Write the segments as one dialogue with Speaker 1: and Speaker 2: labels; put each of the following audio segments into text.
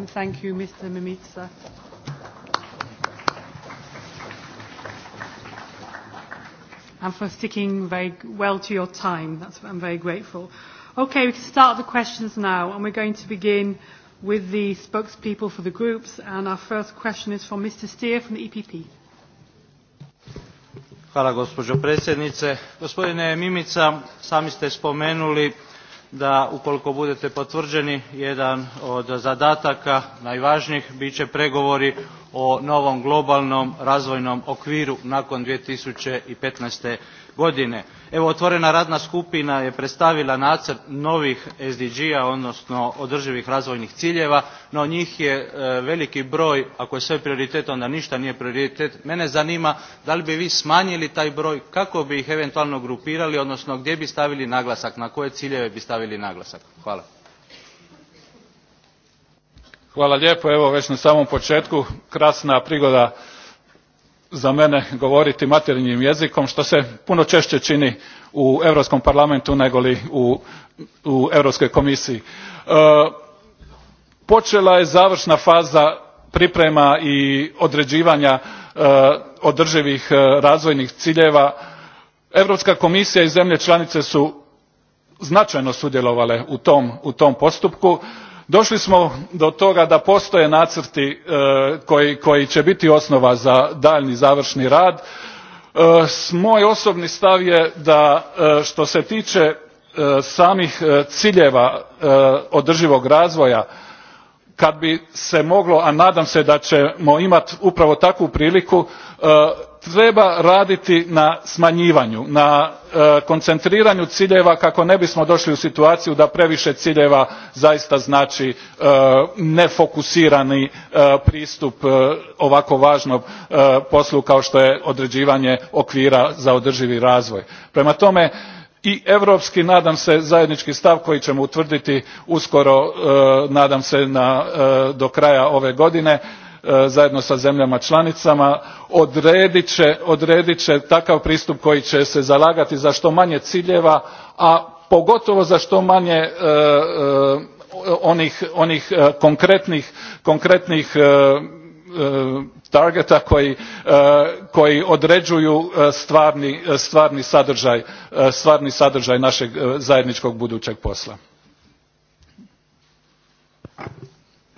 Speaker 1: And thank you, Mr. Mimica. And for sticking very well to your time. That's, I'm very grateful. Okay, we can start the questions now, and we're going to begin with the spokespeople for the groups. And our first question is from Mr. Steer from the EPP.
Speaker 2: Hvala gospođo predsjednice. Gospodine Mimica, sami ste spomenuli da ukoliko budete potvrđeni jedan od zadataka najvažnijih bit će pregovori o novom globalnom razvojnom okviru nakon 2015. godine. Evo, otvorena radna skupina je predstavila nacrt novih SDG-a, odnosno održivih razvojnih ciljeva, no njih je e, veliki broj, ako je sve prioritet, onda ništa nije prioritet. Mene zanima da li bi vi smanjili taj broj, kako bi ih eventualno grupirali, odnosno gdje bi stavili naglasak, na koje ciljeve bi stavili naglasak. Hvala.
Speaker 3: Hvala lijepo. Evo već na samom početku krasna prigoda za mene govoriti materinjim jezikom, što se puno češće čini u Europskom parlamentu nego li u, u Europskoj komisiji. E, počela je završna faza priprema i određivanja e, održivih e, razvojnih ciljeva. Europska komisija i zemlje članice su značajno sudjelovale u tom, u tom postupku. E, Došli smo do toga da postoje nacrti e, koji, koji će biti osnova za daljni završni rad. E, moj osobni stav je da e, što se tiče e, samih e, ciljeva e, održivog razvoja, kad bi se moglo, a nadam se da ćemo imati upravo takvu priliku, treba raditi na smanjivanju, na e, koncentriranju ciljeva kako ne bismo došli u situaciju da previše ciljeva zaista znači e, nefokusirani e, pristup e, ovako važnom e, poslu kao što je određivanje okvira za održivi razvoj. Prema tome, i europski nadam se zajednički stav koji ćemo utvrditi uskoro e, nadam se na, do kraja ove godine E, zajedno sa zemljama članicama odredit će, odredit će takav pristup koji će se zalagati za što manje ciljeva, a pogotovo za što manje e, e, onih, onih konkretnih, konkretnih targeta koji, koji određuju stvarni, stvarni, sadržaj, stvarni sadržaj našeg zajedničkog budućeg posla.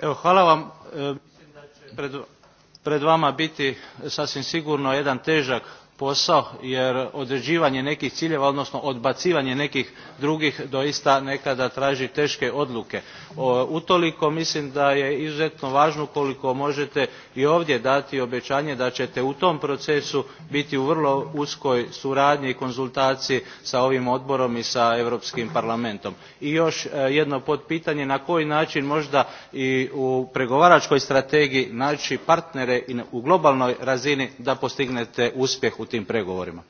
Speaker 2: Evo, hvala vam pred, vama biti sasvim sigurno jedan težak posao jer određivanje nekih ciljeva, odnosno odbacivanje nekih drugih doista nekada traži teške odluke. O, utoliko mislim da je izuzetno važno koliko možete i ovdje dati obećanje da ćete u tom procesu biti u vrlo uskoj suradnji i konzultaciji sa ovim odborom i sa Europskim parlamentom. I još e, jedno potpitanje, na koji način možda i u pregovaračkoj strategiji naći partnere i u globalnoj razini da postignete
Speaker 3: uspjeh u tim pregovorima?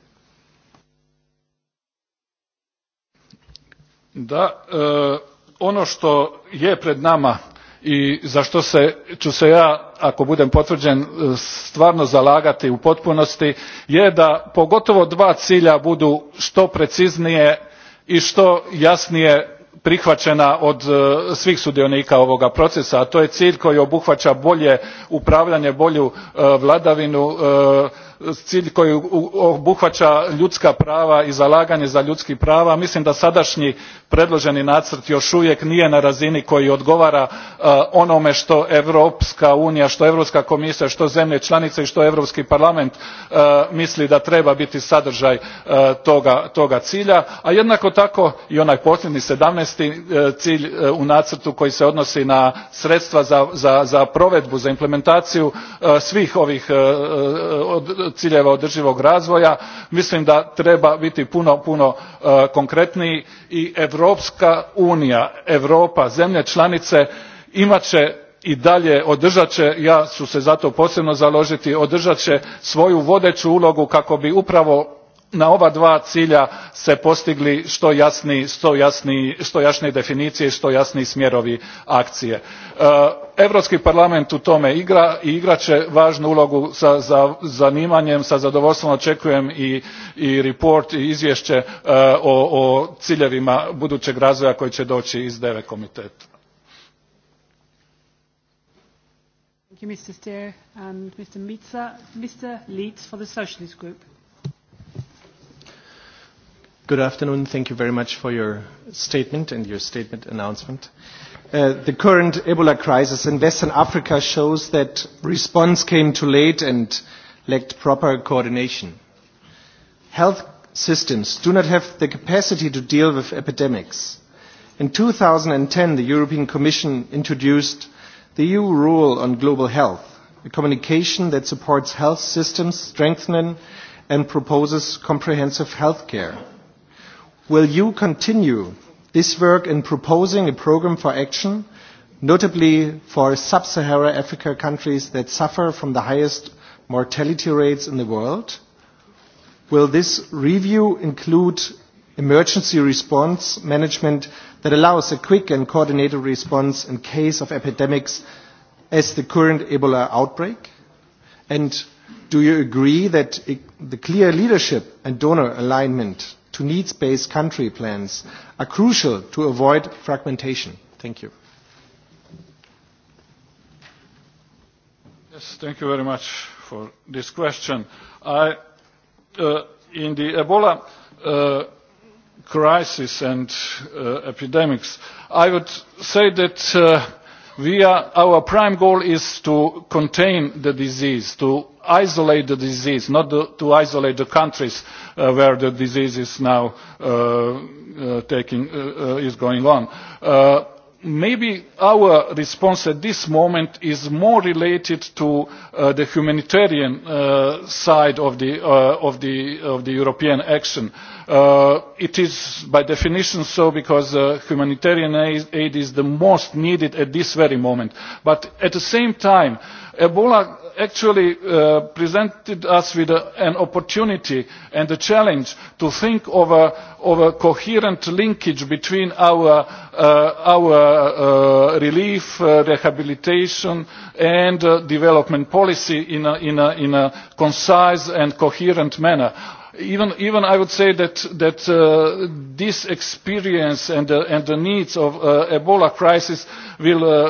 Speaker 3: Da, uh, ono što je pred nama i za što se, ću se ja, ako budem potvrđen, e, stvarno zalagati u potpunosti, je da pogotovo dva cilja budu što preciznije i što jasnije prihvaćena od e, svih sudionika ovoga procesa, a to je cilj koji obuhvaća bolje upravljanje, bolju vladavinu, e, cilj koji obuhvaća ljudska prava i zalaganje za ljudski prava. Mislim da sadašnji predloženi nacrt još uvijek nije na razini koji odgovara e, onome što Europska unija, što Europska komisija, što zemlje članice i što Europski parlament e, misli da treba biti sadržaj e, toga, toga cilja. A jednako tako i onaj posljednji sedamnaest cilj u nacrtu koji se odnosi na sredstva za, za, za provedbu, za implementaciju svih ovih od, ciljeva održivog razvoja mislim da treba biti puno puno uh, konkretniji i europska unija europa zemlje članice imat će i dalje održat će ja ću se za to posebno založiti održat će svoju vodeću ulogu kako bi upravo na ova dva cilja se postigli što jasni, što jasni, što jasnije definicije i što jasniji smjerovi akcije. Uh, Evropski parlament u tome igra i igraće važnu ulogu sa za, zanimanjem sa zadovoljstvom očekujem i, i report i izvješće uh, o, o ciljevima budućeg razvoja koji će doći iz deve komiteta
Speaker 1: Mr. Steer and Mr. Mitza. Mr. Leeds for the Socialist Group.
Speaker 4: Good afternoon. Thank you very much for your statement and your statement announcement. Uh, Uh, the current Ebola crisis in Western Africa shows that response came too late and lacked proper coordination. Health systems do not have the capacity to deal with epidemics. In 2010, the European Commission introduced the EU Rule on Global Health, a communication that supports health systems strengthening and proposes comprehensive health care. Will you continue this work in proposing a program for action, notably for sub Saharan Africa countries that suffer from the highest mortality rates in the world? Will this review include emergency response management that allows a quick and coordinated response in case of epidemics as the current Ebola outbreak? And do you agree that the clear leadership and donor alignment to needs-based country plans are crucial to avoid fragmentation. Thank you.
Speaker 3: Yes, thank you very much for this question. I, uh, in the Ebola uh, crisis and uh, epidemics, I would say that uh, we are, our prime goal is to contain the disease, to isolate the disease, not the, to isolate the countries uh, where the disease is now uh, uh, taking, uh, uh, is going on. Uh, maybe our response at this moment is more related to uh, the humanitarian uh, side of the, uh, of, the, of the European action. Uh, it is by definition so because uh, humanitarian aid, aid is the most needed at this very moment. But at the same time, Ebola actually uh, presented us with a, an opportunity and a challenge to think of a, of a coherent linkage between our, uh, our uh, relief, uh, rehabilitation and uh, development policy in a, in, a, in a concise and coherent manner even even I would say that that uh, this experience and uh, and the needs of uh, Ebola crisis will uh,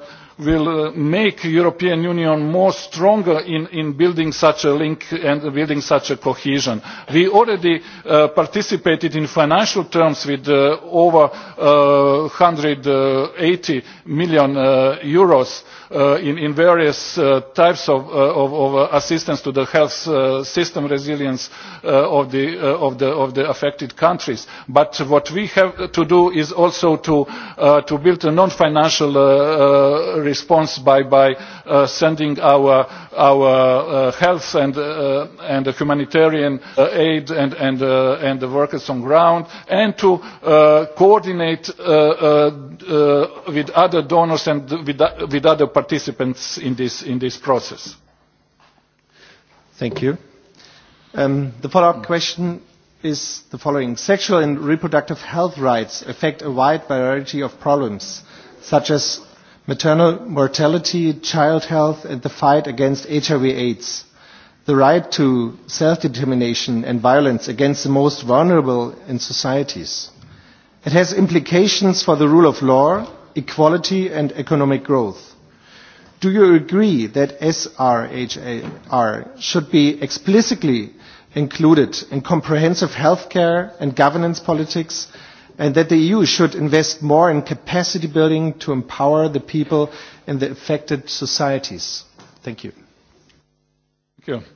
Speaker 3: uh, will uh, make European Union more stronger in, in building such a link and building such a cohesion. We already uh, participated in financial terms with uh, over uh, 180 uh, million uh, euros uh, in, in various uh, types of, uh, of, of uh, assistance to the health uh, system resilience uh, of, the, uh, of, the, of the affected countries. But what we have to do is also to, uh, to build a non-financial uh, uh, response by, by uh, sending our, our uh, health and, uh, and the humanitarian uh, aid and, and, uh, and the workers on ground and to uh, coordinate uh, uh, uh, with other donors and with, with other
Speaker 4: participants in this, in this process. Thank you. Um, the follow-up question is the following. Sexual and reproductive health rights affect a wide variety of problems, such as maternal mortality, child health, and the fight against HIV-AIDS. The right to self-determination and violence against the most vulnerable in societies. It has implications for the rule of law, equality, and economic growth. Do you agree that SRHAR should be explicitly included in comprehensive healthcare and governance politics and that the EU should invest more in capacity building to empower the people in the affected societies. Thank you.
Speaker 3: Thank you.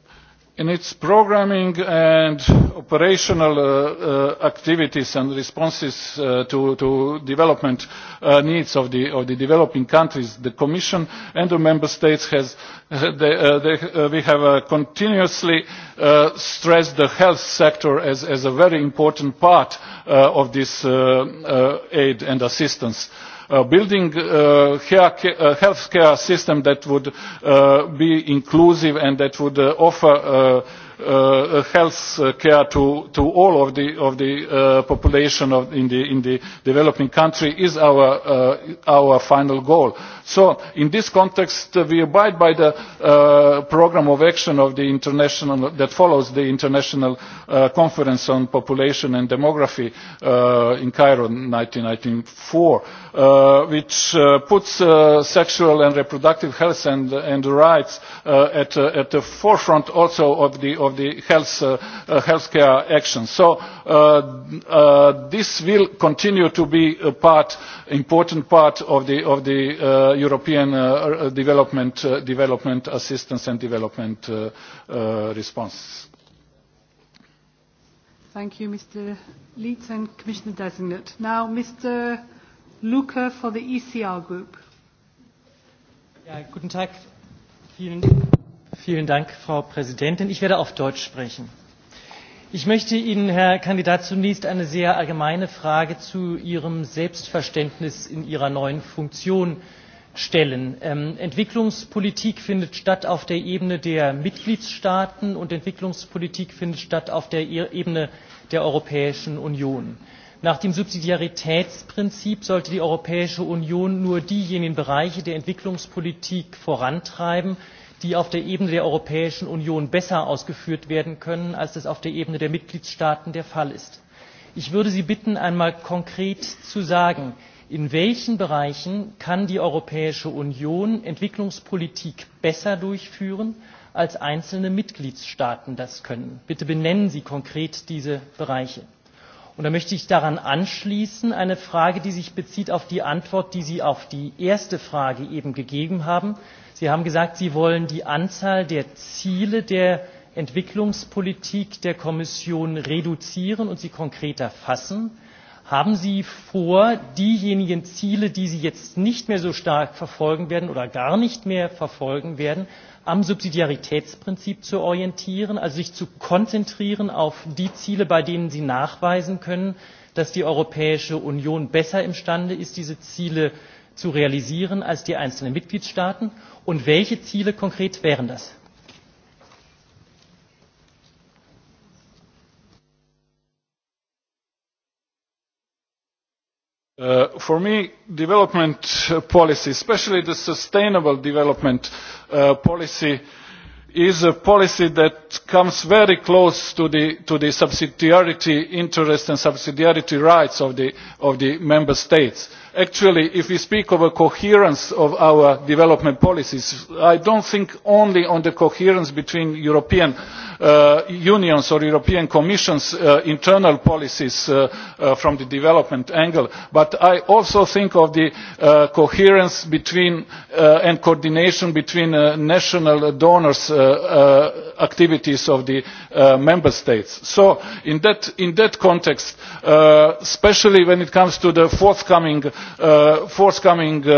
Speaker 3: In its programming and operational uh, uh, activities and responses uh, to, to development uh, needs of the, of the developing countries, the Commission and the Member States has, uh, they, uh, they, uh, we have uh, continuously uh, stressed the health sector as, as a very important part uh, of this uh, uh, aid and assistance. Uh, uh, building uh, uh, healthcare system that would uh, be inclusive and that would uh, offer uh, Uh, uh, health care to, to all of the, of the uh, population of, in, the, in the developing country is our, uh, our final goal. So in this context, uh, we abide by the uh, program of action of the international, that follows the International uh, Conference on Population and Demography uh, in Cairo in 1994, uh, which uh, puts uh, sexual and reproductive health and, and rights uh, at, uh, at the forefront also of the, of of the health, uh, uh, healthcare action. So uh, uh, this will continue to be a part, important part of the, of the uh, European uh, uh development, uh, development assistance and development uh, uh, response.
Speaker 1: Thank you, Mr. Leeds and Commissioner Designate. Now, Mr. Luca for the ECR Group.
Speaker 5: Yeah, guten Tag. Vielen Dank. Vielen Dank, Frau Präsidentin. Ich werde auf Deutsch sprechen. Ich möchte Ihnen, Herr Kandidat, zunächst eine sehr allgemeine Frage zu Ihrem Selbstverständnis in Ihrer neuen Funktion stellen. Ähm, Entwicklungspolitik findet statt auf der Ebene der Mitgliedstaaten und Entwicklungspolitik findet statt auf der e-, Ebene der Europäischen Union. Nach dem Subsidiaritätsprinzip sollte die Europäische Union nur diejenigen Bereiche der Entwicklungspolitik vorantreiben, die auf der Ebene der Europäischen Union besser ausgeführt werden können, als das auf der Ebene der Mitgliedstaaten der Fall ist. Ich würde Sie bitten, einmal konkret zu sagen, in welchen Bereichen kann die Europäische Union Entwicklungspolitik besser durchführen, als einzelne Mitgliedstaaten das können. Bitte benennen Sie konkret diese Bereiche. Und da möchte ich daran anschließen eine Frage, die sich bezieht auf die Antwort, die Sie auf die erste Frage eben gegeben haben, Sie haben gesagt, Sie wollen die Anzahl der Ziele der Entwicklungspolitik der Kommission reduzieren und sie konkreter fassen. Haben Sie vor, diejenigen Ziele, die Sie jetzt nicht mehr so stark verfolgen werden oder gar nicht mehr verfolgen werden, am Subsidiaritätsprinzip zu orientieren, also sich zu konzentrieren auf die Ziele, bei denen Sie nachweisen können, dass die Europäische Union besser imstande ist, diese Ziele zu realisieren als die einzelnen Mitgliedstaaten und welche Ziele konkret wären das?
Speaker 3: Uh, for me, development policy, especially the sustainable development uh, policy, is a policy that comes very close to the, to the subsidiarity interests and subsidiarity rights of the, of the member states actually if we speak of a coherence of our development policies i don't think only on the coherence between european uh, unions or european commission's uh, internal policies uh, uh, from the development angle but i also think of the uh, coherence between uh, and coordination between uh, national donors uh, uh, activities of the uh, member states so in that in that context uh, especially when it comes to the forthcoming uh, uh, forthcoming uh,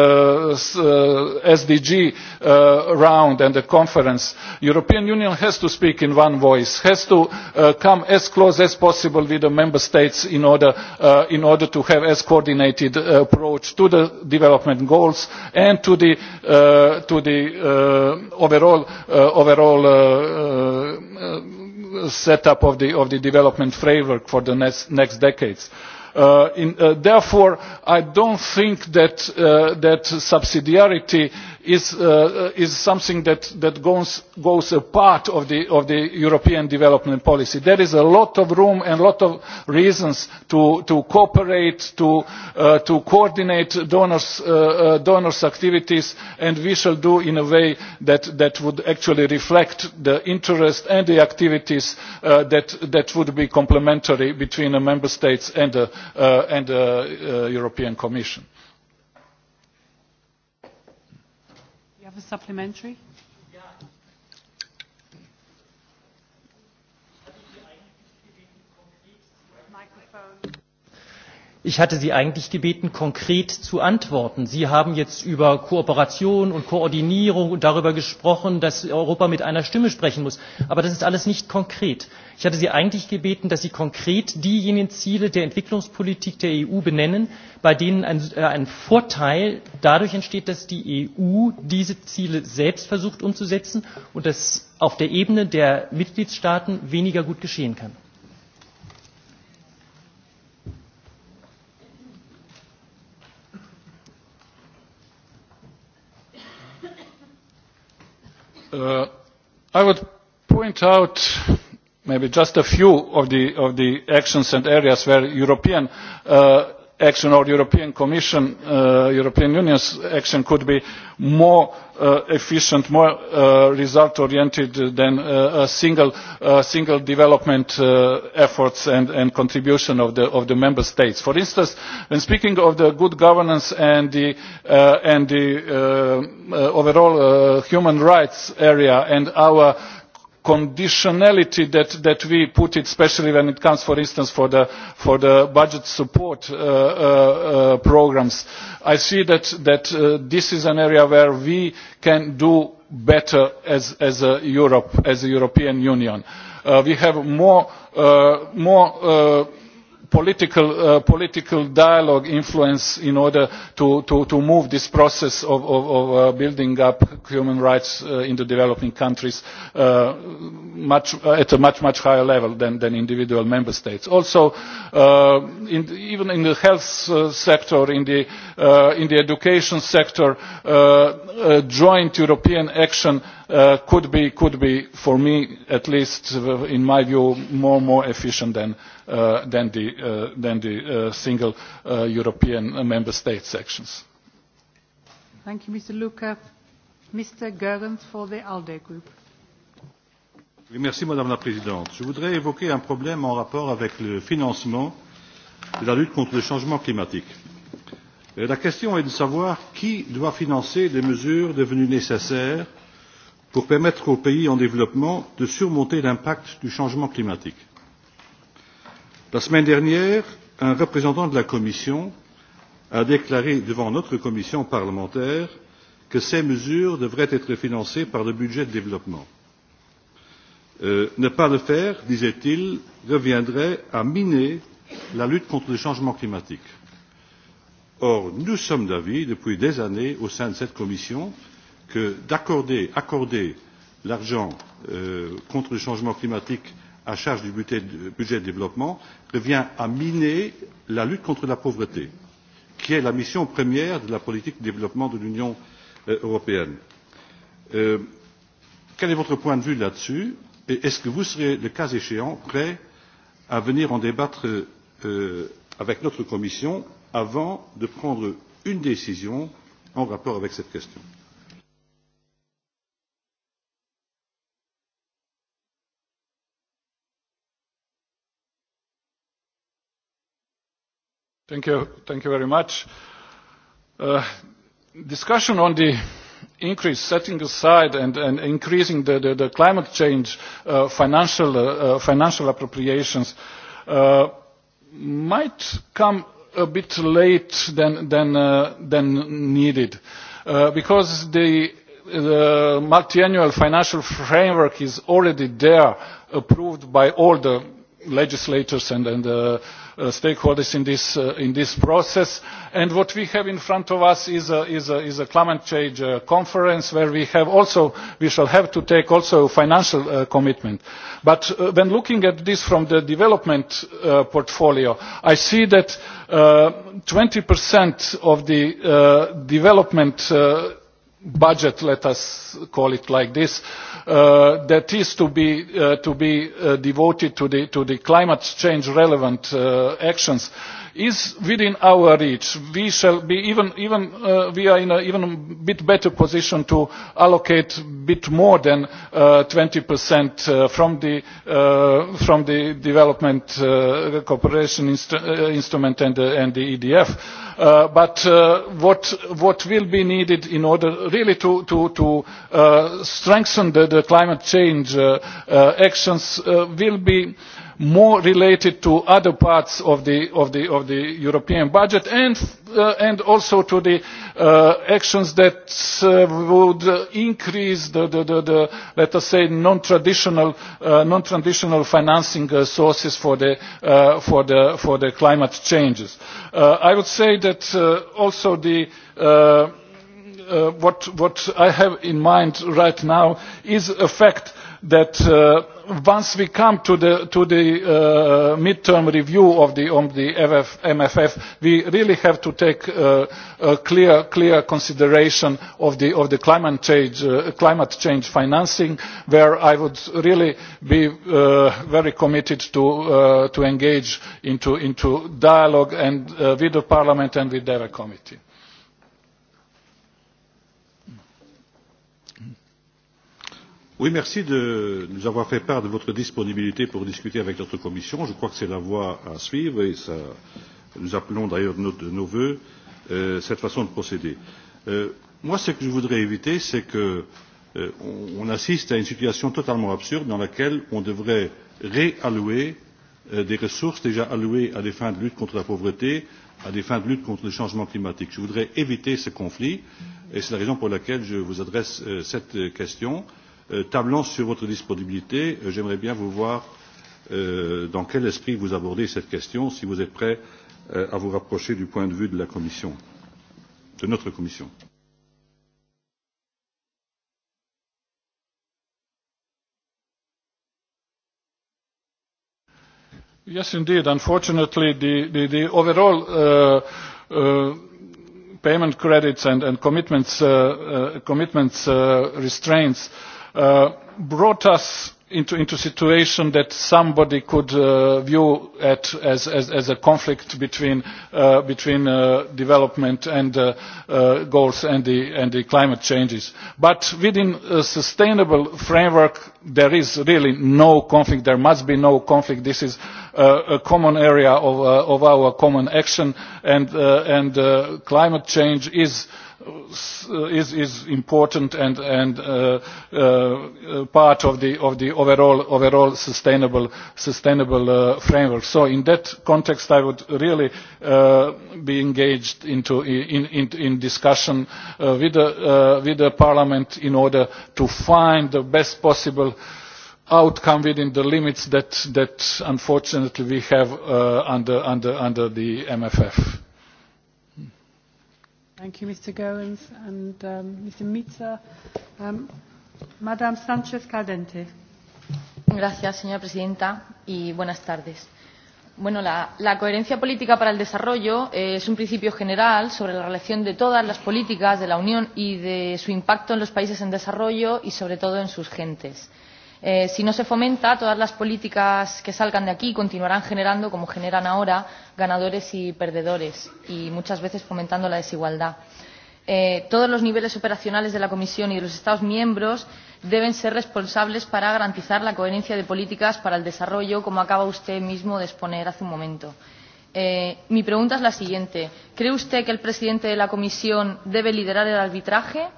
Speaker 3: uh, SDG uh, round and the conference, European Union has to speak in one voice, has to uh, come as close as possible with the member states in order, uh, in order to have as coordinated uh, approach to the development goals and to the, uh, to the uh, overall, uh, overall uh, uh, setup of the, of the development framework for the next, next decades. Uh, Uh, in, uh, therefore, I don't think that, uh, that subsidiarity is, uh, is something that, that goes, goes a part of the, of the European development policy. There is a lot of room and a lot of reasons to, to cooperate, to, uh, to coordinate donors, uh, uh, donors' activities, and we shall do in a way that, that would actually reflect the interest and the activities uh, that, that would be complementary between the member states and the, uh, and the uh, European Commission.
Speaker 1: a supplementary?
Speaker 5: Ich hatte Sie eigentlich gebeten, konkret zu antworten. Sie haben jetzt über Kooperation und Koordinierung und darüber gesprochen, dass Europa mit einer Stimme sprechen muss. Aber das ist alles nicht konkret. Ich hatte Sie eigentlich gebeten, dass Sie konkret diejenigen Ziele der Entwicklungspolitik der EU benennen, bei denen ein, äh, ein Vorteil dadurch entsteht, dass die EU diese Ziele selbst versucht umzusetzen und das auf der Ebene der Mitgliedstaaten weniger gut geschehen kann.
Speaker 3: Uh, I would point out maybe just a few of the, of the actions and areas where European uh, action or European Commission, uh, European Union's action could be more uh, efficient, more uh, result-oriented than uh, a single, uh, single development uh, efforts and, and contribution of the, of the member states. For instance, when speaking of the good governance and the, uh, and the uh, uh, overall uh, human rights area and our conditionality that, that we put it, especially when it comes, for instance, for the, for the budget support uh, uh, uh, programs. I see that, that uh, this is an area where we can do better as, as a Europe, as a European Union. Uh, we have more, uh, more uh, political, uh, political dialogue influence in order to, to, to move this process of, of, of uh, building up human rights uh, in the developing countries uh, much, uh, at a much, much higher level than, than individual member states. Also, uh, in, even in the health uh, sector, in the, uh, in the education sector, uh, uh, joint European action uh, could, be, could be, for me at least, uh, in my view, more more efficient than uh, than the, uh, than the uh, single uh, European member state sections.
Speaker 1: Thank you, Mr. Luca. Mr. Goerens for the ALDE Group.
Speaker 3: Oui, merci, Madame la Présidente.
Speaker 6: Je voudrais évoquer un problème en rapport avec le financement de la lutte contre le changement climatique. Euh, la question est de savoir qui doit financer les mesures devenues nécessaires pour permettre aux pays en développement de surmonter l'impact du changement climatique. La semaine dernière, un représentant de la Commission a déclaré devant notre commission parlementaire que ces mesures devraient être financées par le budget de développement. Euh, ne pas le faire, disait-il, reviendrait à miner la lutte contre le changement climatique. Or, nous sommes d'avis, depuis des années, au sein de cette commission, que d'accorder accorder, l'argent euh, contre le changement climatique à charge du budget, budget de développement revient à miner la lutte contre la pauvreté, qui est la mission première de la politique de développement de l'Union euh, européenne. Euh, quel est votre point de vue là-dessus et est-ce que vous serez, le cas échéant, prêt à venir en débattre euh, avec notre commission avant de prendre une décision en rapport avec cette question
Speaker 3: Thank you, thank you very much. Uh, discussion on the increase, setting aside and, and increasing the, the, the climate change uh, financial, uh, financial appropriations uh, might come a bit late than, than, uh, than needed uh, because the, the multi-annual financial framework is already there, approved by all the legislators and, and uh, uh, stakeholders in this, uh, in this process. And what we have in front of us is a, is a, is a climate change uh, conference where we, have also, we shall have to take also financial uh, commitment. But uh, when looking at this from the development uh, portfolio, I see that uh, 20% of the uh, development uh, budget, let us call it like this, uh, that is to be, uh, to be uh, devoted to the, to the climate change relevant uh, actions is within our reach. We shall be even, even uh, we are in an even bit better position to allocate a bit more than uh, 20% uh, from the uh, from the development uh, cooperation inst uh, instrument and, the uh, and the EDF. Uh, but uh, what what will be needed in order really to to to uh, strengthen the, the climate change uh, uh, actions uh, will be uh, more related to other parts of the, of the, of the European budget and, uh, and also to the uh, actions that uh, would uh, increase the, the, the, the, let us say, non-traditional, uh, non-traditional financing uh, sources for the, uh, for, the, for the climate changes. Uh, I would say that uh, also the uh, uh, what, what I have in mind right now is a fact that uh, once we come to the, to the uh, midterm review of the, of the FF, MFF, we really have to take uh, a clear, clear consideration of the, of the climate, change, uh, climate change financing, where I would really be uh, very committed to, uh, to engage into, into dialogue and, uh, with the Parliament and with the committee.
Speaker 6: Oui, merci de nous avoir fait part de votre disponibilité pour discuter avec notre commission. Je crois que c'est la voie à suivre et ça, nous appelons d'ailleurs de, de nos voeux euh, cette façon de procéder. Euh, moi, ce que je voudrais éviter, c'est que euh, on, on assiste à une situation totalement absurde dans laquelle on devrait réallouer euh, des ressources déjà allouées à des fins de lutte contre la pauvreté, à des fins de lutte contre le changement climatique. Je voudrais éviter ce conflit et c'est la raison pour laquelle je vous adresse euh, cette euh, question. Euh, Euh, tablant sur votre disponibilité, euh, j'aimerais bien vous voir euh, dans quel esprit vous abordez cette question, si vous êtes prêt à vous rapprocher du point de vue de la Commission, de notre Commission.
Speaker 3: Yes, indeed. Unfortunately, the, the, the overall uh, uh, payment credits and, and commitments, uh, uh, commitments uh, restraints uh, brought us into into situation that somebody could uh, view at as, as as a conflict between uh, between uh, development and uh, uh, goals and the and the climate changes but within a sustainable framework there is really no conflict there must be no conflict this is uh, a common area of uh, of our common action and uh, and uh, climate change is is, is important and, and uh, uh, uh, part of the, of the overall, overall sustainable, sustainable uh, framework. So in that context, I would really uh, be engaged into, in, in, in discussion uh, with, the, uh, with the Parliament in order to find the best possible outcome within the limits that, that unfortunately we have uh, under, under, under the MFF.
Speaker 1: Thank you, Mr. Goins and um, Mr. Mitza.
Speaker 7: Um, Madame Sanchez Caldente. Gracias, señora presidenta, y buenas tardes. Bueno, la, la coherencia política para el desarrollo eh, es un principio general sobre la relación de todas las políticas de la Unión y de su impacto en los países en desarrollo y sobre todo en sus gentes. Eh, si no se fomenta, todas las políticas que salgan de aquí continuarán generando, como generan ahora, ganadores y perdedores, y muchas veces fomentando la desigualdad. Eh, todos los niveles operacionales de la Comisión y de los Estados miembros deben ser responsables para garantizar la coherencia de políticas para el desarrollo, como acaba usted mismo de exponer hace un momento. Eh, mi pregunta es la siguiente. ¿Cree usted que el presidente de la Comisión debe liderar el arbitraje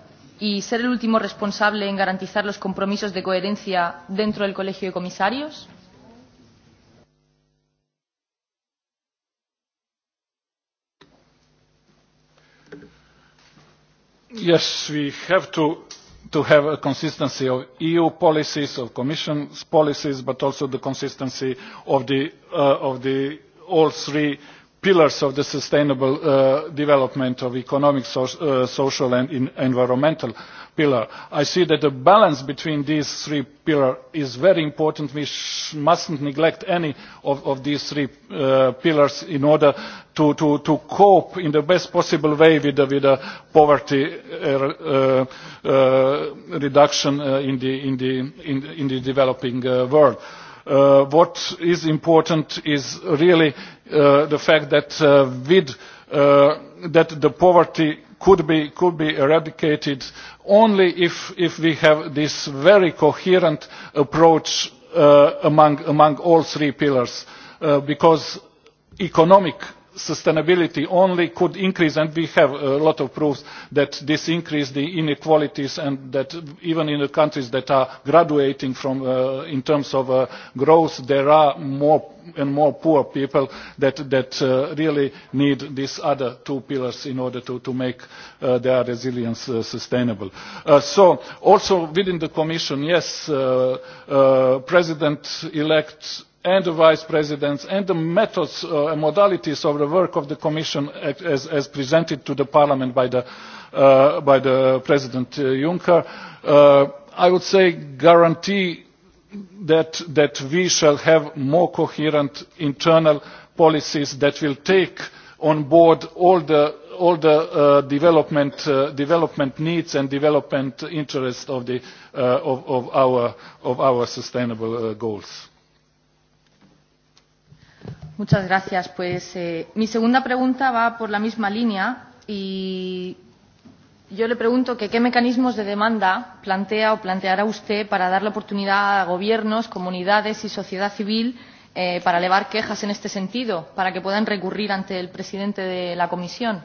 Speaker 7: y ser el último responsable en garantizar los compromisos de coherencia dentro del Colegio de Comisarios?
Speaker 3: Yes, we have to, to have a consistency of EU policies, of Commission's policies, but also the consistency of the, uh, of the all three pillars of the sustainable uh, development of economic, so, uh, social and in environmental pillar. I see that the balance between these three pillars is very important. We sh mustn't neglect any of, of these three uh, pillars in order to, to, to cope in the best possible way with the, with the poverty uh, uh, uh, reduction uh, in, the, in, the, in, in the developing uh, world. Uh, Uh, what is important is really uh, the fact that uh, with uh, that the poverty could be could be eradicated only if if we have this very coherent approach uh, among among all three pillars uh, because economic sustainability only could increase, and we have a lot of proofs that this increased the inequalities and that even in the countries that are graduating from, uh, in terms of uh, growth, there are more and more poor people that, that uh, really need these other two pillars in order to, to make uh, their resilience uh, sustainable. Uh, so also within the Commission, yes, uh, uh, President-elect and the vice presidents and the methods uh, and modalities of the work of the commission as, as presented to the parliament by the, uh, by the president uh, juncker uh, i would say guarantee that, that we shall have more coherent internal policies that will take on board all the, all the uh, development, uh, development needs and development interests of, the, uh, of, of, our, of our sustainable uh, goals.
Speaker 7: Muchas gracias. Pues eh, mi segunda pregunta va por la misma línea y yo le pregunto que qué mecanismos de demanda plantea o planteará usted para dar la oportunidad a gobiernos, comunidades y sociedad civil eh, para elevar quejas en este sentido, para que puedan recurrir ante el presidente de la Comisión.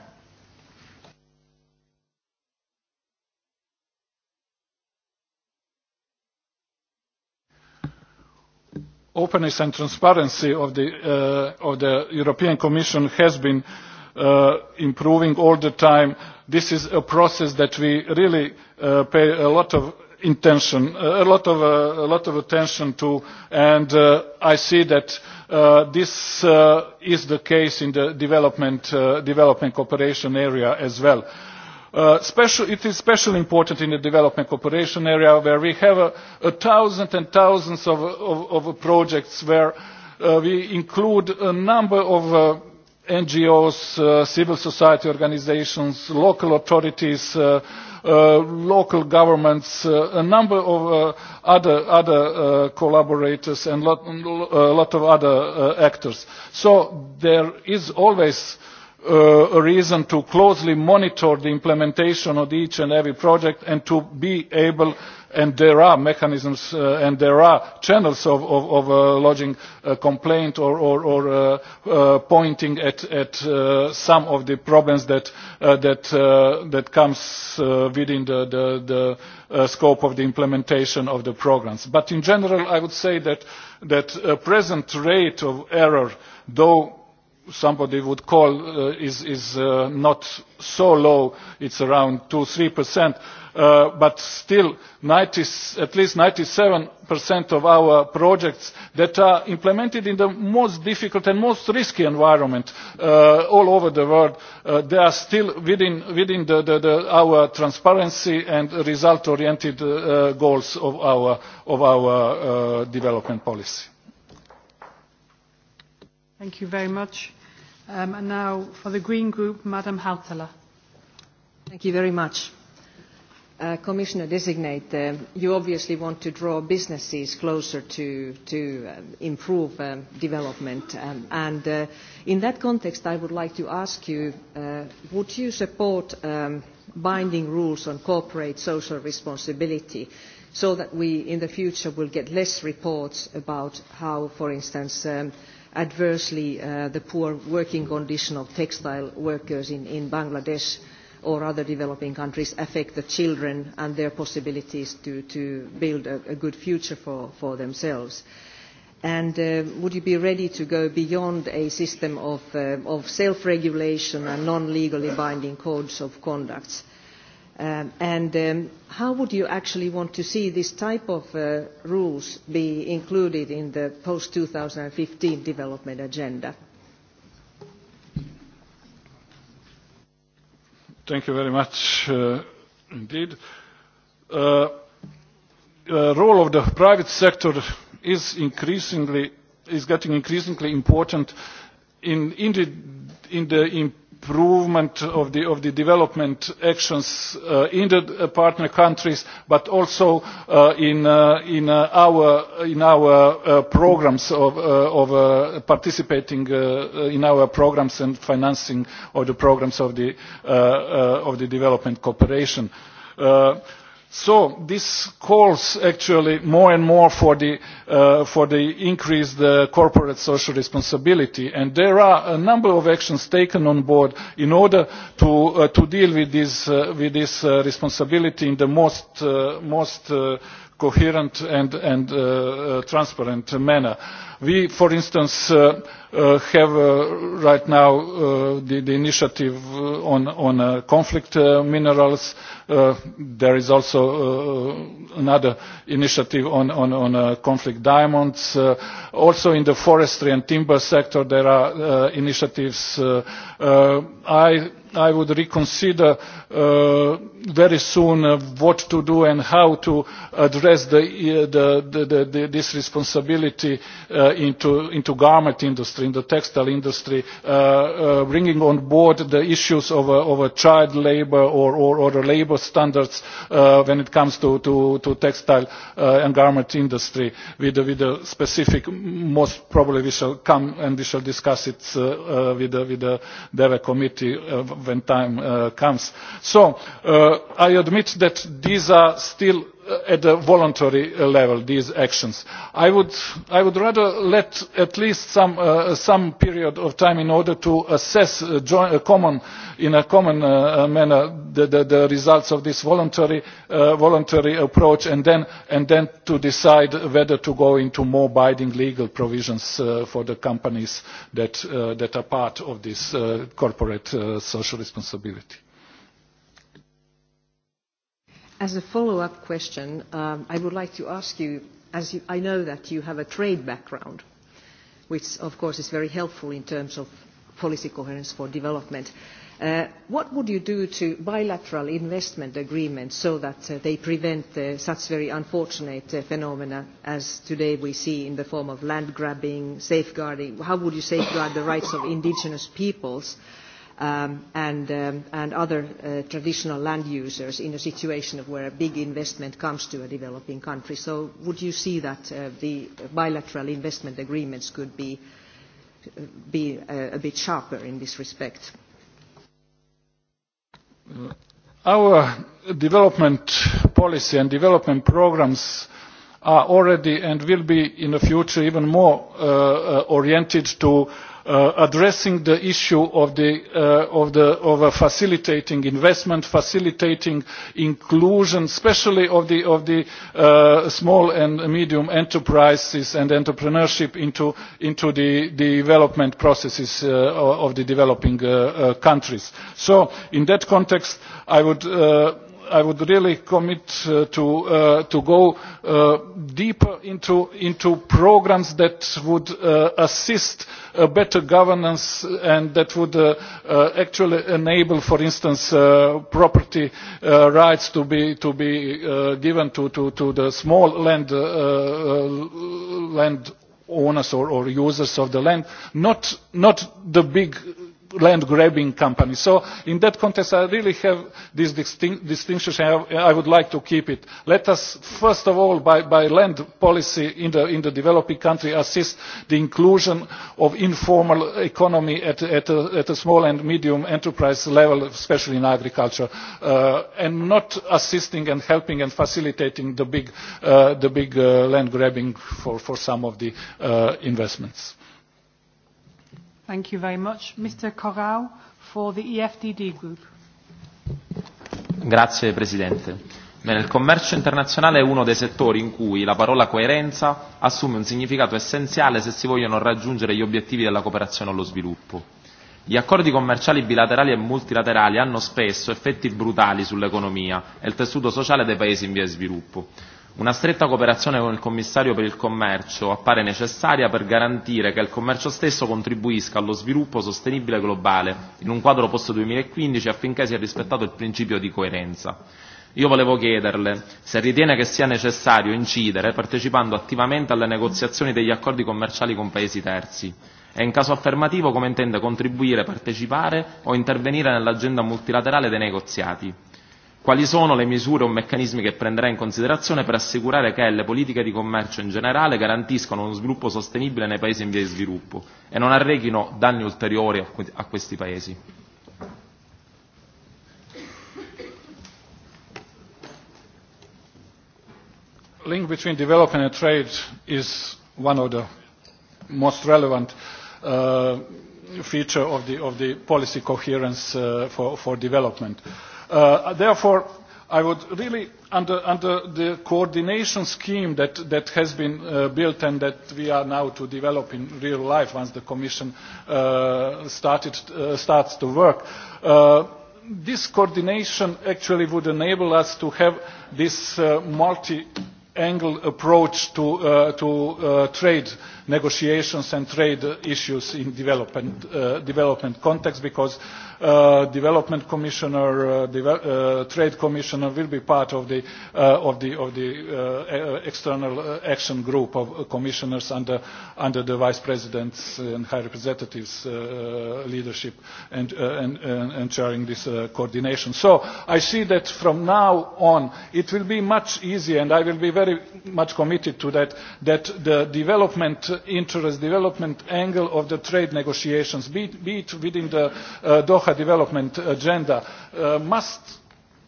Speaker 3: openness and transparency of the, uh, of the European Commission has been uh, improving all the time. This is a process that we really uh, pay a lot of intention, a lot of, uh, a lot of attention to, and uh, I see that uh, this uh, is the case in the development, uh, development cooperation area as well. Uh, Uh, special, it is especially important in the development cooperation area where we have a, a thousands and thousands of, of, of projects where uh, we include a number of uh, NGOs, uh, civil society organizations, local authorities, uh, uh, local governments, uh, a number of uh, other, other uh, collaborators and lot, a lot of other uh, actors. So there is always uh, uh, a reason to closely monitor the implementation of each and every project and to be able and there are mechanisms uh, and there are channels of, of, of uh, lodging a uh, complaint or, or, or uh, uh, pointing at, at uh, some of the problems that, uh, that, uh, that comes uh, within the, the, the uh, scope of the implementation of the programs. But in general, I would say that that uh, present rate of error, though somebody would call uh, is, is uh, not so low, it's around 2-3%, uh, but still 90, at least 97% of our projects that are implemented in the most difficult and most risky environment uh, all over the world, uh, they are still within, within the, the, the, our transparency and result-oriented uh, goals of our, of our uh, development policy.
Speaker 1: Thank you very much. Um, and now for the Green Group,
Speaker 8: Madam Hautala. Thank you very much. Uh, Commissioner designate, uh, you obviously want to draw businesses closer to, to uh, improve um, development. Um, and uh, in that context, I would like to ask you, uh, would you support um, binding rules on corporate social responsibility so that we in the future will get less reports about how, for instance, um, adversely uh, the poor working condition of textile workers in, in Bangladesh or other developing countries affect the children and their possibilities to, to build a, a good future for, for themselves. And uh, would you be ready to go beyond a system of, uh, of self-regulation and non-legally binding codes of conducts? Um, and um, how would you actually want to see this type of uh, rules be included in the post-2015 development agenda?
Speaker 3: Thank you very much uh, indeed. Uh, the uh, role of the private sector is increasingly is getting increasingly important in, in, the, in the improvement of the, of the development actions uh, in the uh, partner countries, but also uh, in, uh, in uh, our, in our uh, programs of, uh, of uh, participating uh, uh in our programs and financing of the programs of the, uh, uh, of the development cooperation. Uh, So this calls actually more and more for the, uh, for the increased uh, corporate social responsibility. And there are a number of actions taken on board in order to, uh, to deal with this, uh, with this uh, responsibility in the most, uh, most uh, coherent and, and uh, uh, transparent manner. We, for instance, uh, uh, have uh, right now uh, the, the initiative uh, on, on uh, conflict uh, minerals. Uh, there is also uh, another initiative on, on, on uh, conflict diamonds. Uh, also in the forestry and timber sector there are uh, initiatives. Uh, uh, I I would reconsider uh, very soon uh, what to do and how to address the, uh, the, the, the, the, this responsibility uh, into, into garment industry, in the textile industry, uh, uh, bringing on board the issues of, uh, of a child labor or, or, or labor standards uh, when it comes to, to, to textile uh, and garment industry with, the with a specific, most probably we shall come and we shall discuss it uh, uh, with, the with the DEVA committee uh, when time uh, comes. So uh, I admit that these are still Uh, at the voluntary level these actions. I would, I would rather let at least some, uh, some period of time in order to assess uh, join, uh, common, in a common uh, uh, manner the, the, the results of this voluntary, uh, voluntary approach and then, and then to decide whether to go into more binding legal provisions uh, for the companies that, uh, that are part of this uh, corporate uh, social responsibility.
Speaker 8: As a follow-up question, um, I would like to ask you, as you, I know that you have a trade background, which of course is very helpful in terms of policy coherence for development. Uh, what would you do to bilateral investment agreements so that uh, they prevent uh, such very unfortunate uh, phenomena as today we see in the form of land grabbing, safeguarding? How would you safeguard the rights of indigenous peoples? Uh, um, and, um, and other uh, traditional land users in a situation of where a big investment comes to a developing country. So would you see that uh, the bilateral investment agreements could be, uh, be a, uh, a bit sharper in this respect?
Speaker 3: Uh, our development policy and development programs are already and will be in the future even more uh, uh, oriented to uh, uh, addressing the issue of, the, uh, of, the, of a facilitating investment, facilitating inclusion, especially of the, of the uh, small and medium enterprises and entrepreneurship into, into the, the development processes uh, of the developing uh, uh, countries. So in that context, I would uh, I would really commit uh, to, uh, to go uh, deeper into, into programs that would uh, assist a uh, better governance and that would uh, uh, actually enable, for instance, uh, property uh, rights to be, to be uh, given to, to, to the small land, uh, uh, land owners or, or users of the land, not, not the big land grabbing companies. So in that context, I really have this distinct, distinction. I would like to keep it. Let us, first of all, by, by land policy in the, in the developing country, assist the inclusion of informal economy at, at, a, at a small and medium enterprise level, especially in agriculture, uh, and not assisting and helping and facilitating the big, uh, the big uh, land grabbing for, for some of the uh, investments.
Speaker 1: Thank you very much. Mr. Corrao for the EFDD Group.
Speaker 9: Grazie Presidente. Bene, il commercio internazionale è uno dei settori in cui la parola coerenza assume un significato essenziale se si vogliono raggiungere gli obiettivi della cooperazione allo sviluppo. Gli accordi commerciali bilaterali e multilaterali hanno spesso effetti brutali sull'economia e il tessuto sociale dei paesi in via di sviluppo. Una stretta cooperazione con il commissario per il commercio appare necessaria per garantire che il commercio stesso contribuisca allo sviluppo sostenibile globale in un quadro post 2015 affinché sia rispettato il principio di coerenza. Io volevo chiederle se ritiene che sia necessario incidere partecipando attivamente alle negoziazioni degli accordi commerciali con paesi terzi e in caso affermativo come intende contribuire, partecipare o intervenire nell'agenda multilaterale dei negoziati quali sono le misure o meccanismi che prenderà in considerazione per assicurare che le politiche di commercio in generale garantiscano uno sviluppo sostenibile nei paesi in via di sviluppo e non arrechino danni ulteriori a questi paesi.
Speaker 3: link between development and trade is one of the most relevant uh, feature of the, of the policy coherence uh, for, for development. Uh, Uh, therefore, I would really, under, under the coordination scheme that, that has been uh, built and that we are now to develop in real life once the Commission uh, started, uh, starts to work, uh, this coordination actually would enable us to have this uh, multi-angle approach to, uh, to uh, trade negotiations and trade issues in development, uh, development context because uh, uh, development commissioner, uh, deve uh, trade commissioner will be part of the, uh, of the, of the uh, e-, uh external uh, action group of uh, commissioners under, under the vice president's and high representatives uh, leadership and, uh, and, and, and chairing this uh, coordination. So I see that from now on it will be much easier and I will be very much committed to that, that the development interest, development angle of the trade negotiations, be, be it within the uh, Doha Doha Development Agenda uh, must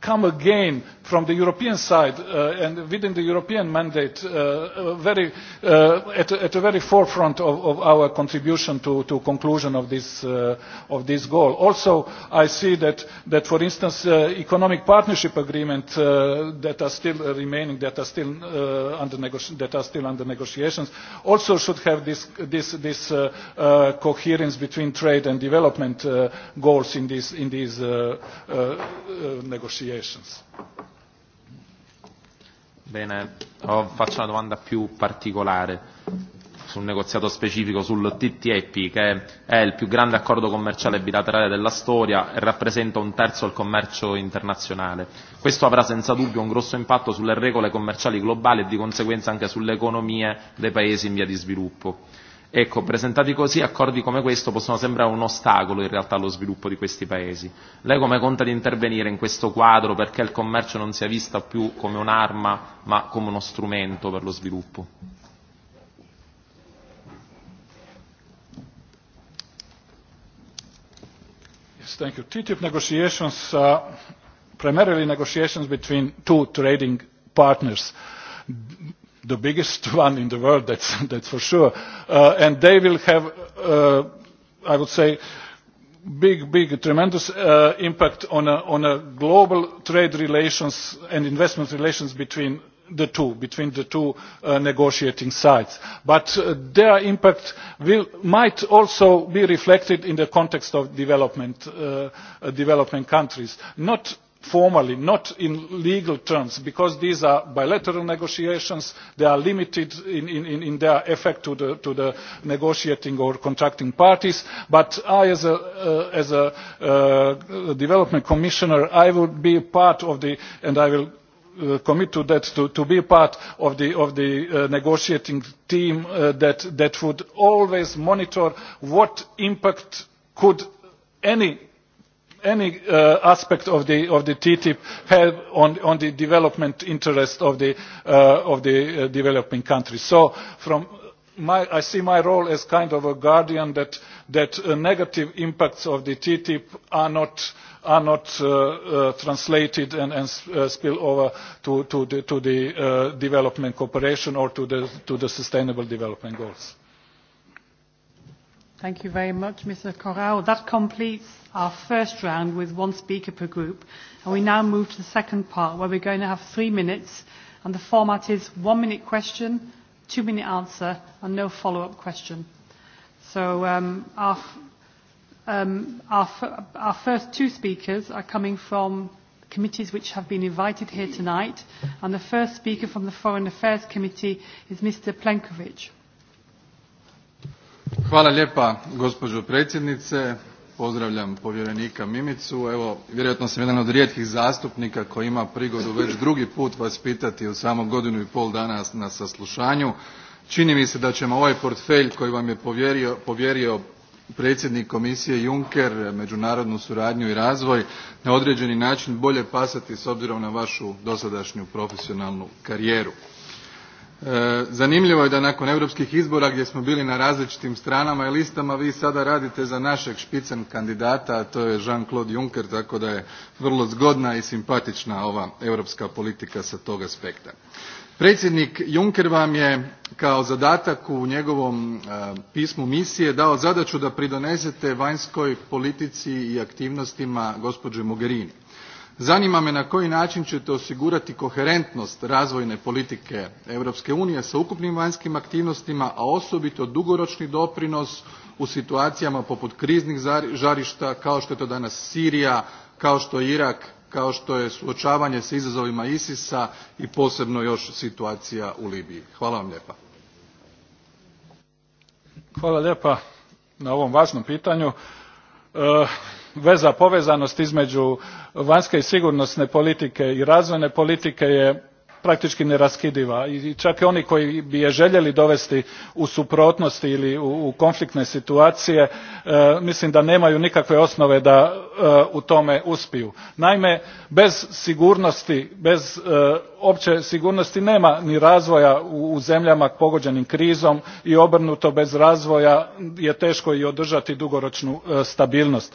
Speaker 3: come again from the European side uh, and within the European mandate uh, uh, very, uh, at, at the very forefront of, of our contribution to, to conclusion of this, uh, of this goal. Also, I see that, that for instance, uh, economic partnership agreement uh, that are still remaining, that are still, uh, under, that are still under negotiations, also should have this, this, this uh, uh, coherence between trade and development uh, goals in these, in these uh, uh, uh, negotiations.
Speaker 9: Bene, oh, faccio una domanda più particolare su un negoziato specifico sul TTIP che è il più grande accordo commerciale e bilaterale della storia e rappresenta un terzo del commercio internazionale. Questo avrà senza dubbio un grosso impatto sulle regole commerciali globali e di conseguenza anche sulle economie dei paesi in via di sviluppo. Ecco, presentati così, accordi come questo possono sembrare un ostacolo in realtà allo sviluppo di questi paesi. Lei come conta di intervenire in questo quadro perché il commercio non sia vista più come un'arma ma come uno strumento per lo sviluppo?
Speaker 3: Yes, thank you. TTIP negotiations are uh, primarily negotiations between two trading partners the biggest one in the world, that's, that's for sure. Uh, and they will have, uh, I would say, big, big, tremendous uh, impact on a, on a global trade relations and investment relations between the two, between the two uh, negotiating sides. But uh, their impact will, might also be reflected in the context of development, uh, uh, development countries, not formally, not in legal terms, because these are bilateral negotiations. They are limited in, in, in their effect to the, to the negotiating or contracting parties. But I, as a, uh, as a uh, development commissioner, I will be part of the, and I will Uh, commit to that to, to be part of the of the uh, negotiating team uh, that that would always monitor what impact could any any uh, aspect of the of the TTIP help on on the development interest of the uh, of the uh, developing countries. So from my, I see my role as kind of a guardian that that uh, negative impacts of the TTIP are not are not uh, uh, translated and, and uh, spill over to, to the, to the uh, development cooperation or to the, to the sustainable development goals.
Speaker 1: Thank you very much, Mr. Corral. That completes our first round with one speaker per group. And we now move to the second part where we're going to have three minutes. And the format is one minute question, two minute answer, and no follow up question. So um, our, um, our, our first two speakers are coming from committees which have been invited here tonight. And the first speaker from the Foreign Affairs Committee is Mr. Plenkovic.
Speaker 10: Hvala lijepa gospođo predsjednice, pozdravljam povjerenika Mimicu. Evo, vjerojatno sam jedan od rijetkih zastupnika koji ima prigodu već drugi put vas pitati u samo godinu i pol dana na saslušanju. Čini mi se da ćemo ovaj portfelj koji vam je povjerio, povjerio predsjednik komisije Juncker, međunarodnu suradnju i razvoj, na određeni način bolje pasati s obzirom na vašu dosadašnju profesionalnu karijeru. E, zanimljivo je da nakon europskih izbora gdje smo bili na različitim stranama i listama vi sada radite za našeg špicen kandidata, a to je Jean-Claude Juncker, tako da je vrlo zgodna i simpatična ova europska politika sa tog aspekta. Predsjednik Juncker vam je kao zadatak u njegovom e, pismu misije dao zadaću da pridonesete vanjskoj politici i aktivnostima gospođe Mogherini. Zanima me na koji način ćete osigurati koherentnost razvojne politike Europske unije sa ukupnim vanjskim aktivnostima, a osobito dugoročni doprinos u situacijama poput kriznih žarišta kao što je to danas Sirija, kao što je Irak, kao što je suočavanje sa izazovima ISIS-a i posebno još situacija u Libiji. Hvala vam lijepa.
Speaker 3: Hvala lijepa na ovom važnom pitanju. E, veza, povezanost između vanjske i sigurnosne politike i razvojne politike je praktički neraskidiva i čak i oni koji bi je željeli dovesti u suprotnosti ili u, u konfliktne situacije e, mislim da nemaju nikakve osnove da e, u tome uspiju. Naime, bez sigurnosti, bez e, opće sigurnosti nema ni razvoja u, u zemljama pogođenim krizom i obrnuto bez razvoja je teško i održati dugoročnu e, stabilnost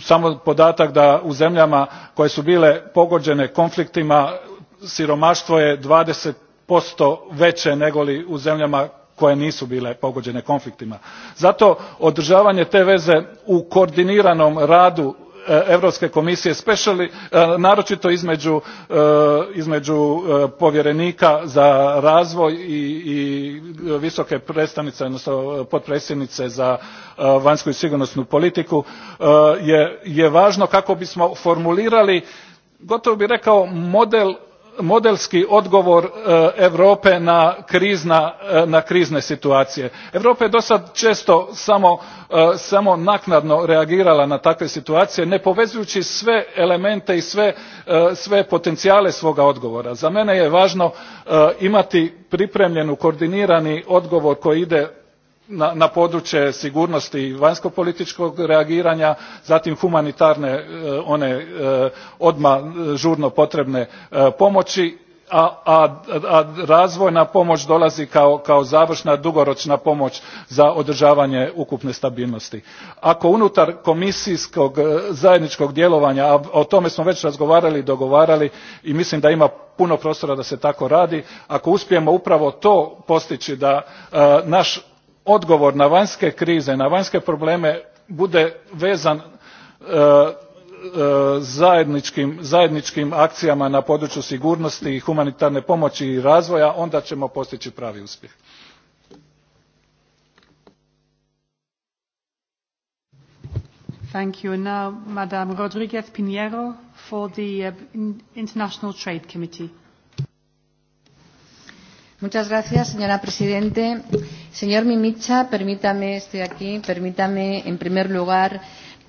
Speaker 3: samo podatak da u zemljama koje su bile pogođene konfliktima siromaštvo je 20% veće nego li u zemljama koje nisu bile pogođene konfliktima. Zato održavanje te veze u koordiniranom radu Europske komisije, specially, e, naročito između, e, između e, povjerenika za razvoj i, i visoke predstavnice, odnosno potpredsjednice za vanjsku i sigurnosnu politiku, je, je važno kako bismo formulirali gotovo bih rekao model modelski odgovor Europe na, krizna, e, na krizne situacije. Europa je dosad često samo, e, samo naknadno reagirala na takve situacije, ne povezujući sve elemente i sve, e, sve potencijale svoga odgovora. Za mene je važno imati pripremljen koordinirani odgovor koji ide na, na područje sigurnosti i vanjskopolitičkog reagiranja, zatim humanitarne e, one e, odma e, žurno potrebne pomoći a, a, a razvojna pomoć dolazi kao, kao završna dugoročna pomoć za održavanje ukupne stabilnosti. Ako unutar komisijskog zajedničkog djelovanja, a o tome smo već razgovarali i dogovarali i mislim da ima puno prostora da se tako radi, ako uspijemo upravo to postići da a, naš odgovor na vanjske krize, na vanjske probleme bude vezan e, e, zajedničkim, zajedničkim akcijama na području sigurnosti i humanitarne pomoći i razvoja, onda ćemo postići pravi uspjeh.
Speaker 1: Thank you. And now, Madame Rodriguez Pinheiro for the uh, International Trade Committee.
Speaker 11: Muchas gracias, señora Presidente. Señor Mimicha, permítame, estoy aquí, permítame en primer lugar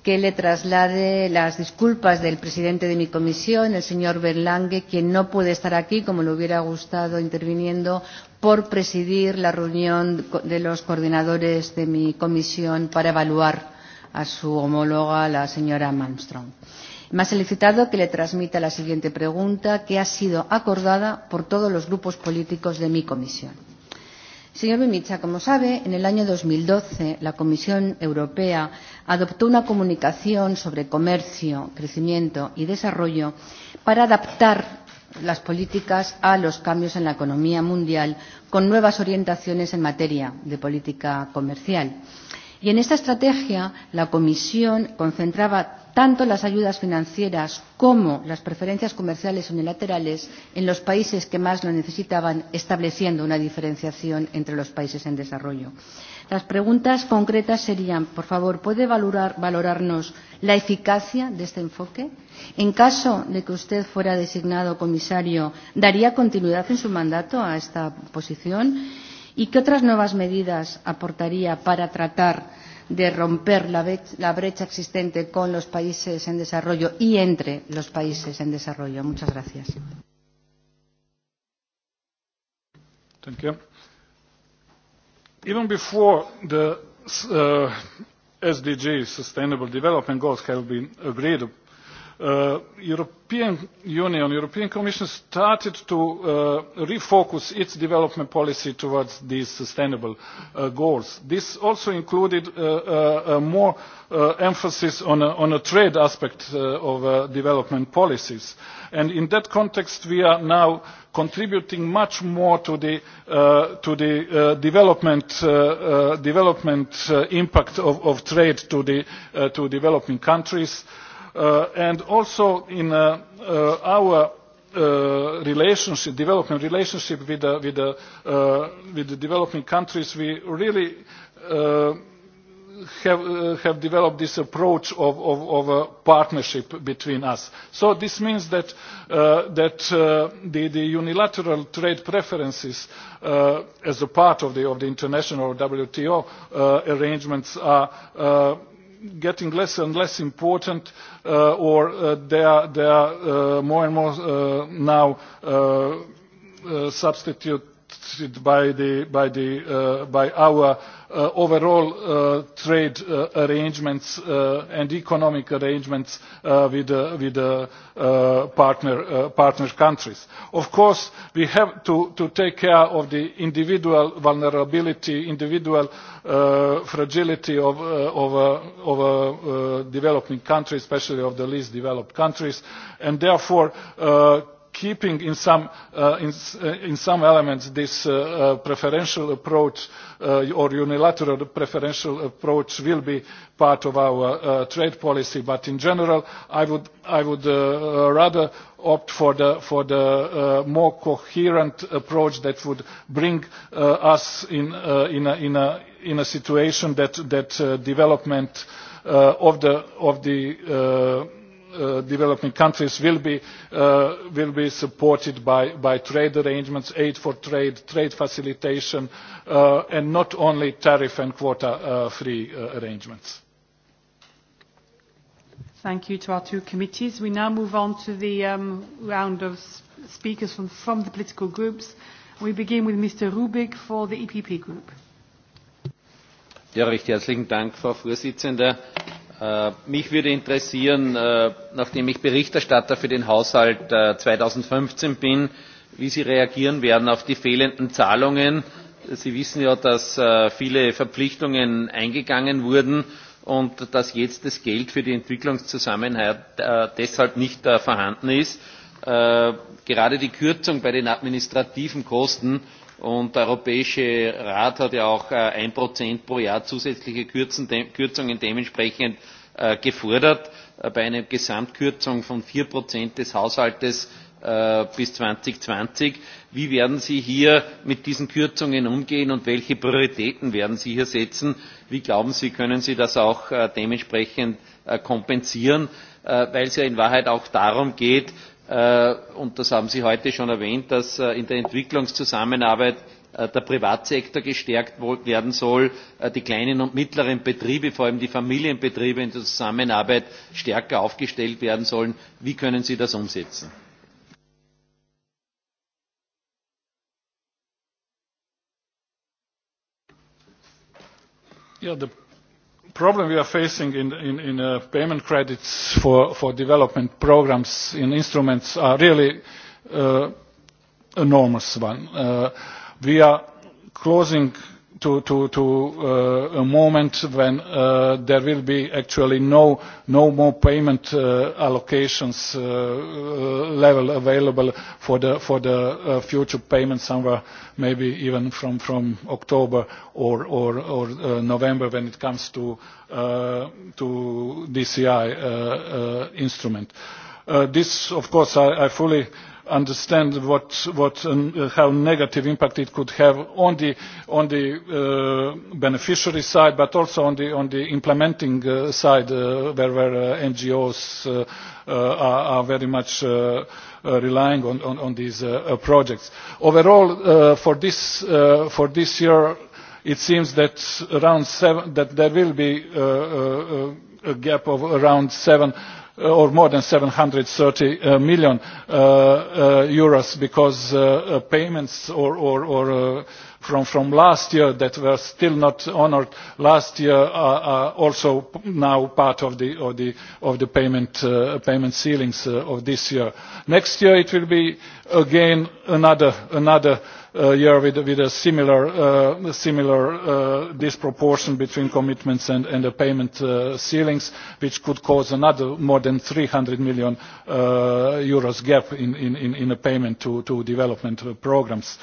Speaker 11: que le traslade las disculpas del presidente de mi comisión, el señor Berlangue, quien no puede estar aquí, como le hubiera gustado interviniendo, por presidir la reunión de los coordinadores de mi comisión para evaluar a su homóloga, la señora Malmström. Eh, Me ha solicitado que le transmita la siguiente pregunta, que ha sido acordada por todos los grupos políticos de mi comisión. Señor Mimicha, como sabe, en el año 2012 la Comisión Europea adoptó una comunicación sobre comercio, crecimiento y desarrollo para adaptar las políticas a los cambios en la economía mundial con nuevas orientaciones en materia de política comercial. Y en esta estrategia la Comisión concentraba tanto las ayudas financieras como las preferencias comerciales unilaterales en los países que más lo necesitaban, estableciendo una diferenciación entre los países en desarrollo. Las preguntas concretas serían, por favor, ¿puede valorar, valorarnos la eficacia de este enfoque? En caso de que usted fuera designado comisario, ¿daría continuidad en su mandato a esta posición? ¿Y qué otras nuevas medidas aportaría para tratar de romper la, la brecha existente con los países en desarrollo y entre los países en desarrollo. Muchas gracias.
Speaker 3: Thank you. Even before the uh, SDG Sustainable Development Goals have been agreed upon, uh, European Union, European Commission started to uh, refocus its development policy towards these sustainable uh, goals. This also included uh, uh, uh, more uh, emphasis on a, on a trade aspect uh, of uh, development policies. And in that context, we are now contributing much more to the, uh, to the uh, development, uh, uh, development uh, impact of, of trade to the uh, to developing countries Uh, and also in uh, uh, our uh, relationship, development relationship with, uh, with, uh, uh, with the developing countries, we really uh, have, uh, have developed this approach of, of, of a partnership between us. So this means that, uh, that uh, the, the unilateral trade preferences uh, as a part of the, of the international WTO uh, arrangements are uh, getting less and less important uh, or uh, they are, they are uh, more and more uh, now uh, uh, substitute deficit by, the, by, the, uh, by our uh, overall uh, trade uh, arrangements uh, and economic arrangements uh, with, uh, with uh, uh, partner, uh, partner countries. Of course, we have to, to take care of the individual vulnerability, individual uh, fragility of, uh, of, uh, of uh, uh, developing countries, especially of the least developed countries, and therefore uh, keeping in some, uh, in, uh, in some elements this uh, uh, preferential approach uh, or unilateral preferential approach will be part of our uh, trade policy. But in general, I would, I would uh, uh, rather opt for the, for the uh, more coherent approach that would bring uh, us in, uh, in, a, in, a, in a situation that, that uh, development uh, of the, of the uh, uh, developing countries will be, uh, will be supported by, by trade arrangements, aid for trade, trade facilitation, uh, and not only tariff and quota-free uh, uh, arrangements.
Speaker 1: Thank you to our two committees. We now move on to the um, round of speakers from, from the political groups. We begin with Mr. Rubik for the EPP Group.
Speaker 12: Ja, recht herzlichen Dank, Frau Vorsitzende. Äh, mich würde interessieren, äh, nachdem ich Berichterstatter für den Haushalt 2015 äh, bin, wie Sie reagieren werden auf die fehlenden Zahlungen. Sie wissen ja, dass viele Verpflichtungen eingegangen wurden und dass jetzt das Geld für die Entwicklungszusammenarbeit deshalb nicht vorhanden ist. Gerade die Kürzung bei den administrativen Kosten Und der Europäische Rat hat ja auch äh, ein Prozent pro Jahr zusätzliche Kürzungen dementsprechend äh, gefordert. Äh, bei einer Gesamtkürzung von vier Prozent des Haushaltes bis 2020. Wie werden Sie hier mit diesen Kürzungen umgehen und welche Prioritäten werden Sie hier setzen? Wie glauben Sie, können Sie das auch dementsprechend kompensieren? Weil es ja in Wahrheit auch darum geht, Äh, und das haben Sie heute schon erwähnt, dass äh, in der Entwicklungszusammenarbeit äh, der Privatsektor gestärkt werden soll, die kleinen und mittleren Betriebe, vor allem die Familienbetriebe in der Zusammenarbeit stärker aufgestellt werden sollen. Wie können Sie das umsetzen?
Speaker 3: Ja, der problem we are facing in, in, in uh, payment credits for, for development programs in instruments are really uh, enormous one. Uh, we are closing to, to, to uh, a moment when uh, there will be actually no, no more payment uh, allocations uh, uh, level available for the, for the uh, future payment somewhere maybe even from, from October or, or, or uh, November when it comes to, uh, to DCI uh, uh, instrument. Uh, this, of course, I, I fully uh, understand what, what, uh, how negative impact it could have on the, on the uh, beneficiary side, but also on the, on the implementing uh, side, uh, where, where uh, NGOs uh, uh, are, are very much uh, uh, relying on, on, on these uh, uh, projects. Overall, uh, for, this, uh, for this year, it seems that, around seven, that there will be uh, uh, uh a gap of around seven Uh, or more than 730 uh, million uh, uh, euros because uh, uh, payments or, or, or uh, from, from last year that were still not honored last year are, are also now part of the, of the, of the payment, uh, payment ceilings uh, of this year. Next year it will be again another, another uh, year with, with a similar, uh, similar uh, disproportion between commitments and, and the payment uh, ceilings, which could cause another more than 300 million uh, euros gap in, in, in a payment to, to development uh, programs,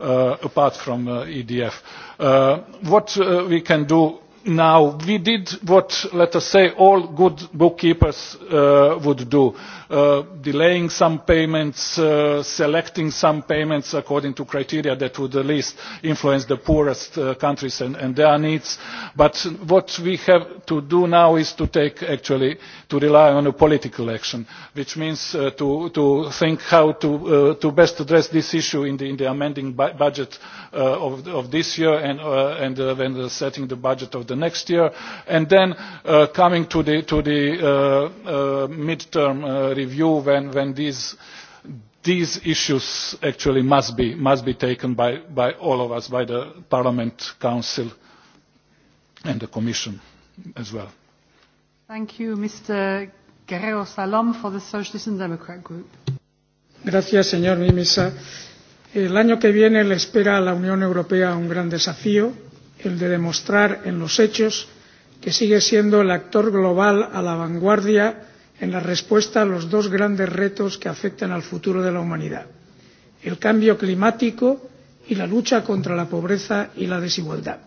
Speaker 3: uh, apart from uh, EDF. Uh, what uh, we can do Now, we did what, let us say, all good bookkeepers uh, would do, uh, delaying some payments, uh, selecting some payments according to criteria that would at least influence the poorest uh, countries and, and their needs. But what we have to do now is to take, actually, to rely on a political action, which means uh, to, to think how to, uh, to best address this issue in the, in the amending bu budget uh, of, of this year and, uh, and uh, when setting the budget of the the next year, and then uh, coming to the, to the uh, uh, midterm uh, review when, when these these issues actually must be, must be taken by, by all of us, by the Parliament, Council
Speaker 13: and the Commission as well.
Speaker 1: Thank you, Mr. Guerrero Salom, for the Socialist and Democrat Group.
Speaker 13: Gracias, señor Mimisa. El año que viene le espera a la Unión Europea un gran desafío el de demostrar en los hechos que sigue siendo el actor global a la vanguardia en la respuesta a los dos grandes retos que afectan al futuro de la humanidad el cambio climático y la lucha contra la pobreza y la desigualdad.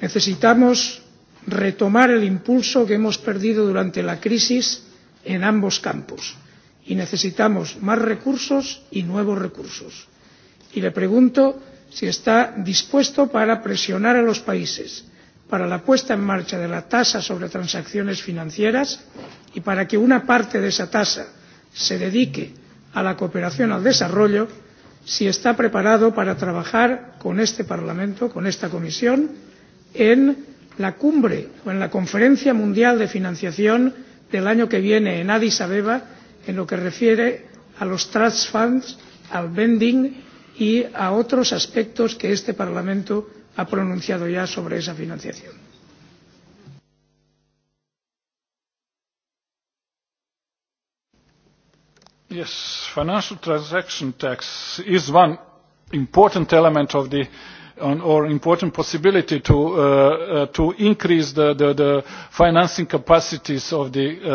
Speaker 13: Necesitamos retomar el impulso que hemos perdido durante la crisis en ambos campos y necesitamos más recursos y nuevos recursos. Y le pregunto si está dispuesto para presionar a los países para la puesta en marcha de la tasa sobre transacciones financieras y para que una parte de esa tasa se dedique a la cooperación al desarrollo, si está preparado para trabajar con este Parlamento, con esta Comisión, en la cumbre o en la Conferencia Mundial de Financiación del año que viene en Addis Abeba en lo que refiere a los trust funds, al vending y a otros aspectos que este Parlamento ha pronunciado ya sobre esa financiación.
Speaker 3: Yes, financial transaction tax is one important element of the on, or important possibility to, uh, uh, to increase the, the, the financing capacities of the, uh,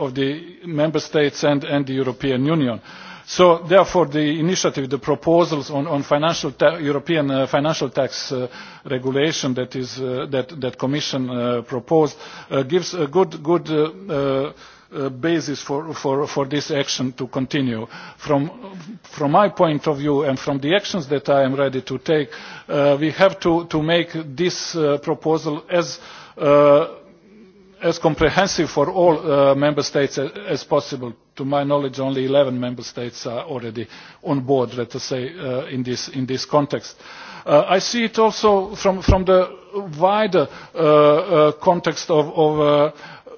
Speaker 3: uh, of the member states and, and the European Union. Uh, So therefore the initiative, the proposals on, on financial ta European uh, financial tax uh, regulation that is uh, that, that Commission uh, proposed uh, gives a good, good uh, uh, Uh, basis for, for, for this action to continue. From, from my point of view and from the actions that I am ready to take, uh, we have to, to make this uh, proposal as uh, as comprehensive for all uh, member states as, uh, as possible. To my knowledge, only 11 member states are already on board, let us say, uh, in, this, in this context. Uh, I see it also from, from the wider uh, uh, context of, of uh,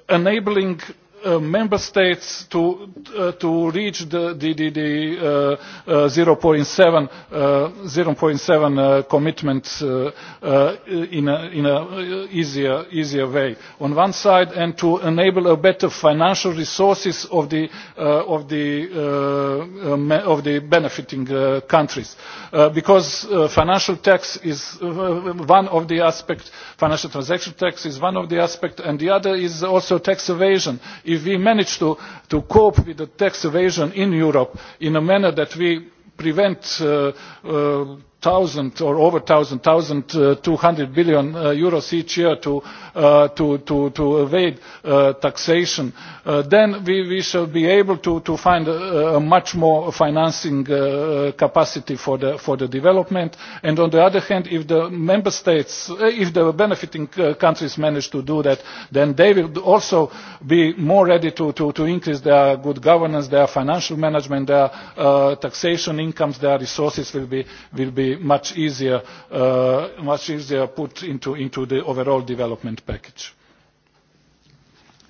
Speaker 3: enabling Uh, member states to uh, to reach the the the, the uh, uh, 0.7 uh, 0.7 uh, commitments uh, uh, in a in a uh, easier easier way on one side and to enable a better financial resources of the uh, of the uh, of the benefiting uh, countries uh, because uh, financial tax is uh, uh one of the aspects financial transaction tax is one of the aspects and the other is also tax evasion if we manage to, to cope with the tax evasion in Europe in a manner that we prevent uh, uh, thousand or over thousand thousand uh, two hundred billion uh, euros each year to uh, to to to evade uh, taxation uh, then we we shall be able to to find a, a much more financing uh, capacity for the for the development and on the other hand if the member states uh, if the benefiting uh, countries manage to do that then they will also be more ready to to to increase their good governance their financial management their uh, taxation incomes their resources will be will be much easier, uh, much easier put into, into the overall development package.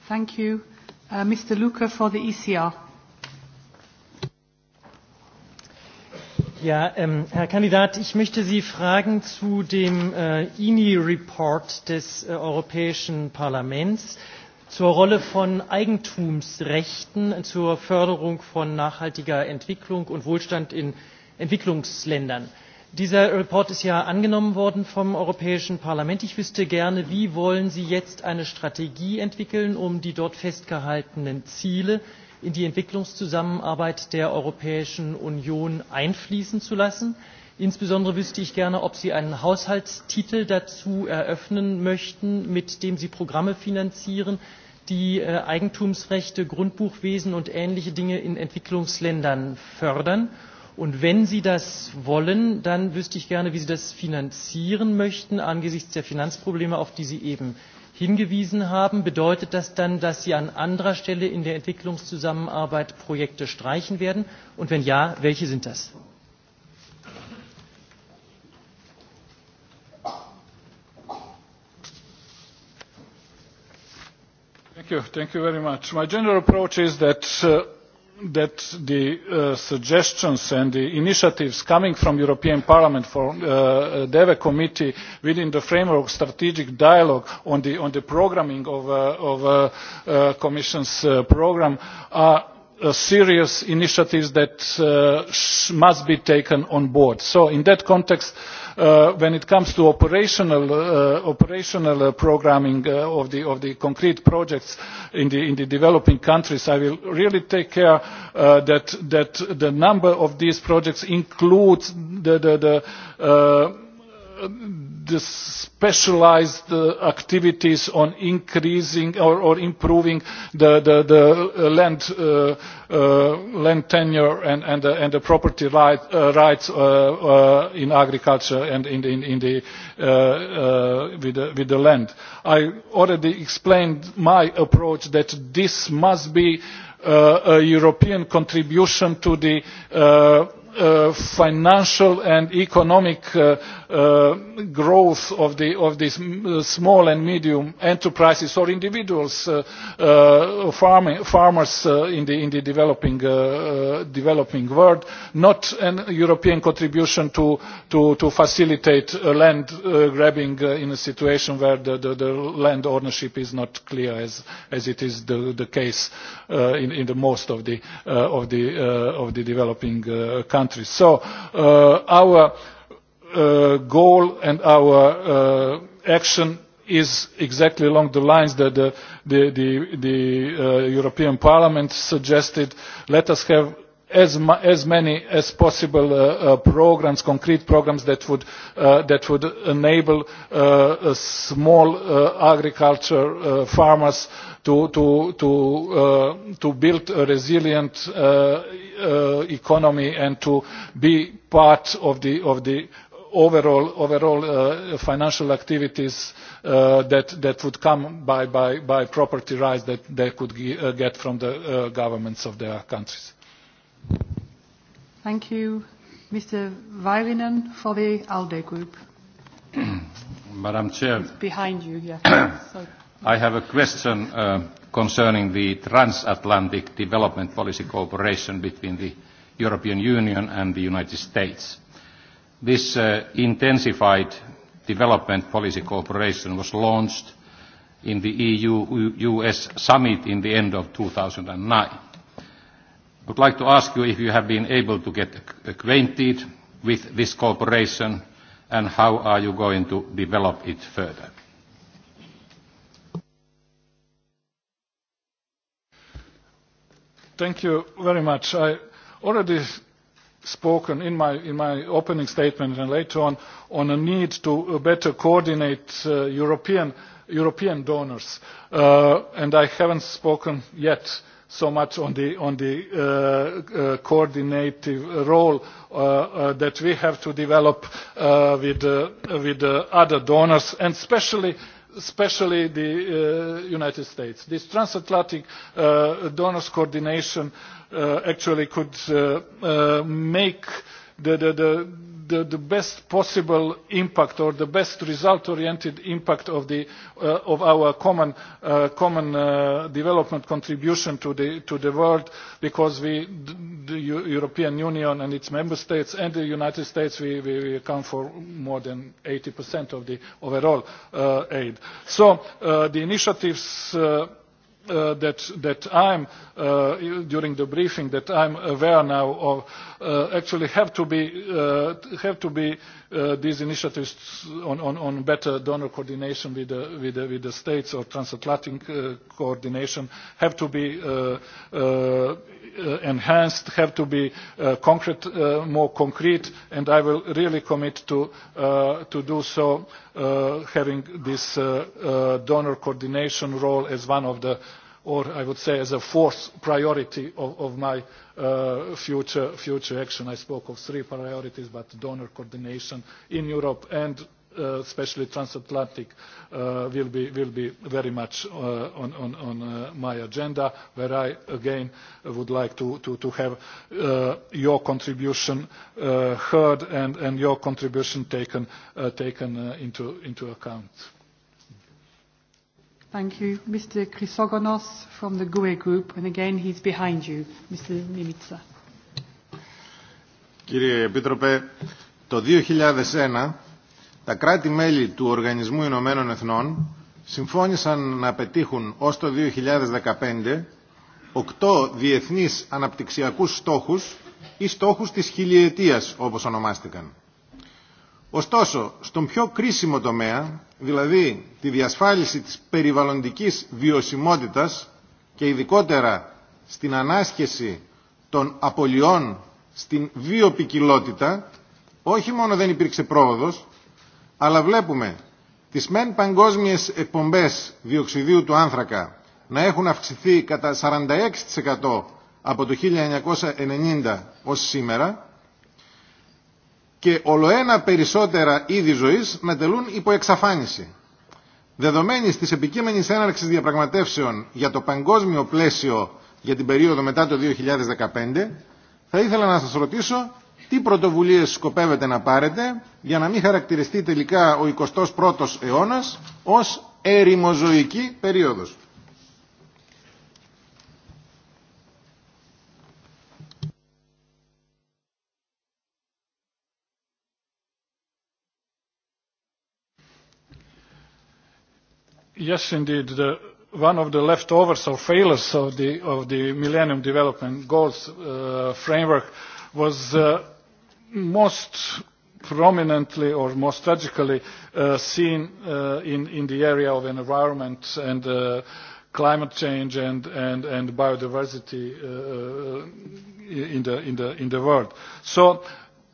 Speaker 1: Thank you. Uh, Mr. Luca for the ECR.
Speaker 5: Ja, ähm, Herr Kandidat, ich möchte Sie fragen zu dem äh, INI-Report des äh, Europäischen Parlaments zur Rolle von Eigentumsrechten zur Förderung von nachhaltiger Entwicklung und Wohlstand in Entwicklungsländern. Dieser Report ist ja angenommen worden vom Europäischen Parlament. Ich wüsste gerne, wie wollen Sie jetzt eine Strategie entwickeln, um die dort festgehaltenen Ziele in die Entwicklungszusammenarbeit der Europäischen Union einfließen zu lassen? Insbesondere wüsste ich gerne, ob Sie einen Haushaltstitel dazu eröffnen möchten, mit dem Sie Programme finanzieren, die äh, Eigentumsrechte, Grundbuchwesen und ähnliche Dinge in Entwicklungsländern fördern Und wenn Sie das wollen, dann wüsste ich gerne, wie Sie das finanzieren möchten angesichts der Finanzprobleme, auf die Sie eben hingewiesen haben. Bedeutet das dann, dass Sie an anderer Stelle in der Entwicklungszusammenarbeit Projekte streichen werden? Und wenn ja, welche sind das?
Speaker 3: Thank you. Thank you very much. My general approach is that uh, that the uh, suggestions and the initiatives coming from European Parliament for uh, uh, DEVE committee within the framework of strategic dialogue on the, on the programming of, uh, of uh, uh, Commission's uh, program are Uh, serious initiatives that uh, sh must be taken on board. So in that context, uh, when it comes to operational, uh, operational uh, programming uh, of, the, of the concrete projects in the, in the developing countries, I will really take care uh, that, that the number of these projects includes the, the, the uh, the specialized uh, activities on increasing or, or improving the, the, the land, uh, uh, land tenure and, and, the, uh, and the property right, uh, rights uh, uh, in agriculture and in, in, in the, uh, uh, with, the, with the land. I already explained my approach that this must be uh, a European contribution to the uh, uh, financial and economic uh, uh, growth of, the, of these uh, small and medium enterprises or individuals, uh, uh, farming, farmers uh, in, the, in the developing, uh, uh, developing world, not an European contribution to, to, to facilitate uh, land uh, grabbing uh, in a situation where the, the, the land ownership is not clear as, as it is the, the case uh, in, in the most of the, uh, of the, uh, of the developing uh, countries. So uh, our uh, goal and our uh, action is exactly along the lines that the, the, the, the uh, European Parliament suggested. Let us have as, ma as many as possible uh, uh, programs, concrete programs that would, uh, that would enable uh, small uh, agriculture uh, farmers to, to, to, uh, to build a resilient uh, uh, economy and to be part of the, of the overall, overall uh, financial activities uh, that, that would come by, by, by property rights that they could uh, get from the uh, governments of their countries.
Speaker 1: Thank you. Mr. Vairinen for the ALDE group.
Speaker 3: Madam Chair. It's
Speaker 1: behind you, yeah.
Speaker 14: I have a question uh, concerning the transatlantic development policy cooperation between the European Union and the United States. This uh, intensified development policy cooperation was launched in the EU-US summit in the end of 2009. I would like to ask you if you have been able to get acquainted with this cooperation and how are you going to develop it further?
Speaker 3: Thank you very much. I already spoken in my, in my opening statement and later on on a need to uh, better coordinate uh, European, European donors. Uh, and I haven't spoken yet so much on the, on the uh, uh, coordinative role uh, uh, that we have to develop uh, with, uh, with uh, other donors and especially uh, especially the uh, United States. This transatlantic uh, donors coordination uh, actually could uh, uh, make the, the, the the, the best possible impact or the best result-oriented impact of, the, uh, of our common, uh, common uh, development contribution to the, to the world because we, the European Union and its member states and the United States, we, we, we account for more than 80% of the overall uh, aid. So uh, the initiatives uh, uh, that, that I'm, uh, during the briefing, that I'm aware now of uh, actually have to be, uh, have to be uh, these initiatives on, on, on better donor coordination with the, with, the, with the states or transatlantic uh, coordination have to be uh, uh, uh, enhanced, have to be uh, concrete, uh, more concrete, and I will really commit to, uh, to do so, uh, having this uh, uh, donor coordination role as one of the, or I would say as a fourth priority of, of my uh, future, future action. I spoke of three priorities, but donor coordination in Europe and uh, especially transatlantic, uh, will, be, will be very much uh, on, on, on uh, my agenda, where I, again, would like to, to, to have uh, your contribution uh, heard and, and your contribution taken, uh, taken uh, into, into account.
Speaker 1: Thank you. Mr. Chrysogonos from the GUE Group, and again, he's behind you, Mr. Mimica.
Speaker 15: Κύριε Επίτροπε, το 2001 τα κράτη-μέλη του Οργανισμού Ηνωμένων Εθνών συμφώνησαν να πετύχουν ως το 2015 οκτώ διεθνείς αναπτυξιακούς στόχους ή στόχους της χιλιετίας όπως ονομάστηκαν. Ωστόσο, στον πιο κρίσιμο τομέα, δηλαδή τη διασφάλιση της περιβαλλοντικής βιωσιμότητας και ειδικότερα στην ανάσχεση των απολειών στην βιοπικιλότητα, όχι μόνο δεν υπήρξε πρόοδος, αλλά βλέπουμε τις μεν παγκόσμιες εκπομπές διοξιδίου του άνθρακα να έχουν αυξηθεί κατά 46% από το 1990 ως σήμερα και ολοένα περισσότερα είδη ζωής να τελούν υπό εξαφάνιση. Δεδομένης της επικείμενης έναρξης διαπραγματεύσεων για το παγκόσμιο πλαίσιο για την περίοδο μετά το 2015, θα ήθελα να σας ρωτήσω τι πρωτοβουλίε σκοπεύετε να πάρετε για να μην χαρακτηριστεί τελικά ο 21 ο αιώνα ω ερημοζωική περίοδο.
Speaker 3: Yes, indeed. The, one of the leftovers or failures of the, of the Millennium Development Goals uh, framework was uh, most prominently or most tragically uh, seen uh, in, in the area of environment and uh, climate change and, and, and biodiversity uh, uh, in, the, in, the, in the world. So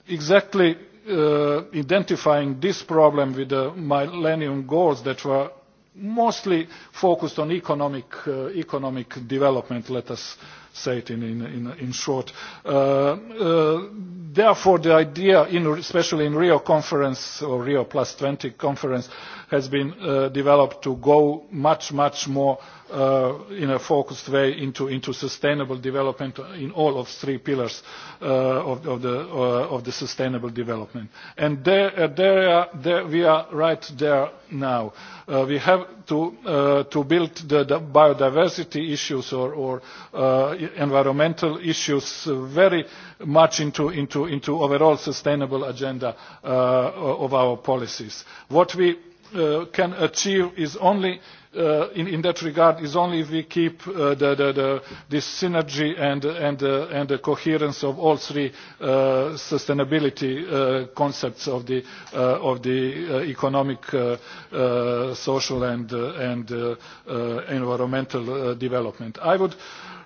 Speaker 3: exactly uh, identifying this problem with the millennium goals that were mostly focused on economic, uh, economic development, let us uh, say it in, in, in, in short. Uh, uh, therefore, the idea, in, especially in Rio conference or Rio plus 20 conference, has been uh, developed to go much, much more uh, in a focused way into, into sustainable development in all of three pillars uh, of, of, the, uh, of the sustainable development. And there, uh, there, are, uh, there we are right there now. Uh, we have to, uh, to build the, the biodiversity issues or, or uh, environmental issues very much into, into, into overall sustainable agenda uh, of our policies. What we uh, can achieve is only uh, in, in that regard is only if we keep uh, the, the, the, this synergy and, and, uh, and the coherence of all three uh, sustainability uh, concepts of the, uh, of the uh, economic, uh, uh, social and, uh, and uh, uh, environmental uh, development. I would,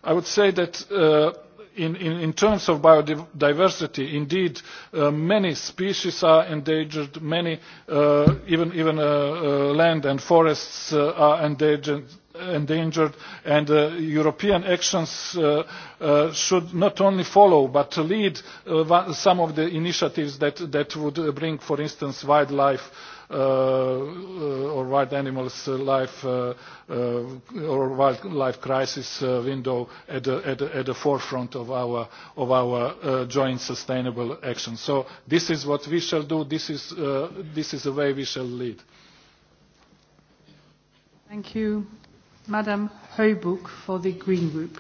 Speaker 3: I would say that uh, in, in, in terms of biodiversity, indeed, uh, many species are endangered, many, uh, even, even uh, uh, land and forests uh, are endangered, endangered and uh, European actions uh, uh, should not only follow but lead uh, some of the initiatives that, that would uh, bring, for instance, wildlife uh, or wild animals uh, life uh, uh, or wildlife crisis uh, window at the, at, the, at the forefront of our, of our uh, joint sustainable action. So this is what we shall do. This is, uh, this is the way we shall lead.
Speaker 1: Thank you. Madam Heubuck for the Green Group.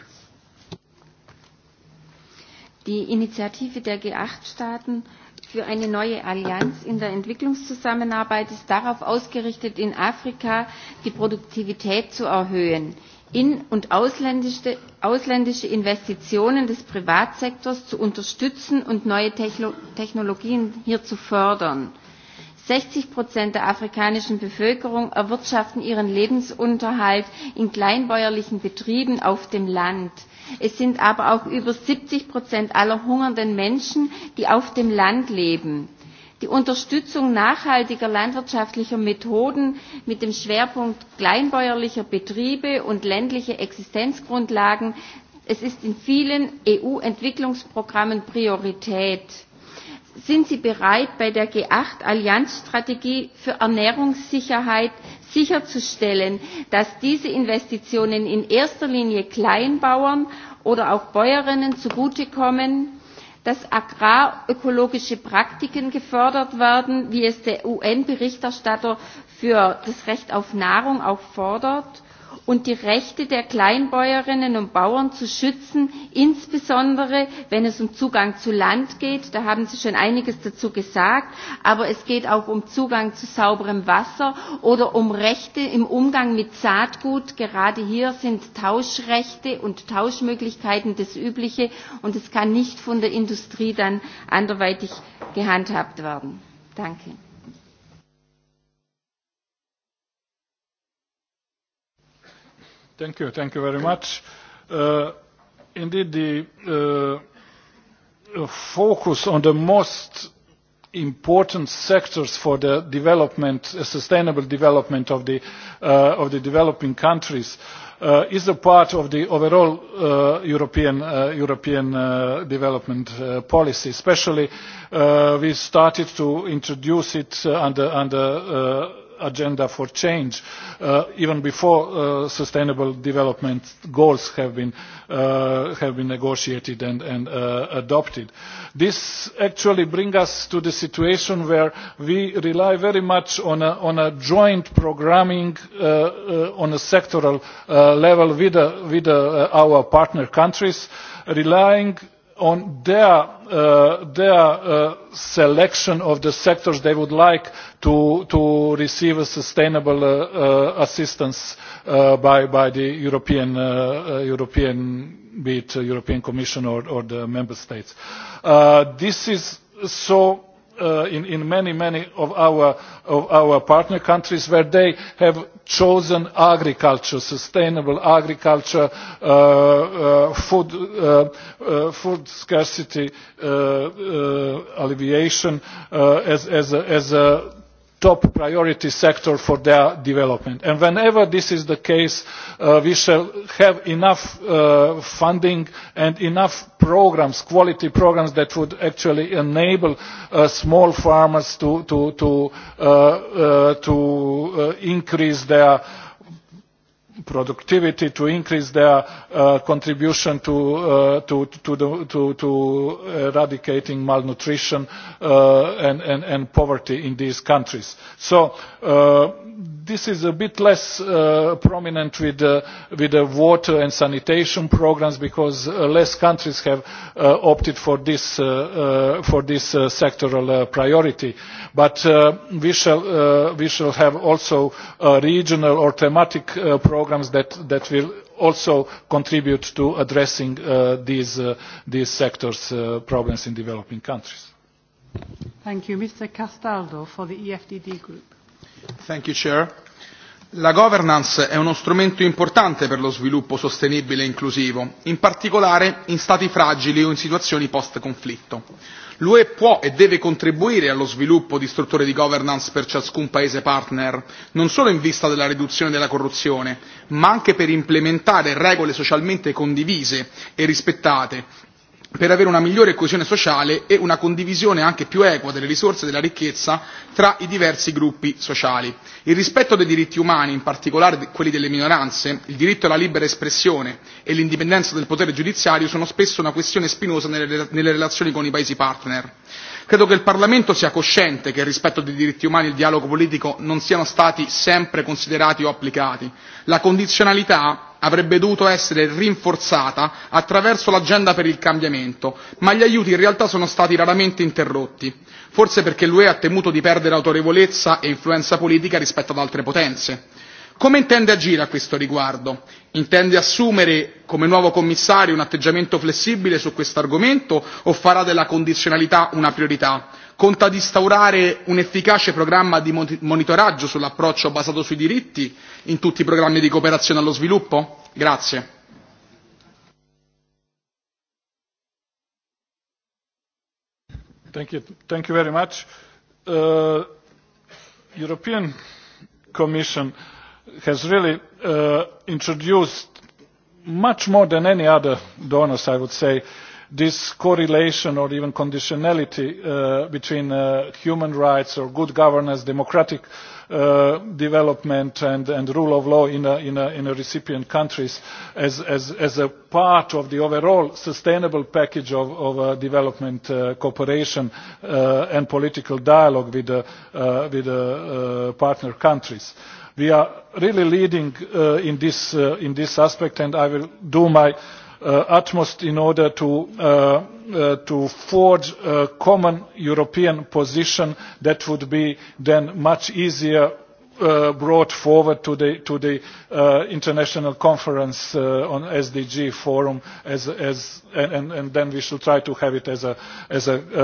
Speaker 16: Die Initiative der G8-Staaten für eine neue Allianz in der Entwicklungszusammenarbeit ist darauf ausgerichtet, in Afrika die Produktivität zu erhöhen, in- und ausländische, ausländische Investitionen des Privatsektors zu unterstützen und neue Techno Technologien hier zu fördern. 60 Prozent der afrikanischen Bevölkerung erwirtschaften ihren Lebensunterhalt in kleinbäuerlichen Betrieben auf dem Land. Es sind aber auch über 70 Prozent aller hungernden Menschen, die auf dem Land leben. Die Unterstützung nachhaltiger landwirtschaftlicher Methoden mit dem Schwerpunkt kleinbäuerlicher Betriebe und ländliche Existenzgrundlagen, es ist in vielen EU-Entwicklungsprogrammen Priorität. Sind Sie bereit, bei der G8-Allianzstrategie für Ernährungssicherheit sicherzustellen, dass diese Investitionen in erster Linie Kleinbauern oder auch Bäuerinnen zugutekommen, dass agrarökologische Praktiken gefördert werden, wie es der UN-Berichterstatter für das Recht auf Nahrung auch fordert und die Rechte der Kleinbäuerinnen und Bauern zu schützen, insbesondere wenn es um Zugang zu Land geht. Da haben Sie schon einiges dazu gesagt, aber es geht auch um Zugang zu sauberem Wasser oder um Rechte im Umgang mit Saatgut. Gerade hier sind Tauschrechte und Tauschmöglichkeiten das Übliche und es kann nicht von der Industrie dann anderweitig gehandhabt werden. Danke.
Speaker 3: Thank you, thank you very much. Uh, indeed, the uh, focus on the most important sectors for the development, uh, sustainable development of the, uh, of the developing countries uh, is a part of the overall uh, European, uh, European uh, development uh, policy. Especially, uh, we started to introduce it uh, under, under uh, agenda for change uh, even before uh, sustainable development goals have been, uh, have been negotiated and, and uh, adopted. This actually brings us to the situation where we rely very much on a, on a joint programming uh, uh, on a sectoral uh, level with, a, uh, with uh, our partner countries, relying on their, uh, their uh, selection of the sectors they would like to, to receive a sustainable uh, uh, assistance uh, by, by the European, uh, uh, European, be it European Commission or, or the Member States. Uh, this is so uh, in, in many, many of our, of our partner countries where they have chosen agriculture, sustainable agriculture, uh, uh, food, uh, uh, food scarcity uh, uh, alleviation uh, as, as, a, as a top priority sector for their development. And whenever this is the case, uh, we shall have enough uh, funding and enough programs, quality programs that would actually enable uh, small farmers to, to, to, uh, uh, to uh, increase their uh, productivity to increase their uh, contribution to, uh, to, to, the, to, to eradicating malnutrition uh, and, and, and poverty in these countries. So uh, this is a bit less uh, prominent with, uh, with the water and sanitation programs because uh, less countries have uh, opted for this, uh, uh, for this uh, sectoral uh, priority. But uh, we, shall, uh, we shall have also uh, regional or thematic uh, programs programs that, that will also contribute to addressing uh, these, uh, these sectors' uh, problems in developing countries.
Speaker 1: Thank you. Mr. Castaldo for the EFDD group.
Speaker 17: Thank you, Chair. La governance è uno strumento importante per lo sviluppo sostenibile e inclusivo, in particolare in stati fragili o in situazioni post-conflitto. L'UE può e deve contribuire allo sviluppo di strutture di governance per ciascun Paese partner, non solo in vista della riduzione della corruzione, ma anche per implementare regole socialmente condivise e rispettate per avere una migliore coesione sociale e una condivisione anche più equa delle risorse e della ricchezza tra i diversi gruppi sociali. Il rispetto dei diritti umani, in particolare quelli delle minoranze, il diritto alla libera espressione e l'indipendenza del potere giudiziario sono spesso una questione spinosa nelle, nelle relazioni con i Paesi partner. Credo che il Parlamento sia cosciente che il rispetto dei diritti umani e il dialogo politico non siano stati sempre considerati o applicati. La condizionalità avrebbe dovuto essere rinforzata attraverso l'agenda per il cambiamento, ma gli aiuti in realtà sono stati raramente interrotti, forse perché l'UE ha temuto di perdere autorevolezza e influenza politica rispetto ad altre potenze. Come intende agire a questo riguardo? Intende assumere come nuovo commissario un atteggiamento flessibile su questo argomento o farà della condizionalità una priorità? conta di instaurare un efficace programma di monitoraggio sull'approccio basato sui diritti in tutti i programmi di cooperazione allo sviluppo? Grazie.
Speaker 3: Thank you. Thank you very much. Uh, European Commission has really uh, introduced much more than any other donors, I would say, uh, this correlation or even conditionality uh, between uh, human rights or good governance, democratic uh, development and, and rule of law in, a, in, a, in a recipient countries as, as, as a part of the overall sustainable package of, of uh, development uh, cooperation uh, and political dialogue with, uh, uh, with uh, uh, partner countries we are really leading uh, in, this, uh, in this aspect and I will do my uh, utmost in order to, uh, uh, to forge a common European position that would be then much easier uh, brought forward to the, to the uh, international conference uh, on SDG forum as, as, and, and then we should try to have it as a, as a uh,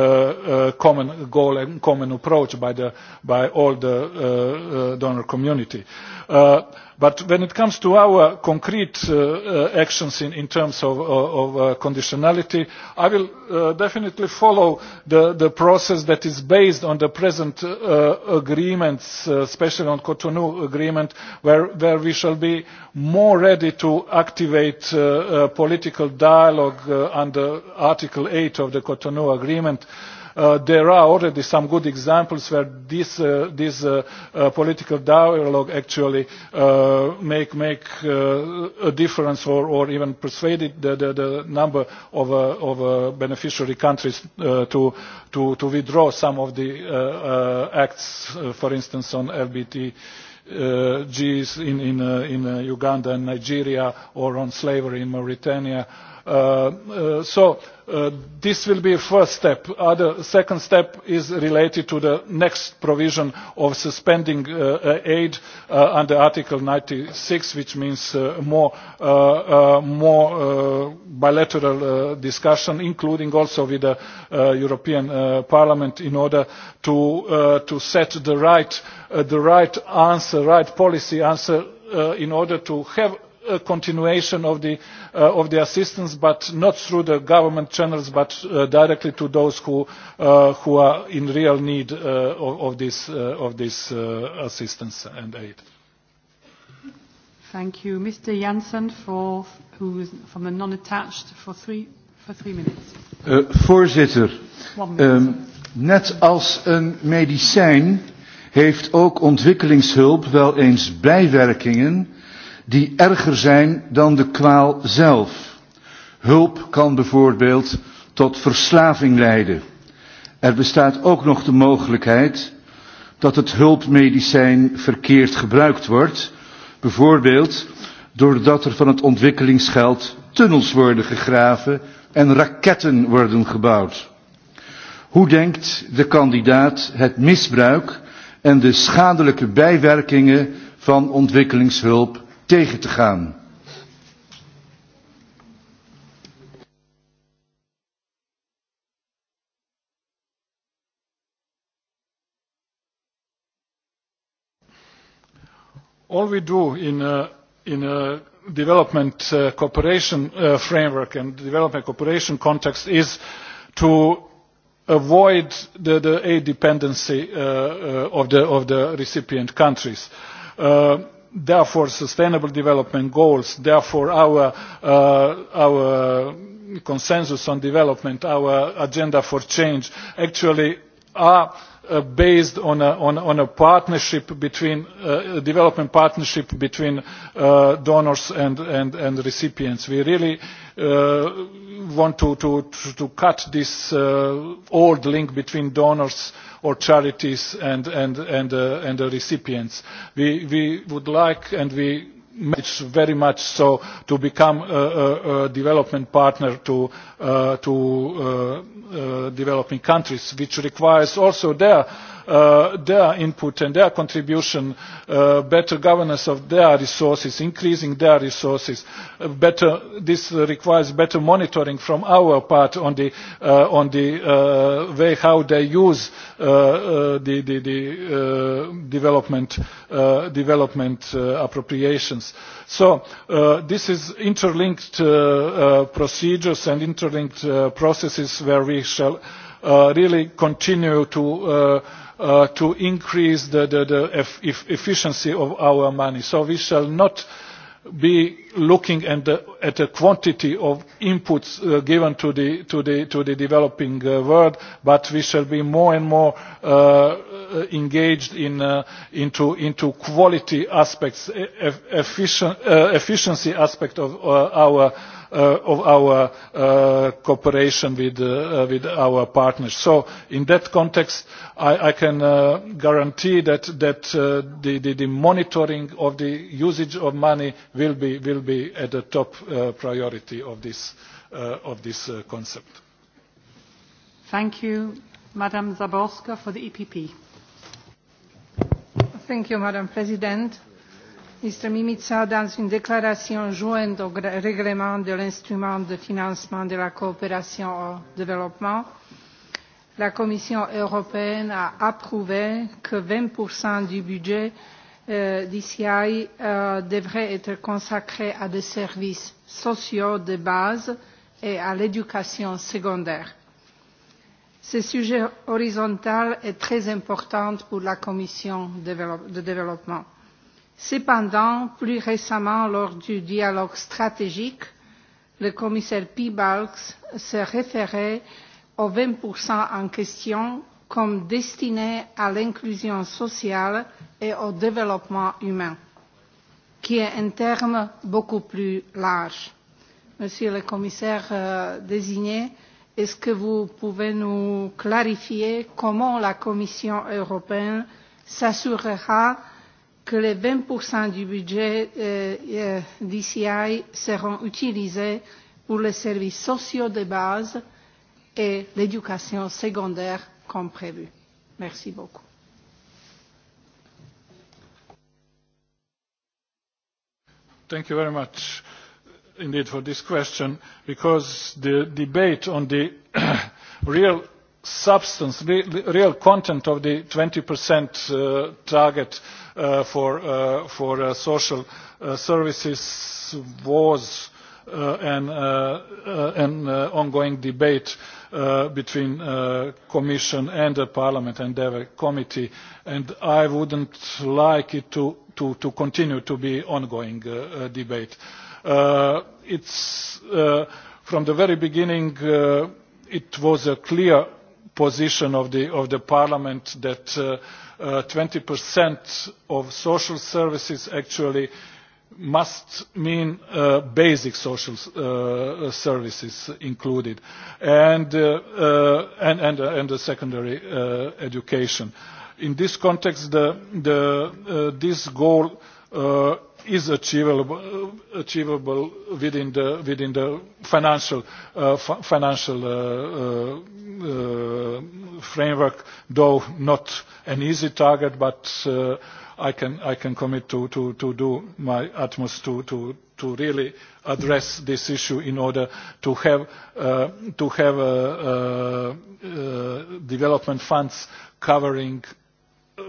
Speaker 3: uh, common goal and common approach by, the, by all the uh, uh, donor community. Uh, But when it comes to our concrete uh, uh, actions in, in terms of, of, uh, of uh, conditionality, I will uh, definitely follow the, the process that is based on the present uh, agreements, uh, especially on Cotonou agreement, where, where we shall be more ready to activate uh, uh, political dialogue uh, under Article 8 of the Cotonou agreement. Uh, Uh, there are already some good examples where this, uh, this uh, uh, political dialogue actually uh, make, make uh, a difference or, or even persuaded the, the, the number of, uh, of uh, beneficiary countries uh, to, to, to withdraw some of the uh, uh, acts, uh, for instance, on LBT uh, G's in, in, uh, in uh, Uganda and Nigeria or on slavery in Mauritania Uh, uh, so uh, this will be a first step. The second step is related to the next provision of suspending uh, uh aid uh, under Article 96, which means uh, more, uh, uh, more uh, bilateral uh, discussion, including also with the uh, European uh, Parliament, in order to, uh, to set the right, uh, the right answer, right policy answer uh, in order to have a continuation of the, uh, of the assistance, but not through the government channels, but uh, directly to those who, uh, who are in real need uh, of, of this, uh, of this uh, assistance and aid.
Speaker 1: Thank you. Mr. Janssen for, who is from the non-attached for three, for three minutes. Uh, voorzitter, ehm, minute.
Speaker 6: um, net als een medicijn heeft ook ontwikkelingshulp wel eens bijwerkingen die erger zijn dan de kwaal zelf. Hulp kan bijvoorbeeld tot verslaving leiden. Er bestaat ook nog de mogelijkheid dat het hulpmedicijn verkeerd gebruikt wordt, bijvoorbeeld doordat er van het ontwikkelingsgeld tunnels worden gegraven en raketten worden gebouwd. Hoe denkt de kandidaat het misbruik en de schadelijke bijwerkingen van ontwikkelingshulp tegen te gaan.
Speaker 3: All we do in a, uh, in a uh, development uh, cooperation uh, framework and development cooperation context is to avoid the, the aid dependency uh, uh, of, the, of the recipient countries. Uh, therefore sustainable development goals, therefore our, uh, our consensus on development, our agenda for change actually are uh, based on a, on, on a partnership between, uh, a development partnership between uh, donors and, and, and recipients. We really uh, want to, to, to cut this uh, old link between donors or charities and, and, and, uh, and the recipients. We, we would like and we manage very much so to become a, a, a development partner to, uh, to uh, uh, developing countries, which requires also there uh, their input and their contribution, uh, better governance of their resources, increasing their resources. Uh, better, this requires better monitoring from our part on the, uh, on the uh, way how they use uh, uh, the, the, the uh, development, uh, development uh, appropriations. So uh, this is interlinked uh, uh, procedures and interlinked uh, processes where we shall uh, really continue to uh, uh, to increase the, the, the eff efficiency of our money. So we shall not be looking at the, at the quantity of inputs uh, given to the, to the, to the developing uh, world, but we shall be more and more uh, uh engaged in, uh, into, into quality aspects, e efficient, uh, efficiency aspect of uh, our uh, of our uh, cooperation with, uh, with our partners. So in that context, I, I can uh, guarantee that, that uh, the, the, the monitoring of the usage of money will be, will be at the top uh, priority of this, uh, of this uh, concept.
Speaker 1: Thank you, Madam Zaborska, for the EPP. Thank you, Madam President. Mr.
Speaker 18: Mimica, dans une déclaration jointe au règlement de l'instrument de financement de la coopération au développement, la Commission européenne a approuvé que 20% du budget euh, d'ICI euh, devrait être consacré à des services sociaux de base et à l'éducation secondaire. Ce sujet horizontal est très important pour la Commission de développement. Cependant, plus récemment, lors du dialogue stratégique, le commissaire Piebalgs se référait aux 20% en question comme destinés à l'inclusion sociale et au développement humain, qui est un terme beaucoup plus large. Monsieur le commissaire euh, désigné, est-ce que vous pouvez nous clarifier comment la Commission européenne s'assurera que les 20% du budget euh, euh d'ICI seront utilisés pour les services sociaux de base et l'éducation secondaire comme prévu.
Speaker 13: Merci beaucoup.
Speaker 3: Thank you very much uh, indeed for this question because the debate on the real substance, the real content of the 20% uh, target uh, for, uh, for uh, social uh, services was uh, an, uh, uh an uh, ongoing debate uh, between uh, Commission and the Parliament and the committee, and I wouldn't like it to, to, to continue to be ongoing uh, uh debate. Uh, it's, uh, from the very beginning, uh, it was a clear position of the, of the parliament that uh, uh, 20% of social services actually must mean uh, basic social uh, services included and, uh, uh, and, and, uh, and the secondary uh, education. In this context, the, the, uh, this goal uh, is achievable, uh, achievable within the, within the financial, uh, financial uh, uh, uh, framework, though not an easy target, but uh, I, can, I can commit to, to, to do my utmost to, to, to really address this issue in order to have, uh, to have uh, uh, uh, development funds covering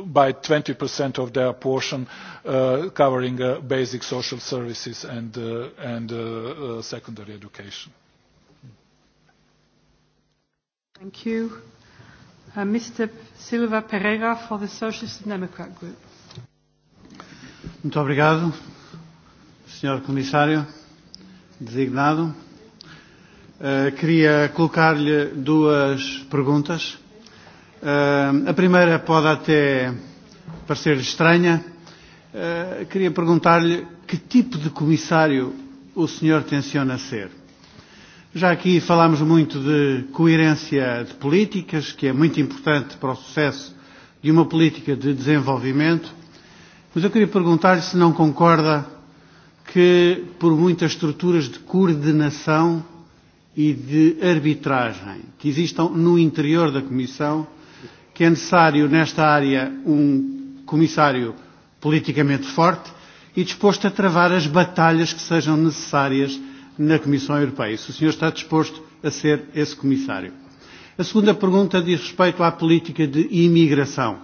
Speaker 3: by 20% of their portion uh, covering uh, basic social services and, uh, and uh, uh, secondary education.
Speaker 1: Thank you. Uh, Mr. Silva Pereira for the Socialist and Democrat Group.
Speaker 19: Muito obrigado, Sr. Comissário designado. Uh, queria colocar-lhe duas perguntas. Uh, a primeira pode até parecer estranha. Uh, queria perguntar-lhe que tipo de comissário o senhor tenciona ser. Já aqui falámos muito de coerência de políticas, que é muito importante para o sucesso de uma política de desenvolvimento, mas eu queria perguntar-lhe se não concorda que, por muitas estruturas de coordenação e de arbitragem que existam no interior da Comissão, que é necessário nesta área um comissário politicamente forte e disposto a travar as batalhas que sejam necessárias na Comissão Europeia. se o senhor está disposto a ser esse comissário. A segunda pergunta diz respeito à política de imigração,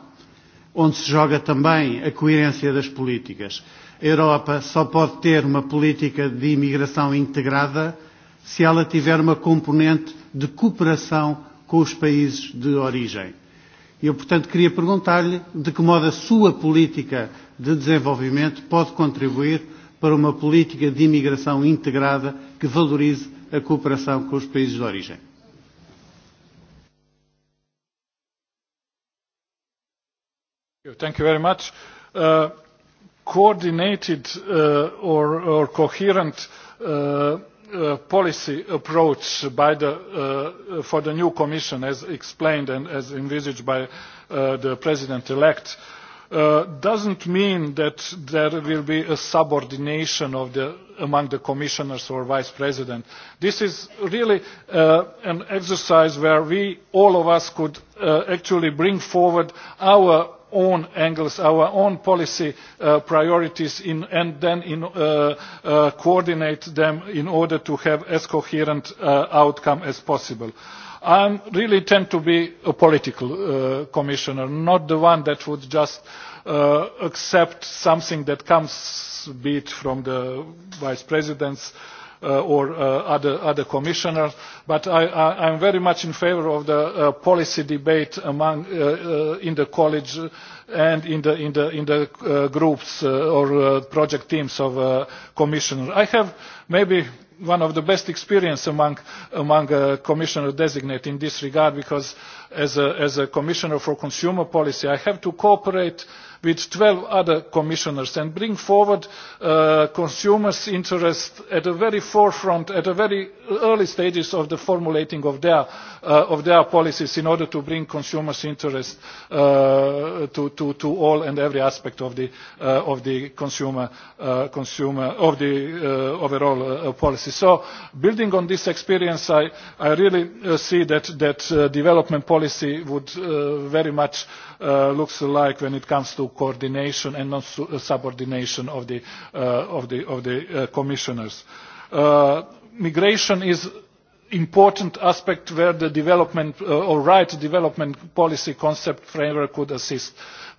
Speaker 19: onde se joga também a coerência das políticas. A Europa só pode ter uma política de imigração integrada se ela tiver uma componente de cooperação com os países de origem. E eu, portanto, queria perguntar-lhe de que modo a sua política de desenvolvimento pode contribuir para uma política de imigração integrada que valorize a cooperação com os países de origem.
Speaker 3: Thank you very much. Uh, coordinated uh, or, or coherent uh, Uh, policy approach by the, uh, uh, for the new Commission, as explained and as envisaged by the President-elect, does doesn't mean that there will be a subordination of the, among the commissioners or vice president. This is really an exercise where we, all of us, could actually bring forward our own angles, our own policy uh, priorities, in, and then in, uh, uh, coordinate them in order to have as coherent uh, outcome as possible. I really tend to be a political uh, commissioner, not the one that would just uh, accept something that comes, be it from the vice president's uh, uh, or uh, other, other commissioners. But I, I, I'm very much in favor of the uh, policy debate among, uh, uh, in the college and in the, in the, in the uh, groups uh, or uh, project teams of uh, commissioners. I have maybe one of the best experience among, among uh, commissioner designate in this regard because as a, as a Commissioner for Consumer Policy, I have to cooperate with 12 other commissioners and bring forward uh, consumers' interests at the very forefront, at the very early stages of the formulating of their, uh, of their policies in order to bring consumers' interest uh, to, to, to all and every aspect of the, uh, of the consumer, uh, consumer, of the uh, overall uh, policy. So building on this experience, I, I really uh, see that, that uh, development policy policy would uh, very much uh, looks like when it comes to coordination and non uh, subordination of the, uh, of the, of the uh, commissioners. Uh, migration is important aspect where the development uh, or right development policy concept framework could assist.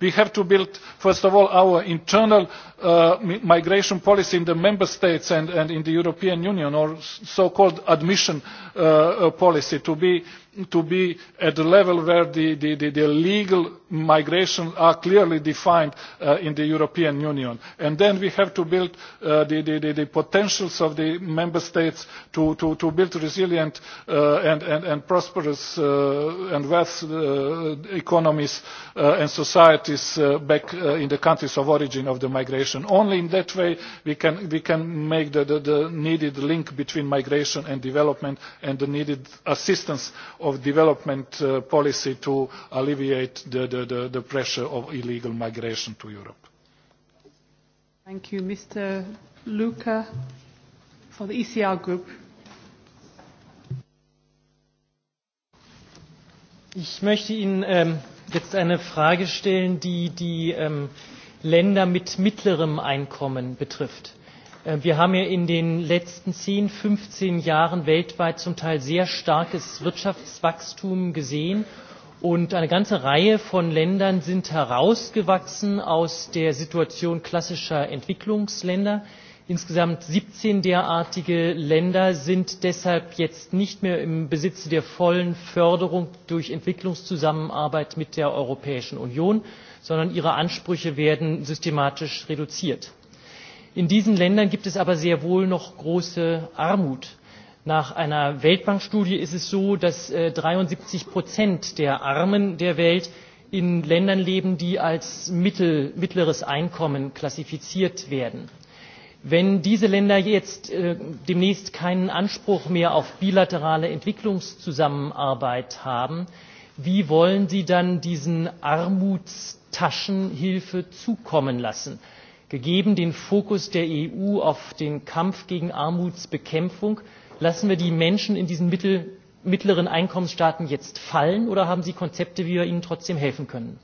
Speaker 3: We have to build, first of all, our internal uh, migration policy in the member states and, and in the European Union, or so-called admission uh, uh, policy, to be, to be at the level where the, the, the, the legal migration are clearly defined uh, in the European Union. And then we have to build uh, the, the, the, the potentials of the member states to, to, to build resilient uh, and, and, and prosperous uh, and vast uh, economies uh, and societies cases uh, back uh, in the countries of origin of the migration. Only in that way we can, we can make the, the, the needed link between migration and development and the needed assistance of development uh, policy to alleviate the, the, the, the pressure of illegal migration to Europe.
Speaker 1: Thank you. Mr. Luca for the ECR group.
Speaker 5: Ich möchte Ihnen ähm, jetzt eine Frage stellen, die die ähm, Länder mit mittlerem Einkommen betrifft. Äh, wir haben ja in den letzten 10, 15 Jahren weltweit zum Teil sehr starkes Wirtschaftswachstum gesehen und eine ganze Reihe von Ländern sind herausgewachsen aus der Situation klassischer Entwicklungsländer. Insgesamt 17 derartige Länder sind deshalb jetzt nicht mehr im Besitz der vollen Förderung durch Entwicklungszusammenarbeit mit der Europäischen Union, sondern ihre Ansprüche werden systematisch reduziert. In diesen Ländern gibt es aber sehr wohl noch große Armut. Nach einer Weltbankstudie ist es so, dass 73 äh, Prozent der Armen der Welt in Ländern leben, die als mittel, mittleres Einkommen klassifiziert werden. Wenn diese Länder jetzt äh, demnächst keinen Anspruch mehr auf bilaterale Entwicklungszusammenarbeit haben, wie wollen Sie dann diesen Armutstaschenhilfe zukommen lassen? Gegeben den Fokus der EU auf den Kampf gegen Armutsbekämpfung, lassen wir die Menschen in diesen mittel, mittleren Einkommensstaaten jetzt fallen oder haben Sie Konzepte, wie wir ihnen trotzdem helfen können?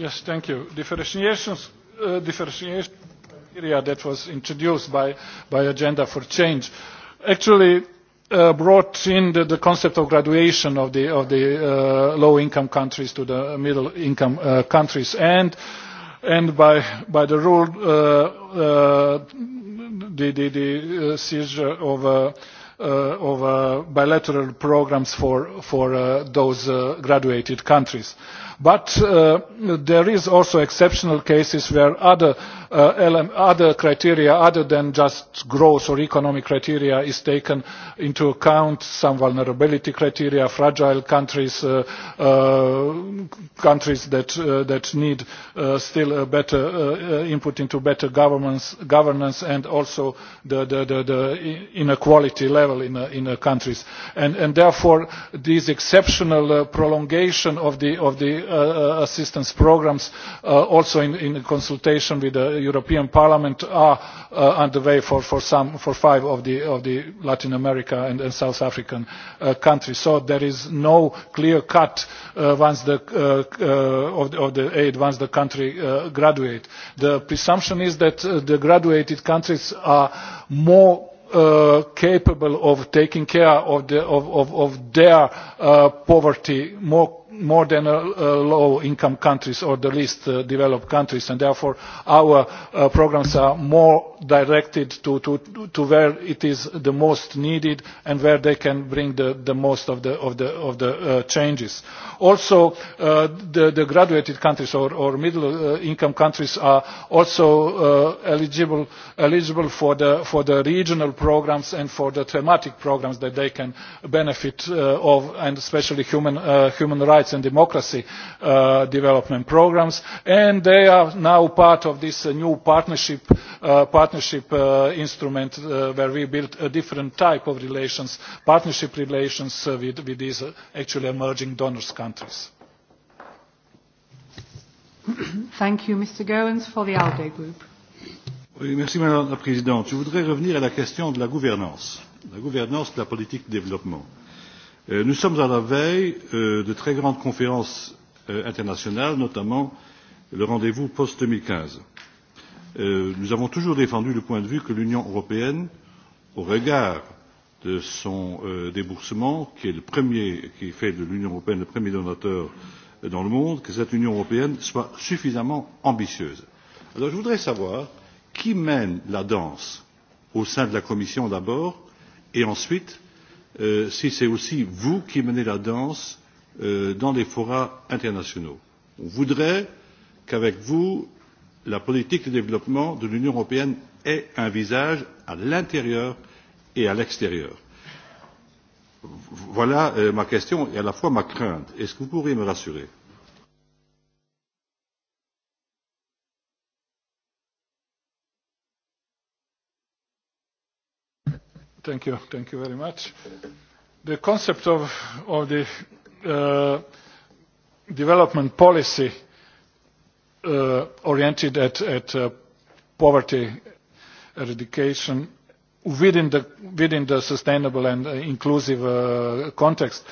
Speaker 3: Yes, thank you. Differentiations, uh, differentiation criteria that was introduced by, by Agenda for Change actually uh, brought in the, the concept of graduation of the, of the uh, low-income countries to the middle-income uh, countries. And, and by, by the rule, uh, uh, the, the, the uh, seizure of uh, uh, of uh, bilateral programs for, for uh, those uh, graduated countries. Uh, But uh, there is also exceptional cases where other, uh, other criteria other than just growth or economic criteria is taken into account, some vulnerability criteria, fragile countries, uh, uh, countries that, uh, that need uh, still a better uh, uh input into better governance governance and also the, the, the, the inequality level in, uh, in uh, countries. And, and therefore, these exceptional uh, prolongation of the, of the Uh, uh, assistance programs uh, also in, in consultation with the European Parliament are uh, underway for, for, some, for five of the, of the Latin America and, and South African uh, countries. So there is no clear cut uh, once the, uh, uh, of, the, of the aid once the country uh, graduates. The presumption is that uh, the graduated countries are more uh, capable of taking care of, the, of, of, of their uh, poverty more more than uh, uh, low income countries or the least uh, developed countries and therefore our uh, programs are more directed to, to, to where it is the most needed and where they can bring the, the most of the, of the, of the uh, changes. Also uh, the, the graduated countries or, or middle uh, income countries are also uh, eligible, eligible for, the, for the regional programs and for the thematic programs that they can benefit uh, of and especially human, uh, human rights rights and democracy uh, development programs, and they are now part of this uh, new partnership, uh, partnership uh, instrument uh, where we built a different type of relations, partnership relations uh, with, with these uh, actually emerging donors countries.
Speaker 1: Thank you, Mr. Goins, for the ALDE Group.
Speaker 3: Oui, merci, Madame la Présidente. Je voudrais revenir à la
Speaker 6: question de la gouvernance, la gouvernance de la politique de développement. Euh, nous sommes à la veille euh, de très grandes conférences euh, internationales, notamment le rendez-vous post-2015. Nous avons toujours défendu le point de vue que l'Union européenne, au regard de son déboursement, qui est le premier, qui fait de l'Union européenne le premier donateur dans le monde, que cette Union européenne soit suffisamment ambitieuse. Alors je voudrais savoir qui mène la danse au sein de la Commission d'abord et ensuite Euh, si c'est aussi vous qui menez la danse euh, dans les forats internationaux. On voudrait qu'avec vous, la politique de développement de l'Union européenne ait un visage à l'intérieur et à l'extérieur. Voilà euh, ma question et à la fois ma crainte. Est-ce que vous pourriez me rassurer
Speaker 3: Thank you. Thank you very much. The concept of, of the uh, development policy uh, oriented at, at uh, poverty eradication within the, within the sustainable and uh, inclusive uh, context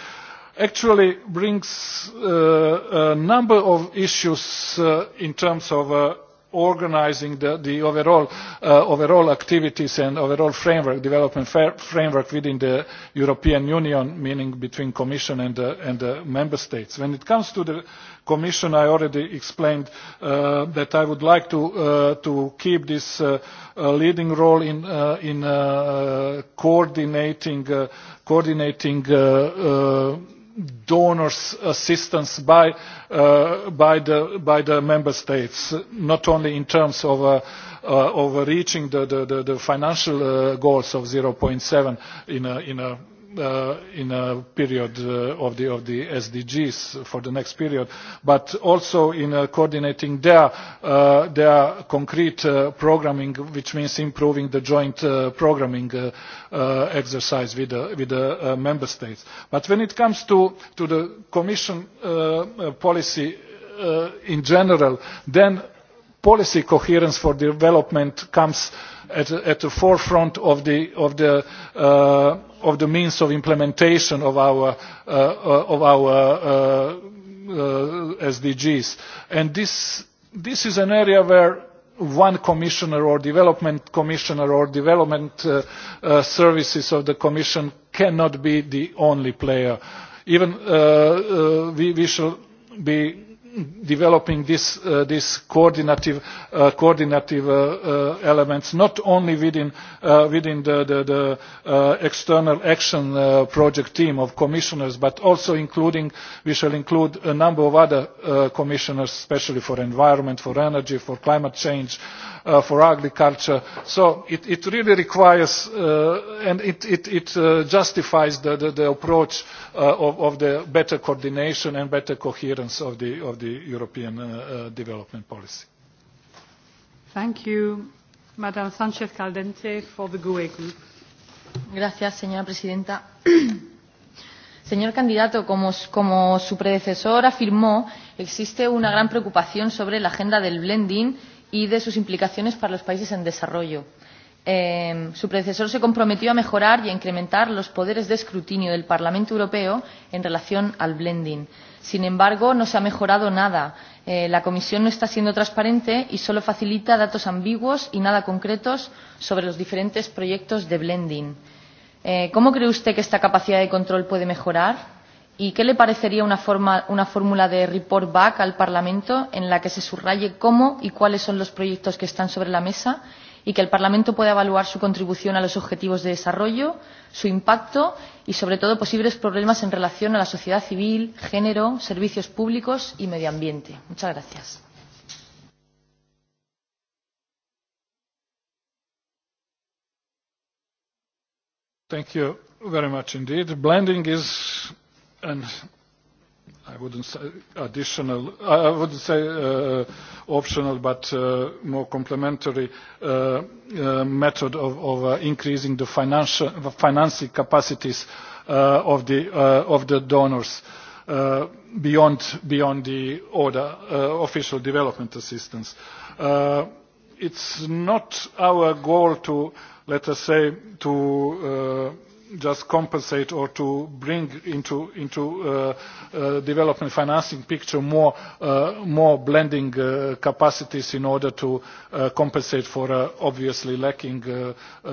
Speaker 3: actually brings uh, a number of issues uh, in terms of uh, organizing the, the overall, uh, overall activities and overall framework, development framework within the European Union, meaning between Commission and the, and the Member States. When it comes to the Commission, I already explained uh, that I would like to, uh, to keep this uh, uh, leading role in, uh, in uh, coordinating, uh, coordinating uh, uh, donors assistance by uh, by the by the member states not only in terms of uh, uh, of reaching the the, the financial uh, goals of 0.7 in a in a uh, in a period uh, of, the, of the SDGs for the next period, but also in uh, coordinating their, uh, their concrete uh, programming, which means improving the joint uh, programming uh, uh, exercise with the, with the uh, member states. But when it comes to, to the Commission uh, uh, policy uh, in general, then policy coherence for development comes uh, at, at the forefront of the, of the, uh, of the means of implementation of our, uh, uh of our uh, uh, SDGs. And this, this is an area where one commissioner or development commissioner or development uh, uh, services of the commission cannot be the only player. Even uh, uh, we, we shall be developing this, uh, this coordinative, uh, coordinative uh, uh, elements, not only within, uh, within the, the, the uh, external action uh, project team of commissioners, but also including, we shall include a number of other uh, commissioners, especially for environment, for energy, for climate change, uh, uh, for agriculture. So it, it really requires uh, and it, it, it uh, justifies the, the, the approach uh, of, of the better coordination and better coherence of the, of the European uh, uh, development policy.
Speaker 1: Thank you, Madam Sanchez Caldente for the GUE Group.
Speaker 7: Gracias, señora presidenta. Señor candidato, como, como su predecesor afirmó, existe una gran preocupación sobre la agenda del blending y de sus implicaciones para los países en desarrollo. Eh, su predecesor se comprometió a mejorar y a incrementar los poderes de escrutinio del Parlamento Europeo en relación al blending. Sin embargo, no se ha mejorado nada. Eh, la Comisión no está siendo transparente y solo facilita datos ambiguos y nada concretos sobre los diferentes proyectos de blending. Eh, ¿Cómo cree usted que esta capacidad de control puede mejorar? ¿Y qué le parecería una, forma, una fórmula de report back al Parlamento en la que se subraye cómo y cuáles son los proyectos que están sobre la mesa y que el Parlamento pueda evaluar su contribución a los objetivos de desarrollo, su impacto y, sobre todo, posibles problemas en relación a la sociedad civil, género, servicios públicos y medio ambiente? Muchas gracias.
Speaker 3: Thank you very much indeed. Blending is and I wouldn't say additional, I wouldn't say uh, optional, but uh, more complementary uh, uh, method of, of uh, increasing the financial, the financing capacities uh, of, the, uh, of the donors uh, beyond, beyond the order, uh, official development assistance. Uh, it's not our goal to, let us say, to uh, just compensate or to bring into, into uh, uh, development financing picture more, uh, more blending uh, capacities in order to uh, compensate for uh, obviously lacking uh, uh,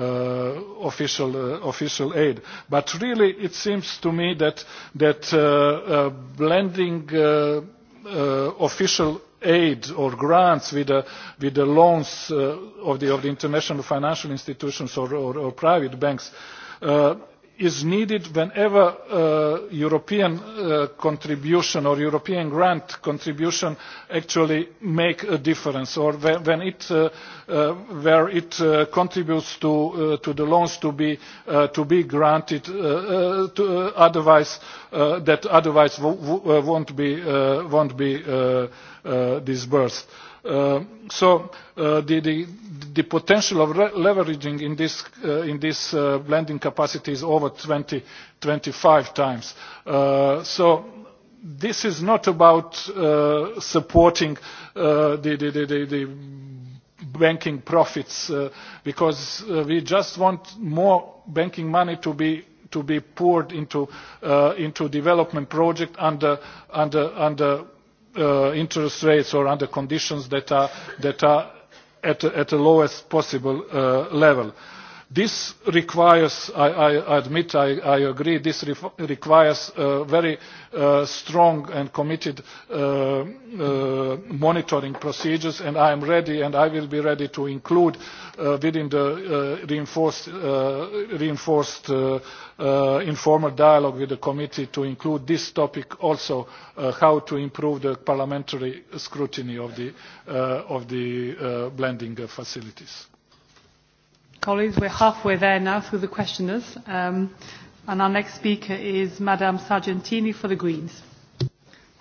Speaker 3: official, uh, official aid. But really it seems to me that, that uh, uh, blending uh, uh, official aid or grants with the, uh, with the loans uh, of, the, of the international financial institutions or, or, or private banks uh, uh, is needed whenever uh, European uh, contribution or European grant contribution actually make a difference or when, when it, uh, uh, where it uh, contributes to, uh, to the loans to be, uh, to be granted uh, uh, to, uh, otherwise, uh, that otherwise w w uh, won't be, uh, won't be uh, uh, disbursed. Uh, Uh, so uh, the, the, the potential of leveraging in this, uh, in this uh, blending capacity is over 20, 25 times. Uh, so this is not about uh, supporting uh, the, the, the, the, the banking profits uh, because uh, we just want more banking money to be to be poured into uh, into development project under under under uh, interest rates or under conditions that are, that are at, at the lowest possible uh, level. This requires, I, I admit, I, I agree, this re requires a very uh, strong and committed uh, uh, monitoring procedures, and I am ready and I will be ready to include uh, within the uh, reinforced, uh, reinforced uh, uh, informal dialogue with the committee to include this topic also, uh, how to improve the parliamentary scrutiny of the, uh, of the uh, blending uh, facilities
Speaker 1: colleagues. We're halfway there now through the questioners. Um, and our next speaker is Madame Sargentini for the Greens.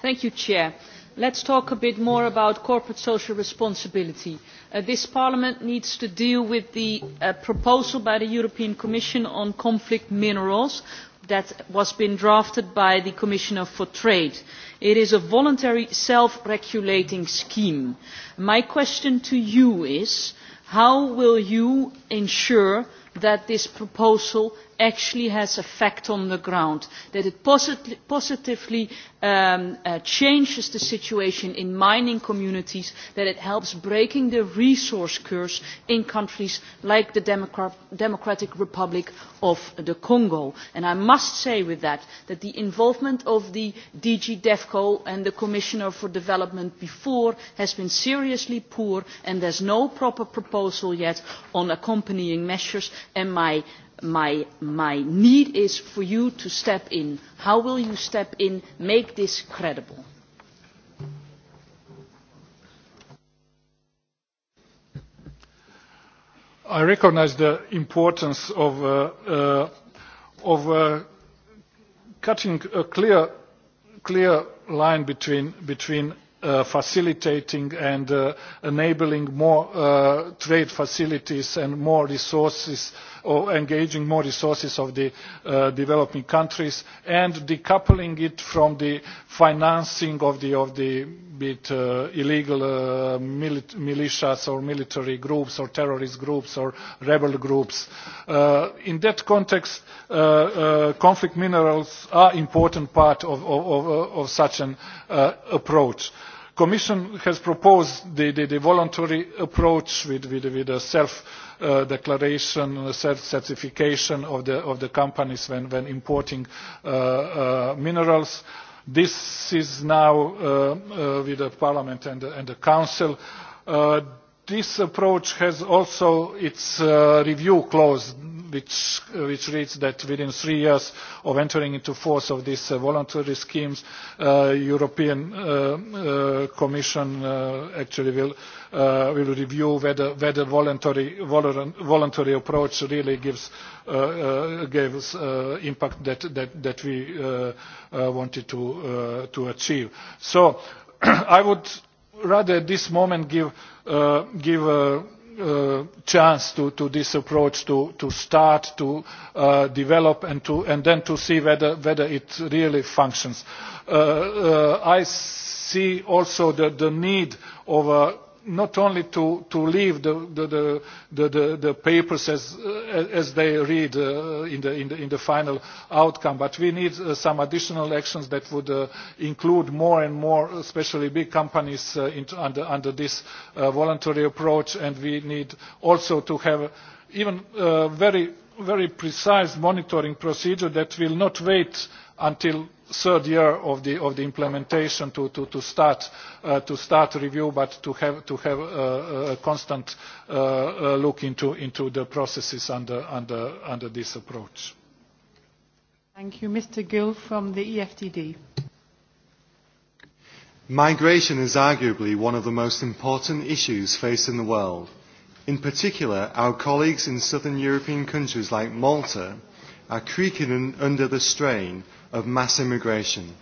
Speaker 1: Thank you, Chair. Let's talk a bit more about corporate social
Speaker 20: responsibility. Uh, this Parliament needs to deal with the uh, proposal by the European Commission on conflict minerals that was been drafted by the Commissioner for Trade. It is a voluntary self-regulating scheme. My question to you is, uh, How will you ensure that this proposal actually has effect on the ground, that it posit positively um, uh, changes the situation in mining communities, that it helps breaking the resource curse in countries like the Demo Democratic Republic of the Congo. And I must say with that, that the involvement of the DG DEFCO and the Commissioner for Development before has been seriously poor and there's no proper proposal yet on accompanying measures and my my, my need is for you to step in. How will you step in, make this credible?
Speaker 3: I recognize the importance of, uh, uh, of uh, cutting a clear, clear line between, between uh, facilitating and uh, enabling more uh, trade facilities and more resources uh, or engaging more resources of the uh, developing countries and decoupling it from the financing of the, of the bit, uh, illegal uh, mili militias or military groups or terrorist groups or rebel groups. Uh, in that context, uh, uh, conflict minerals are important part of, of, of, uh, of such an uh, approach. Commission has proposed the, the, the voluntary approach with, with, with a self uh, declaration, cert certification of the, of the companies when, when importing uh, uh, minerals. This is now uh, uh, with the Parliament and, and the Council. Uh, this approach has also its uh, review clause which, uh, which reads that within three years of entering into force of these uh, voluntary schemes, uh, European uh, uh, Commission uh, actually will, uh, will review whether, whether voluntary, voluntary approach really gives, uh, uh, gives uh, impact that, that, that we uh, uh, wanted to, uh, to achieve. So I would rather at this moment give, uh, give uh, uh, chance to, to this approach to, to start, to uh, develop, and, to, and then to see whether, whether it really functions. Uh, uh, I see also the, the need of a not only to, to leave the, the, the, the, the, the papers as, uh, as they read uh, in, the, in, the, in the final outcome, but we need uh, some additional actions that would uh, include more and more, especially big companies uh, into, under, under this uh, voluntary approach, and we need also to have even uh, very, very precise monitoring procedure that will not wait until third year of the, of the implementation to, to, to, start, uh, to start review but to have, to have uh, uh a constant uh, uh, look into, into the processes under, under, under this approach.
Speaker 1: Thank you. Mr. Gill from the EFTD.
Speaker 21: Migration is arguably one of the most important issues faced in the world. In particular, our colleagues in southern European countries like Malta are creaking under the strain of mass immigration.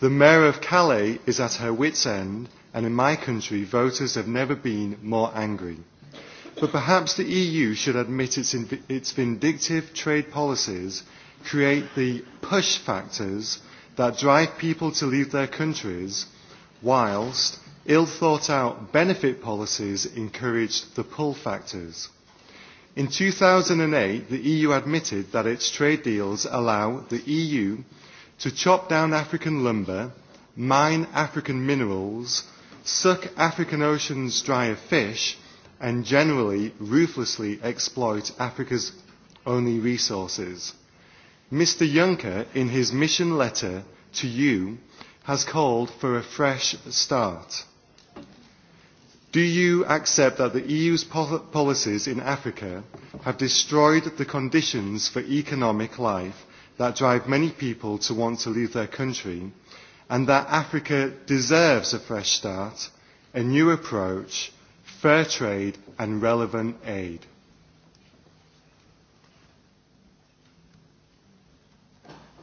Speaker 21: The mayor of Calais is at her wits' end, and in my country, voters have never been more angry. But perhaps the EU should admit its, its vindictive trade policies create the push factors that drive people to leave their countries, whilst ill-thought-out benefit policies encourage the pull factors. In 2008, the EU admitted that its trade deals allow the EU to chop down African lumber, mine African minerals, suck African oceans dry of fish, and generally ruthlessly exploit Africa's only resources. Mr Juncker, in his mission letter to you, has called for a fresh start. Do you accept that the EU's policies in Africa have destroyed the conditions for economic life that drive many people to want to leave their country and that Africa deserves a fresh start, a new approach, fair trade and relevant aid?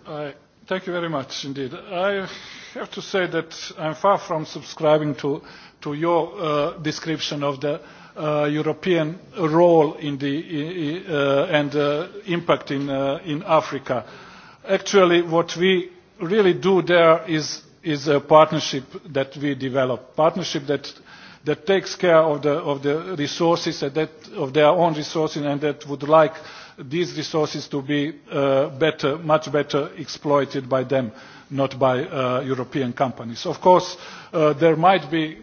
Speaker 3: I, thank you very much indeed. I have to say that I'm far from subscribing to to your uh, description of the uh, European role in the, uh, and uh, impact in, uh, in Africa. Actually, what we really do there is, is a partnership that we develop, partnership that, that takes care of the, of the resources, and that, of their own resources, and that would like these resources to be uh, better, much better exploited by them, not by uh, European companies. Of course, uh, there might be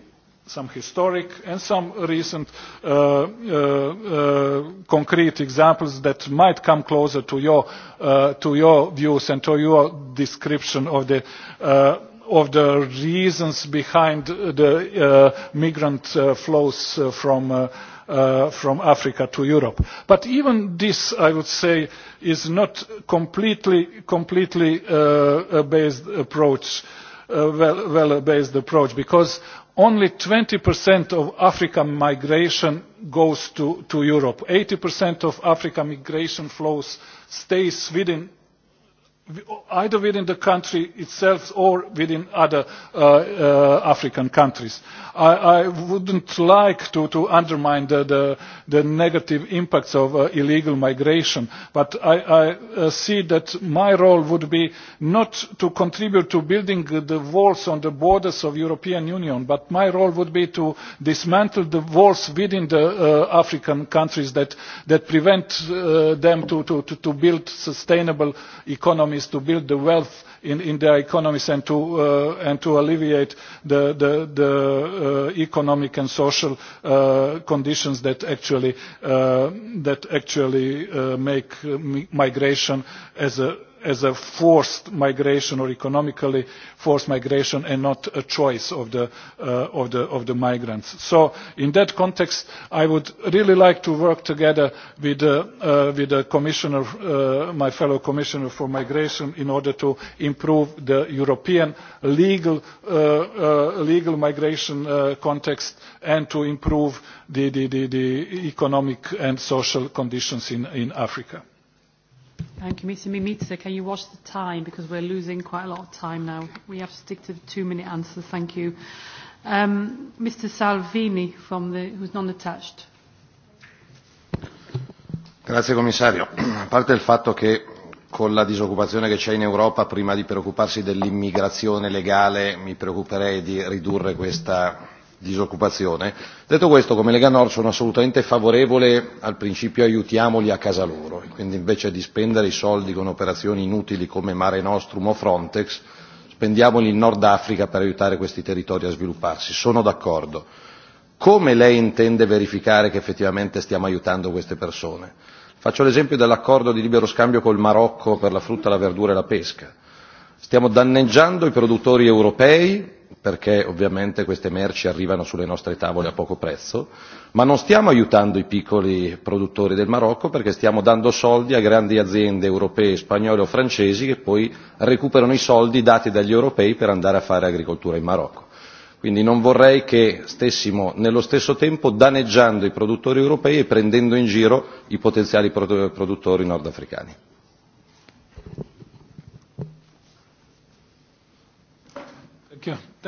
Speaker 3: some historic and some recent uh, uh, uh, concrete examples that might come closer to your, uh, to your views and to your description of the, uh, of the reasons behind the uh, migrant uh, flows uh, from, uh, uh, from Africa to Europe. But even this, I would say, is not completely, completely uh, a based approach, uh, well well based approach, because only 20% of African migration goes to, to Europe. 80% of African migration flows stays within either within the country itself or within other uh, uh, African countries. I, I wouldn't like to, to undermine the, the, the negative impacts of uh, illegal migration, but I, I uh, see that my role would be not to contribute to building the walls on the borders of European Union, but my role would be to dismantle the walls within the uh, African countries that, that prevent uh, them to, to, to, build sustainable economies economies to build the wealth in, in their economies and to, uh, and to alleviate the, the, the uh, economic and social uh, conditions that actually, uh, that actually uh, make uh, migration as a as a forced migration or economically forced migration and not a choice of the, uh, of the, of the migrants. So in that context, I would really like to work together with, uh, uh, with the commissioner, uh, my fellow commissioner for migration in order to improve the European legal, uh, uh, legal migration uh, context and to improve the, the, the, the economic and social conditions in, in Africa.
Speaker 1: Thank you, Mr. Mimitsa. Can you watch the time because we're losing quite a lot of time now. We have to stick to the two-minute answers. Thank you. Um, Mr. Salvini, from the, who's non-attached.
Speaker 22: Grazie Commissario. A parte il fatto che con la disoccupazione che c'è in Europa, prima di preoccuparsi dell'immigrazione legale, mi preoccuperei di ridurre questa disoccupazione. Detto questo, come Lega Nord sono assolutamente favorevole al principio aiutiamoli a casa loro, e quindi invece di spendere i soldi con operazioni inutili come Mare Nostrum o Frontex, spendiamoli in Nord Africa per aiutare questi territori a svilupparsi. Sono d'accordo. Come lei intende verificare che effettivamente stiamo aiutando queste persone? Faccio l'esempio dell'accordo di libero scambio col Marocco per la frutta, la verdura e la pesca. Stiamo danneggiando i produttori europei perché ovviamente queste merci arrivano sulle nostre tavole a poco prezzo, ma non stiamo aiutando i piccoli produttori del Marocco perché stiamo dando soldi a grandi aziende europee, spagnole o francesi che poi recuperano i soldi dati dagli europei per andare a fare agricoltura in Marocco. Quindi non vorrei che stessimo nello stesso tempo danneggiando i produttori europei e prendendo in giro i potenziali produttori nordafricani.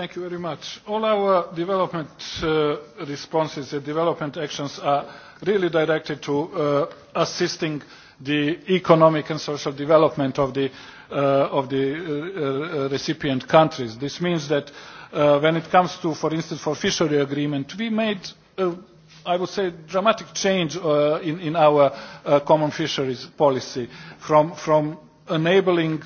Speaker 3: Thank you very much. All our development uh, responses and development actions are really directed to uh, assisting the economic and social development of the, uh, of the uh, uh, recipient countries. This means that uh, when it comes to, for instance, for fishery agreement, we made a uh, I would say, dramatic change uh, in, in our uh, common fisheries policy from, from enabling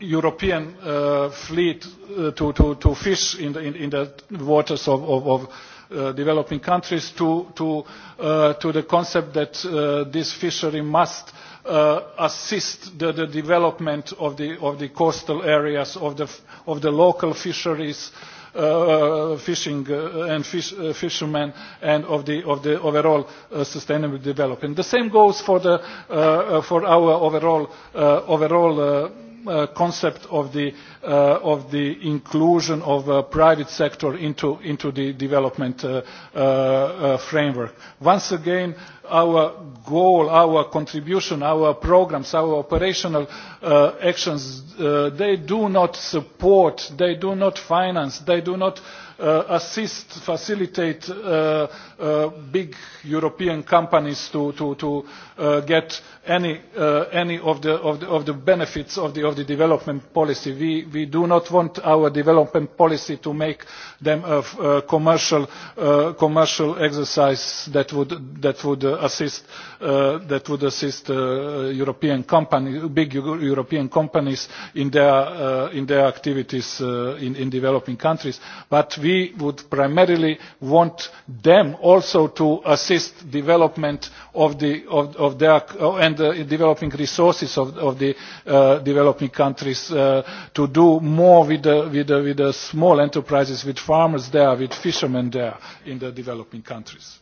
Speaker 3: European uh, fleet uh, to, to, to fish in the, in, in the waters of, of, of uh, developing countries to, to, uh, to the concept that uh, this fishery must uh, assist the, the development of the, of the coastal areas, of the, of the local fisheries, uh, fishing uh, and fish, uh, fishermen and of the, of the overall uh, sustainable development. The same goes for, the, uh, uh, for our overall, uh, overall uh, uh, concept of the uh, of the inclusion of uh, private sector into, into the development uh, uh, uh, framework. Once again, our goal, our contribution, our programs, our operational uh, actions, uh, they do not support, they do not finance, they do not uh, assist, facilitate uh, uh, big European companies to, to, to uh, get any, uh, any of, the, of, the, of the benefits of the, of the development policy. We, we do not want our development policy to make them a, commercial, uh, commercial exercise that would, that would uh, assist, uh, that would assist uh, European companies, big European companies in their, uh, in their activities uh, in, in developing countries. But we would primarily want them also to assist development of, the, of, of their, uh, and uh, developing resources of, of the uh, developing countries uh, to do more with the, with the, with the small enterprises, with farmers there, with fishermen there in the developing countries.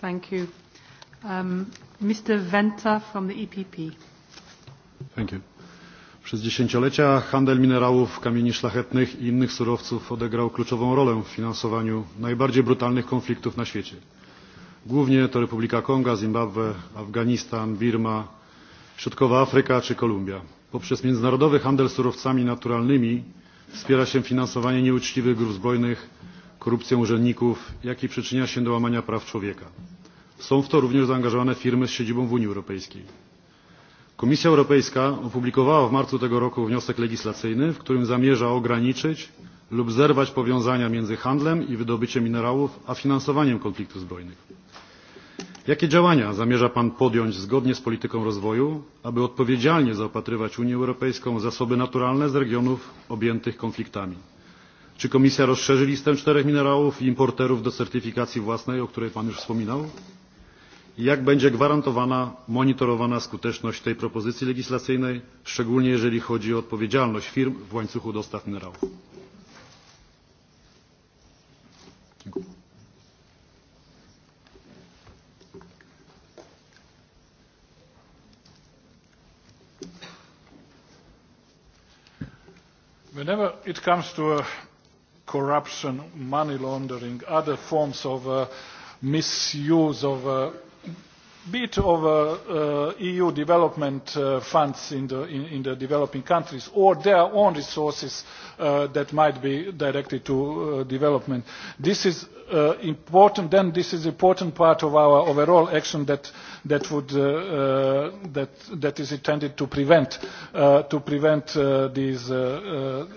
Speaker 1: Thank you. Um, Mr. Venta from the EPP.
Speaker 23: Thank you. Przez dziesięciolecia handel minerałów, kamieni szlachetnych i innych surowców odegrał kluczową rolę w finansowaniu najbardziej brutalnych konfliktów na świecie. Głównie to Republika Konga, Zimbabwe, Afganistan, Birma, Środkowa Afryka czy Kolumbia. Poprzez międzynarodowy handel surowcami naturalnymi wspiera się finansowanie nieuczciwych grup zbrojnych, korupcję urzędników, jak i przyczynia się do łamania praw człowieka. Są w to również zaangażowane firmy z siedzibą w Unii Europejskiej. Komisja Europejska opublikowała w marcu tego roku wniosek legislacyjny, w którym zamierza ograniczyć lub zerwać powiązania między handlem i wydobyciem minerałów, a finansowaniem konfliktów zbrojnych. Jakie działania zamierza Pan podjąć zgodnie z polityką rozwoju, aby odpowiedzialnie zaopatrywać Unię Europejską zasoby naturalne z regionów objętych konfliktami? Czy Komisja rozszerzy listę czterech minerałów i importerów do certyfikacji własnej, o której Pan już wspominał? I jak będzie gwarantowana, monitorowana skuteczność tej propozycji legislacyjnej, szczególnie jeżeli chodzi o odpowiedzialność firm w łańcuchu dostaw minerałów? Dziękuję.
Speaker 3: Whenever it comes to uh, corruption, money laundering, other forms of uh, misuse of uh, bit of uh, uh, e EU development uh, funds in the, in, in the developing countries or their own resources uh, that might be directed to uh, development. This is uh, important, then this is important part of our overall action that, that, would, uh, uh, that, that is intended to prevent, uh, to prevent uh, these uh,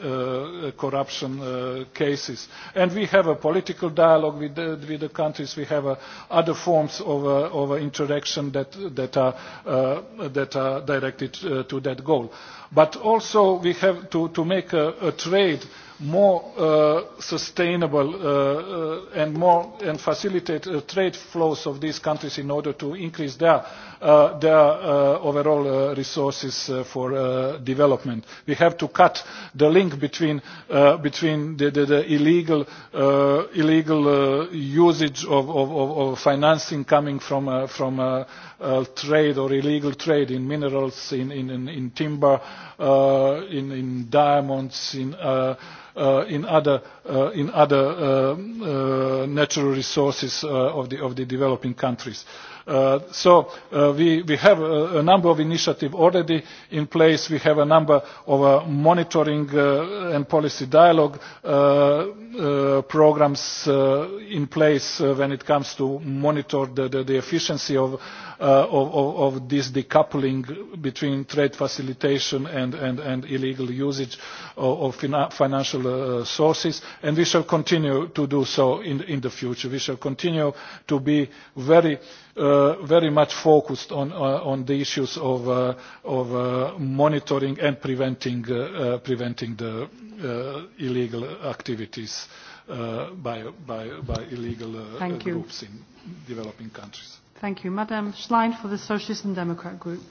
Speaker 3: uh, uh, corruption uh, cases. And we have a political dialogue with the, with the countries, we have uh, other forms of, uh, of interaction action that, that, are, uh, that are directed uh, to that goal. But also we have to, to make a, a trade more uh, sustainable uh, uh, and more and facilitate uh, trade flows of these countries in order to increase their, uh, their uh, overall uh, resources uh, for uh, development. We have to cut the link between, uh, between the, the, the illegal, uh, illegal uh, usage of, of, of, of financing coming from, uh, from uh, uh, trade or illegal trade in minerals, in, in, in, in timber, uh, in, in diamonds, in uh, uh, in other, uh, in other uh, uh, natural resources uh, of, the, of the developing countries. Uh, Uh, so uh, we, we have a, a number of initiatives already in place. We have a number of uh, monitoring uh, and policy dialogue uh, uh, programs uh, in place uh, when it comes to monitor the, the, the efficiency of, uh, of, of, of this decoupling between trade facilitation and, and, and illegal usage of, of fina financial uh, sources. And we shall continue to do so in, in the future. We shall continue to be very uh, uh, very much focused on, uh, on the issues of, uh, of uh, monitoring and preventing, uh, uh, preventing the uh, illegal activities uh, by, by, by illegal uh, Thank groups you. in developing countries.
Speaker 1: Thank you. Madam Schlein for the Socialist and Democrat Group.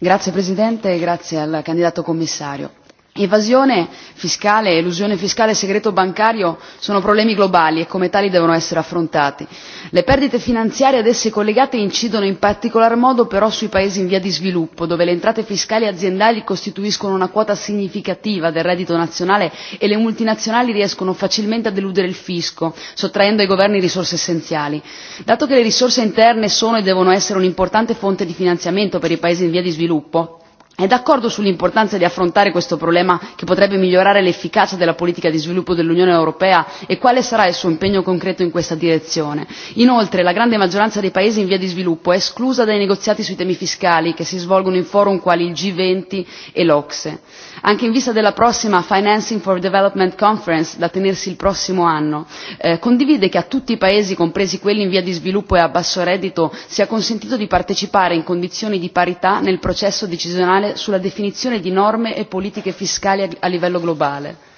Speaker 24: Grazie Presidente e grazie al candidato commissario. Evasione fiscale, elusione fiscale e segreto bancario sono problemi globali e come tali devono essere affrontati. Le perdite finanziarie ad esse collegate incidono in particolar modo però sui paesi in via di sviluppo, dove le entrate fiscali aziendali costituiscono una quota significativa del reddito nazionale e le multinazionali riescono facilmente a deludere il fisco, sottraendo ai governi risorse essenziali. Dato che le risorse interne sono e devono essere un'importante fonte di finanziamento per i paesi in via di sviluppo, È d'accordo sull'importanza di affrontare questo problema che potrebbe migliorare l'efficacia della politica di sviluppo dell'Unione Europea e quale sarà il suo impegno concreto in questa direzione? Inoltre la grande maggioranza dei paesi in via di sviluppo è esclusa dai negoziati sui temi fiscali che si svolgono in forum quali il G20 e l'Ocse. Anche in vista della prossima Financing for Development Conference da tenersi il prossimo anno, eh, condivide che a tutti i paesi, compresi quelli in via di sviluppo e a basso reddito, sia consentito di partecipare in condizioni di parità nel processo decisionale sulla definizione di norme e politiche fiscali a livello globale.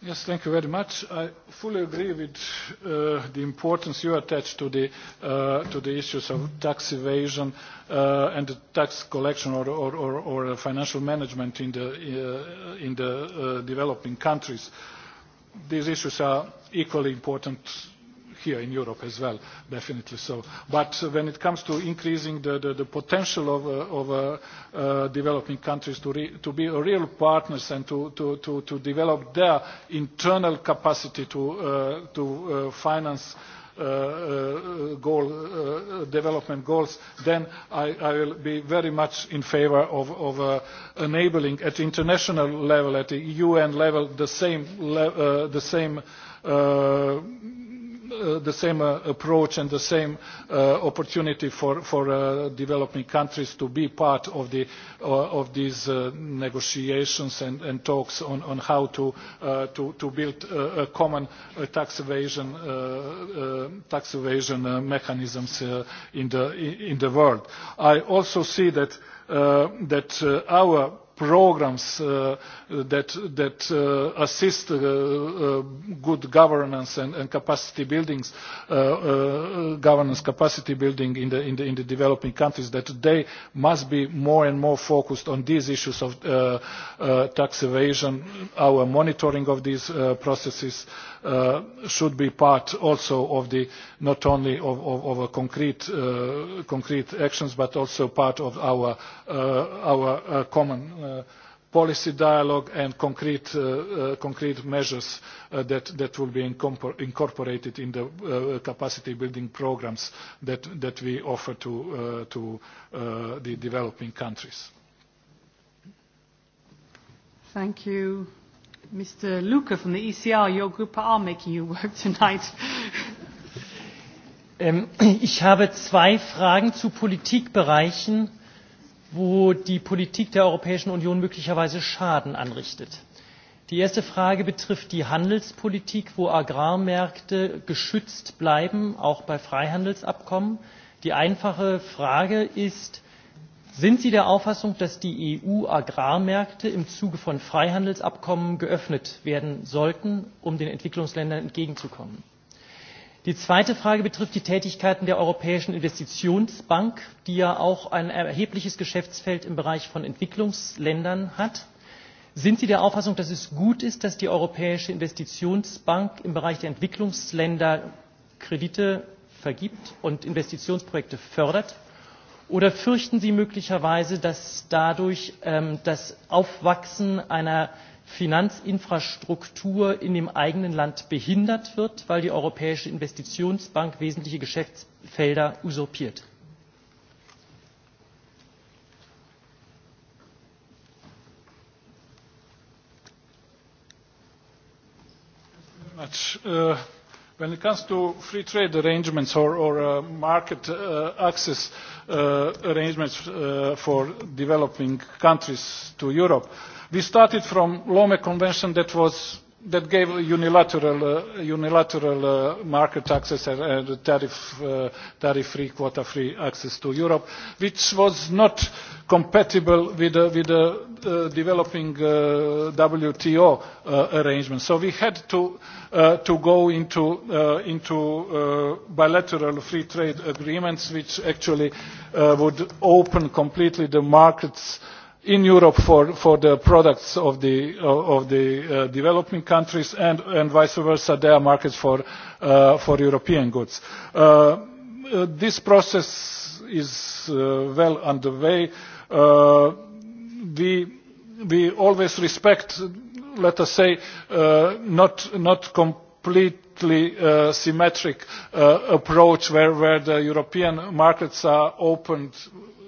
Speaker 3: Yes, thank you very much. I fully agree with uh, the importance you attach to the, uh, to the issues of tax evasion uh, and the tax collection or, or, or, or financial management in the, uh, in the uh, developing countries. These issues are equally important here in Europe as well, definitely so. But when it comes to increasing the, the, the potential of, uh, of uh, uh, developing countries to, re to be a real partners and to, to, to, to develop their internal capacity to, uh, to uh, finance uh, uh, goal, uh, development goals, then I, I will be very much in favor of, of uh, enabling at international level, at the UN level, the same, le uh, the same uh, Uh, the same uh, approach and the same uh, opportunity for, for uh, developing countries to be part of, the, uh, of these uh, negotiations and, and talks on, on how to, uh, to, to build uh, a common uh, tax evasion, uh, uh, tax evasion uh, mechanisms uh, in, the, in the world. I also see that, uh, that uh, our programs uh, that, that uh, assist uh, uh, good governance and, and capacity buildings, uh, uh, governance capacity building in the, in, the, in the developing countries, that they must be more and more focused on these issues of uh, uh, tax evasion, our monitoring of these uh, processes, uh, uh, should be part also of the not only of, of, of a concrete uh, concrete actions but also part of our uh, our uh, common uh, policy dialogue and concrete, uh, uh, concrete measures uh, that, that will be incorpor incorporated in the uh, capacity building programs that, that we offer to, uh, to uh, the developing countries.
Speaker 1: Thank you
Speaker 5: Mr. Luca from the ECR, your group are making you work tonight. ähm, ich habe zwei Fragen zu Politikbereichen, wo die Politik der Europäischen Union möglicherweise Schaden anrichtet. Die erste Frage betrifft die Handelspolitik, wo Agrarmärkte geschützt bleiben, auch bei Freihandelsabkommen. Die einfache Frage ist, Sind Sie der Auffassung, dass die EU-Agrarmärkte im Zuge von Freihandelsabkommen geöffnet werden sollten, um den Entwicklungsländern entgegenzukommen? Die zweite Frage betrifft die Tätigkeiten der Europäischen Investitionsbank, die ja auch ein erhebliches Geschäftsfeld im Bereich von Entwicklungsländern hat. Sind Sie der Auffassung, dass es gut ist, dass die Europäische Investitionsbank im Bereich der Entwicklungsländer Kredite vergibt und Investitionsprojekte fördert? Oder fürchten Sie möglicherweise, dass dadurch ähm, das Aufwachsen einer Finanzinfrastruktur in dem eigenen Land behindert wird, weil die Europäische Investitionsbank wesentliche Geschäftsfelder usurpiert?
Speaker 3: much. Uh, When it comes to free trade arrangements or, or uh, market uh, access uh, arrangements uh, for developing countries to Europe, we started from Lome Convention that was that gave unilateral, uh, unilateral uh, market access and, and tariff, uh, tariff-free, quota-free access to Europe, which was not compatible with the uh, with, uh, uh, developing uh, WTO uh, arrangement. So we had to, uh, to go into, uh, into uh, bilateral free trade agreements, which actually uh, would open completely the markets uh, in Europe for, for the products of the, of the uh, developing countries and, and vice versa, there are markets for, uh, for European goods. Uh, uh, this process is uh, well underway. Uh, we, we always respect, let us say, uh, not, not complete completely uh, symmetric uh, approach where, where the European markets are opened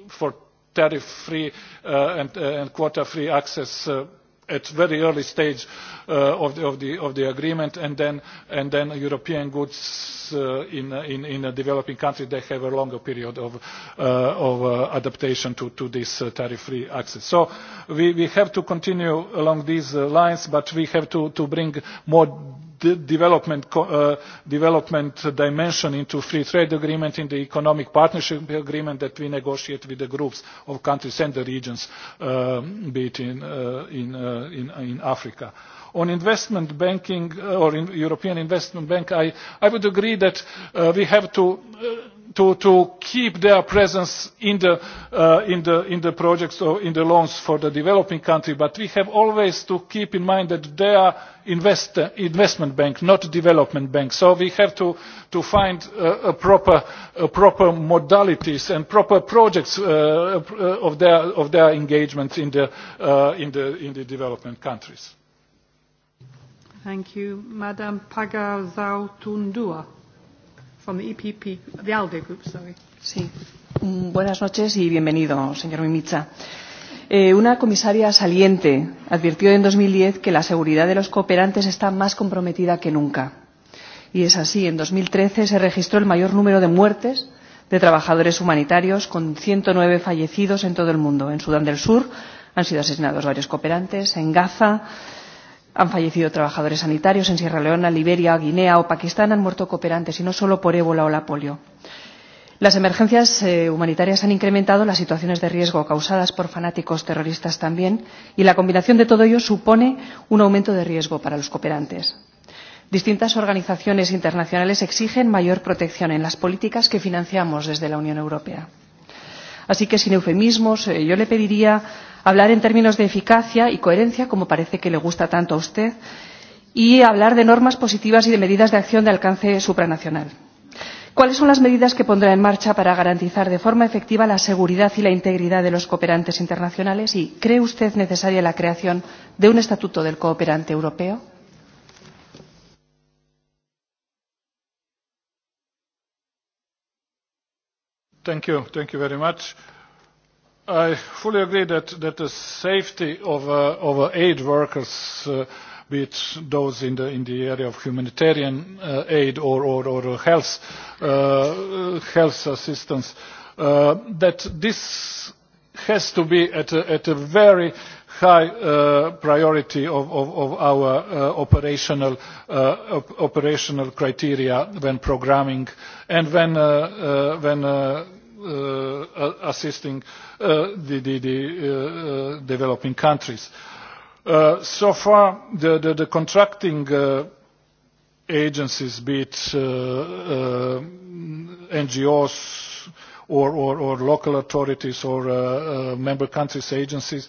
Speaker 3: for tariff-free uh, and, uh, and quota-free access uh, at very early stage uh, of, the, of, the, of the agreement and then, and then European goods uh, in, in, in a developing country they have a longer period of, uh, of uh, adaptation to, to this uh, tariff-free access. So we, we have to continue along these uh, lines but we have to, to bring more development, uh, development dimension into free trade agreement, in the economic partnership agreement that we negotiate with the groups of countries and the regions, uh, be it in, uh, in, uh, in, in Africa on investment banking uh, or in European Investment Bank, I, I would agree that uh, we have to uh, to, to keep their presence in the, uh, in, the, in the projects or in the loans for the developing country, but we have always to keep in mind that they are invest, uh, investment bank, not development bank. So we have to, to find uh, a proper, a proper modalities and proper projects uh, uh, of, their, of their engagement in the, uh, in the, in the development countries.
Speaker 1: Thank you. Madam Paga Zautundua from the
Speaker 25: EPP, the ALDE group, sorry. Sí. Mm, buenas noches y bienvenido, señor Mimica. Eh, una comisaria saliente advirtió en 2010 que la seguridad de los cooperantes está más comprometida que nunca. Y es así, en 2013 se registró el mayor número de muertes de trabajadores humanitarios, con 109 fallecidos en todo el mundo. En Sudán del Sur han sido asesinados varios cooperantes, en Gaza Han fallecido trabajadores sanitarios en Sierra Leona, Liberia, Guinea o Pakistán, han muerto cooperantes y no solo por ébola o la polio. Las emergencias eh, humanitarias han incrementado las situaciones de riesgo causadas por fanáticos terroristas también y la combinación de todo ello supone un aumento de riesgo para los cooperantes. Distintas organizaciones internacionales exigen mayor protección en las políticas que financiamos desde la Unión Europea. Así que, sin eufemismos, eh, yo le pediría hablar en términos de eficacia y coherencia, como parece que le gusta tanto a usted, y hablar de normas positivas y de medidas de acción de alcance supranacional. ¿Cuáles son las medidas que pondrá en marcha para garantizar de forma efectiva la seguridad y la integridad de los cooperantes internacionales? ¿Y cree usted necesaria la creación de un Estatuto del Cooperante Europeo?
Speaker 3: Thank you. Thank you very much. I fully agree that, that the safety of, uh, of uh, aid workers, uh, be it those in the, in the area of humanitarian uh, aid or, or, or health, uh, health assistance, uh, that this has to be at a, at a very high uh, priority of, of, of our uh, operational, uh, op operational criteria when programming and when, uh, uh, when uh, Uh, uh, assisting uh, the, the, the uh, uh, developing countries. Uh, so far, the, the, the contracting uh, agencies, be it uh, uh, NGOs or, or, or local authorities or uh, uh, member countries' agencies,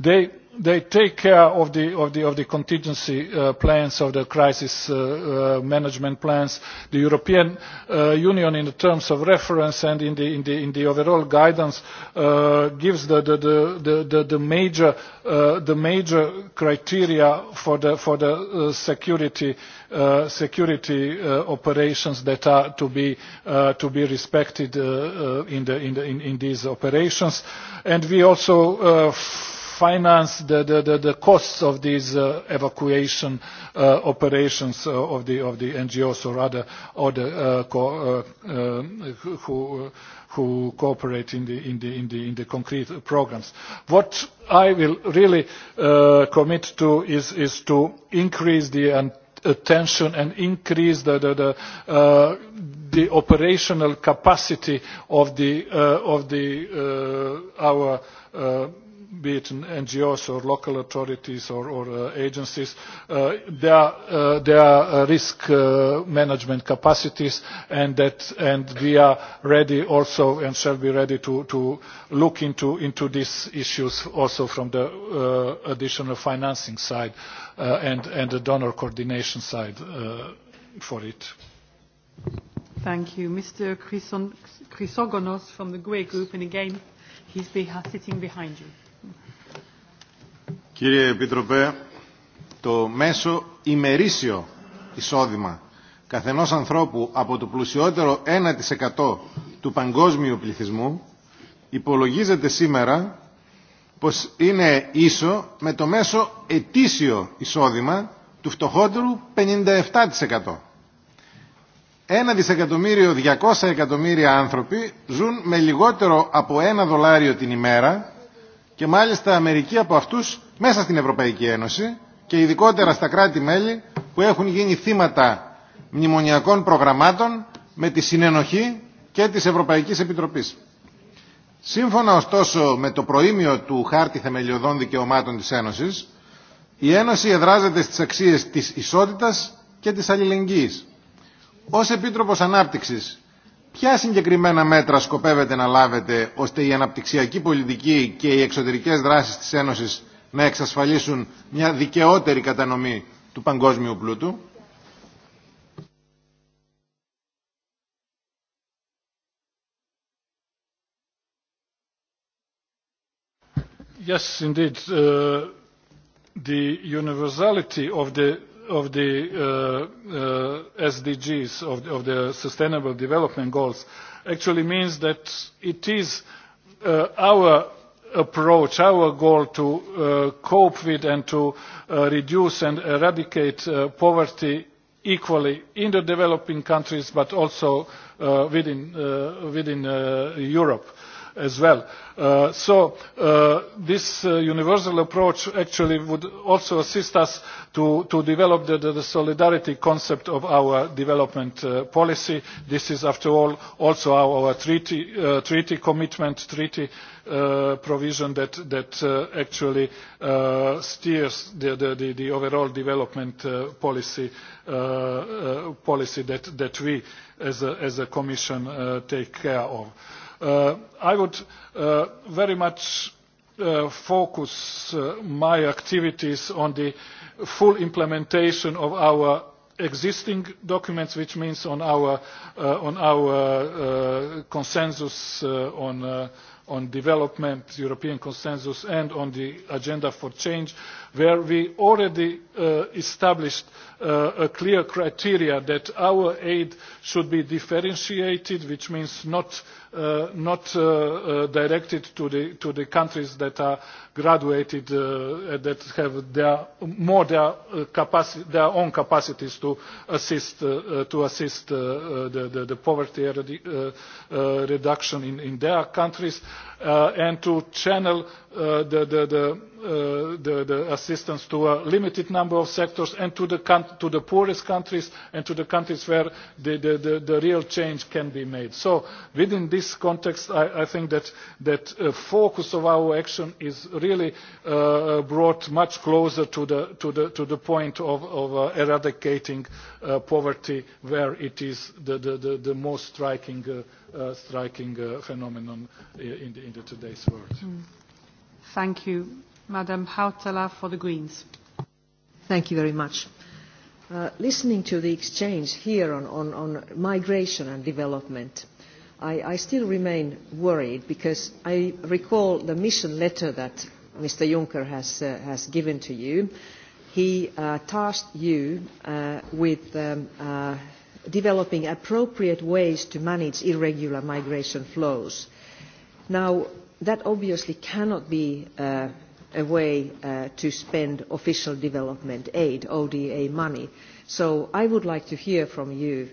Speaker 3: they they take care of the, of the, of the contingency uh, plans, of the crisis uh, uh, management plans. The European uh, Union, in the terms of reference and in the, in the, in the overall guidance, uh, gives the, the, the, the, the, major, uh, the major criteria for the, for the uh, security, uh, security uh, operations that are to be, uh, to be respected uh, uh, in, the, in, the, in, in these operations. And we also uh, finance the, the, the, the costs of these uh, evacuation uh, operations uh, of, the, of the NGOs or other, or the, uh, co uh, uh, who, uh, who cooperate in the, in the, in the, in the concrete programs. What I will really uh, commit to is, is to increase the attention and increase the, the, the, uh, the operational capacity of, the, uh, of the, uh, our uh, be it in NGOs or local authorities or, or uh, agencies, uh, their, uh, their uh, risk uh, management capacities and, that, and we are ready also and shall be ready to, to look into, into these issues also from the uh, additional financing side uh, and, and the donor coordination side uh, for it.
Speaker 1: Thank you. Mr. Chrysogonos from the GUE Group, and again, he's be sitting behind
Speaker 15: you. Κύριε Επίτροπε, το μέσο ημερήσιο εισόδημα καθενός ανθρώπου από το πλουσιότερο 1% του παγκόσμιου πληθυσμού υπολογίζεται σήμερα πως είναι ίσο με το μέσο ετήσιο εισόδημα του φτωχότερου 57%. Ένα δισεκατομμύριο 200 εκατομμύρια άνθρωποι ζουν με λιγότερο από ένα δολάριο την ημέρα και μάλιστα μερικοί από αυτούς μέσα στην Ευρωπαϊκή Ένωση και ειδικότερα στα κράτη-μέλη που έχουν γίνει θύματα μνημονιακών προγραμμάτων με τη συνενοχή και της Ευρωπαϊκής Επιτροπής. Σύμφωνα ωστόσο με το προήμιο του Χάρτη Θεμελιωδών Δικαιωμάτων της Ένωσης, η Ένωση εδράζεται στις αξίες της ισότητας και της αλληλεγγύης. Ως Επίτροπος Ανάπτυξης, ποια συγκεκριμένα μέτρα σκοπεύετε να λάβετε ώστε η αναπτυξιακή πολιτική και οι εξωτερικές δράσεις της Ένωσης να εξασφαλίσουν μια δικαιότερη κατανομή του παγκόσμιου πλούτου.
Speaker 3: Yes, indeed. Uh, the universality of the of the uh, uh, SDGs, of, the, of the Sustainable Development Goals, actually means that it is uh, our approach, our goal to uh, cope with and to uh, reduce and eradicate uh, poverty equally in the developing countries but also uh, within, uh, within uh, Europe. Uh, as well. Uh, so uh, this uh, universal approach actually would also assist us to, to develop the, the, the solidarity concept of our development uh, policy. This is, after all, also our, our treaty, uh, treaty commitment, treaty uh, provision that, that uh, actually uh, steers the, the, the, the overall development uh, policy, uh, uh, policy that, that we as a, as a Commission uh, take care of. Uh, I would uh, very much uh, focus uh, my activities on the full implementation of our existing documents, which means on our, uh, on our uh, consensus uh, on, uh, on development, European consensus, and on the agenda for change, where we already uh, established uh, a clear criteria that our aid should be differentiated, which means not uh, uh, not uh, uh, directed to the, to the countries that are graduated, uh, uh, that have their, more their, uh, capaci their own capacities to assist, uh, uh, to assist uh, uh, the, the, the poverty uh, uh, reduction in, in their countries uh, and to channel uh, the, the, the Uh, the, the assistance to a limited number of sectors and to the, to the poorest countries and to the countries where the, the, the, the real change can be made. So within this context, I, I think that the uh, focus of our action is really uh, brought much closer to the, to the, to the point of, of uh, eradicating uh, poverty where it is the, the, the, the most striking, uh, uh, striking uh, phenomenon uh, in, the, in the today's world. Mm.
Speaker 8: Thank you Madam Hautala for the Greens. Thank you very much. Uh, listening to the exchange here on, on, on migration and development, I, I still remain worried because I recall the mission letter that Mr. Juncker has, uh, has given to you. He uh, tasked you uh, with um, uh, developing appropriate ways to manage irregular migration flows. Now, that obviously cannot be uh, a way uh, to spend official development aid, ODA money. So I would like to hear from you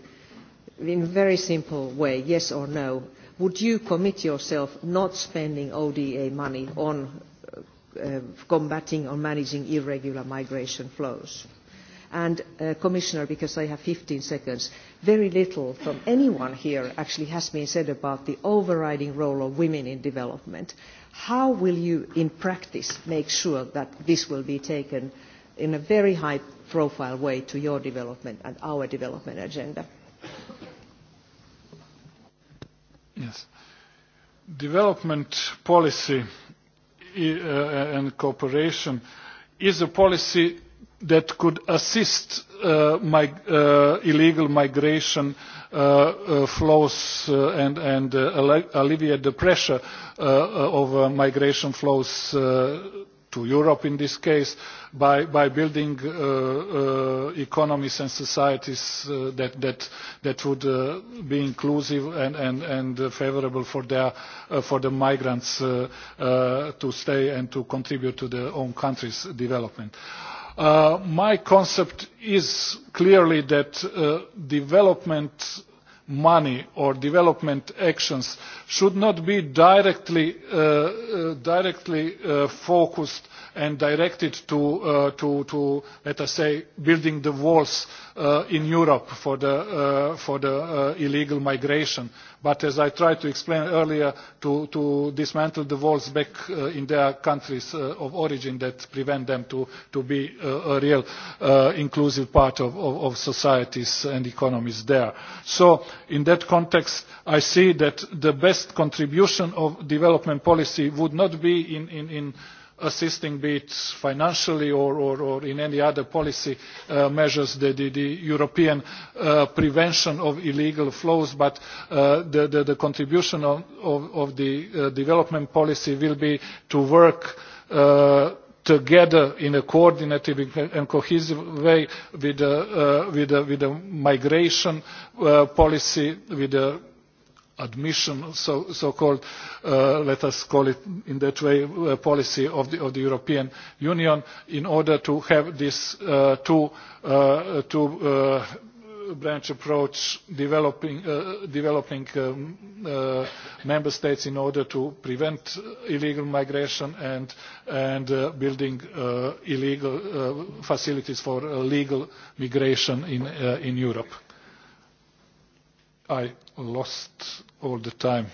Speaker 8: in a very simple way, yes or no, would you commit yourself not spending ODA money on uh, combating or managing irregular migration flows? And uh, Commissioner, because I have 15 seconds, very little from anyone here actually has been said about the overriding role of women in development. How will you in practice make sure that this will be taken in a very high profile way to your development and our development agenda?
Speaker 3: Yes. Development policy uh, and cooperation is a policy that could assist uh, my, uh, illegal migration uh, uh, flows uh, and, and uh, alleviate the pressure uh, of uh, migration flows uh, to Europe in this case by, by building uh, uh, economies and societies uh, that, that, that would uh, be inclusive and, and, and uh, favorable for, their, uh, for the migrants uh, uh, to stay and to contribute to their own country's development. Uh, Uh, my concept is clearly that uh, development money or development actions should not be directly, uh, uh, directly uh, focused and directed to, uh, to, to let us say, building the walls uh, in Europe for the, uh, for the uh, illegal migration. But as I tried to explain earlier, to, to dismantle the walls back uh, in their countries uh, of origin that prevent them to, to be uh, a real uh, inclusive part of, of, of societies and economies there. So in that context, I see that the best contribution of development policy would not be in, in, in assisting be it financially or, or, or in any other policy uh, measures the, the, the European uh, prevention of illegal flows but uh, the, the, the contribution of, of, of the uh, development policy will be to work uh, together in a coordinated and cohesive way with the, uh, uh, with the, uh, with the migration uh, policy, with the admission, so, so called, uh, let us call it in that way, uh, policy of the, of the European Union in order to have this uh, two, uh, two uh, branch approach developing, uh, developing um, uh, member states in order to prevent illegal migration and, and uh, building uh, illegal uh, facilities for uh, legal migration in, uh, in Europe. I lost all the time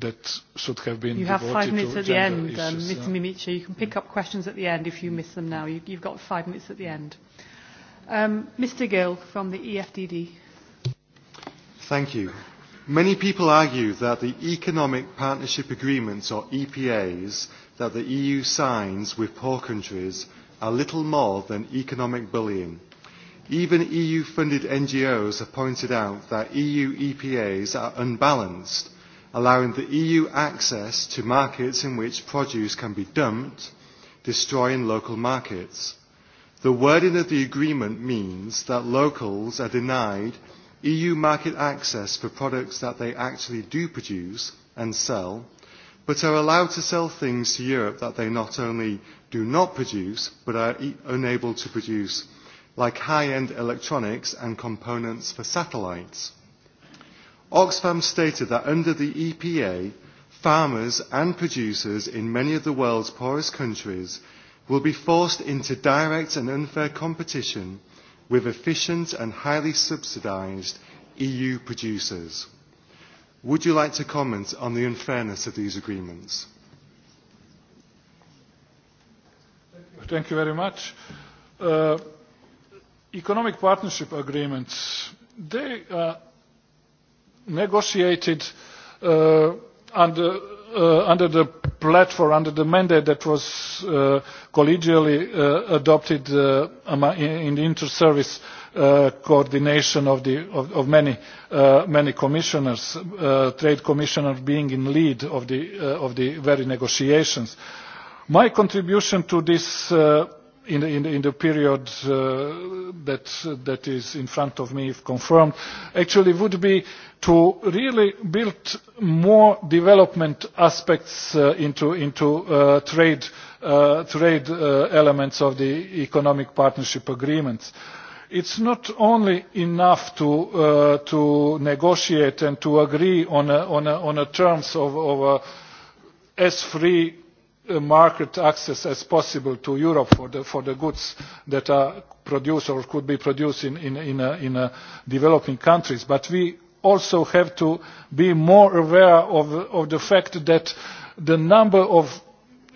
Speaker 3: that should have been You have five minutes at the end, um, issues, um, Mr. Yeah.
Speaker 1: Mimicha. You can pick up questions at the end if you miss them now. You, you've got five minutes at the end. Um, Mr. Gill from the EFDD.
Speaker 21: Thank you. Many people argue that the Economic Partnership Agreements, or EPAs, that the EU signs with poor countries are little more than economic bullying. Even EU-funded NGOs have pointed out that EU EPAs are unbalanced, allowing the EU access to markets in which produce can be dumped, destroying local markets. The wording of the agreement means that locals are denied EU market access for products that they actually do produce and sell, but are allowed to sell things to Europe that they not only do not produce, but are e unable to produce like high-end electronics and components for satellites. Oxfam stated that under the EPA, farmers and producers in many of the world's poorest countries will be forced into direct and unfair competition with efficient and highly subsidised EU producers. Would you like to comment on the unfairness of these agreements?
Speaker 3: Thank you, Thank you very much. Uh, economic partnership agreements, they are uh, negotiated uh, under, uh, under the platform, under the mandate that was uh, collegially uh, adopted uh, in the inter-service uh, coordination of, the, of, of many, uh, many commissioners, uh, trade commissioner being in lead of the, uh, of the very negotiations. My contribution to this uh, in the, in the, in the period uh, that, that is in front of me, if confirmed, actually would be to really build more development aspects uh, into, into uh, trade, uh, trade uh, elements of the economic partnership agreements. It's not only enough to, uh, to negotiate and to agree on, a, on, a, on a terms of, of a, as free market access as possible to Europe for the, for the goods that are produced or could be produced in, in, in, uh in uh developing countries. But we also have to be more aware of, of the fact that the number of,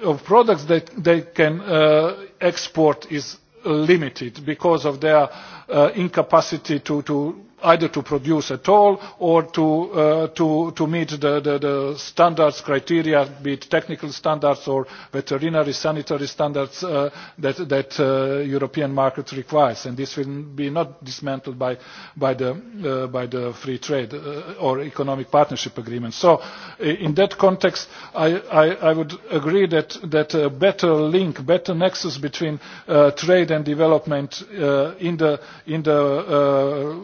Speaker 3: of products that they can uh, export is limited because of their uh, incapacity to, to either to produce at all or to, uh, to, to meet the, the, the standards, criteria, be it technical standards or veterinary sanitary standards uh, that, that uh, European market requires. And this will be not dismantled by, by, the, uh, by the free trade uh, or economic partnership agreement. So in that context, I, I, I would agree that, that a better link, better nexus between uh, trade and development uh, in the, in the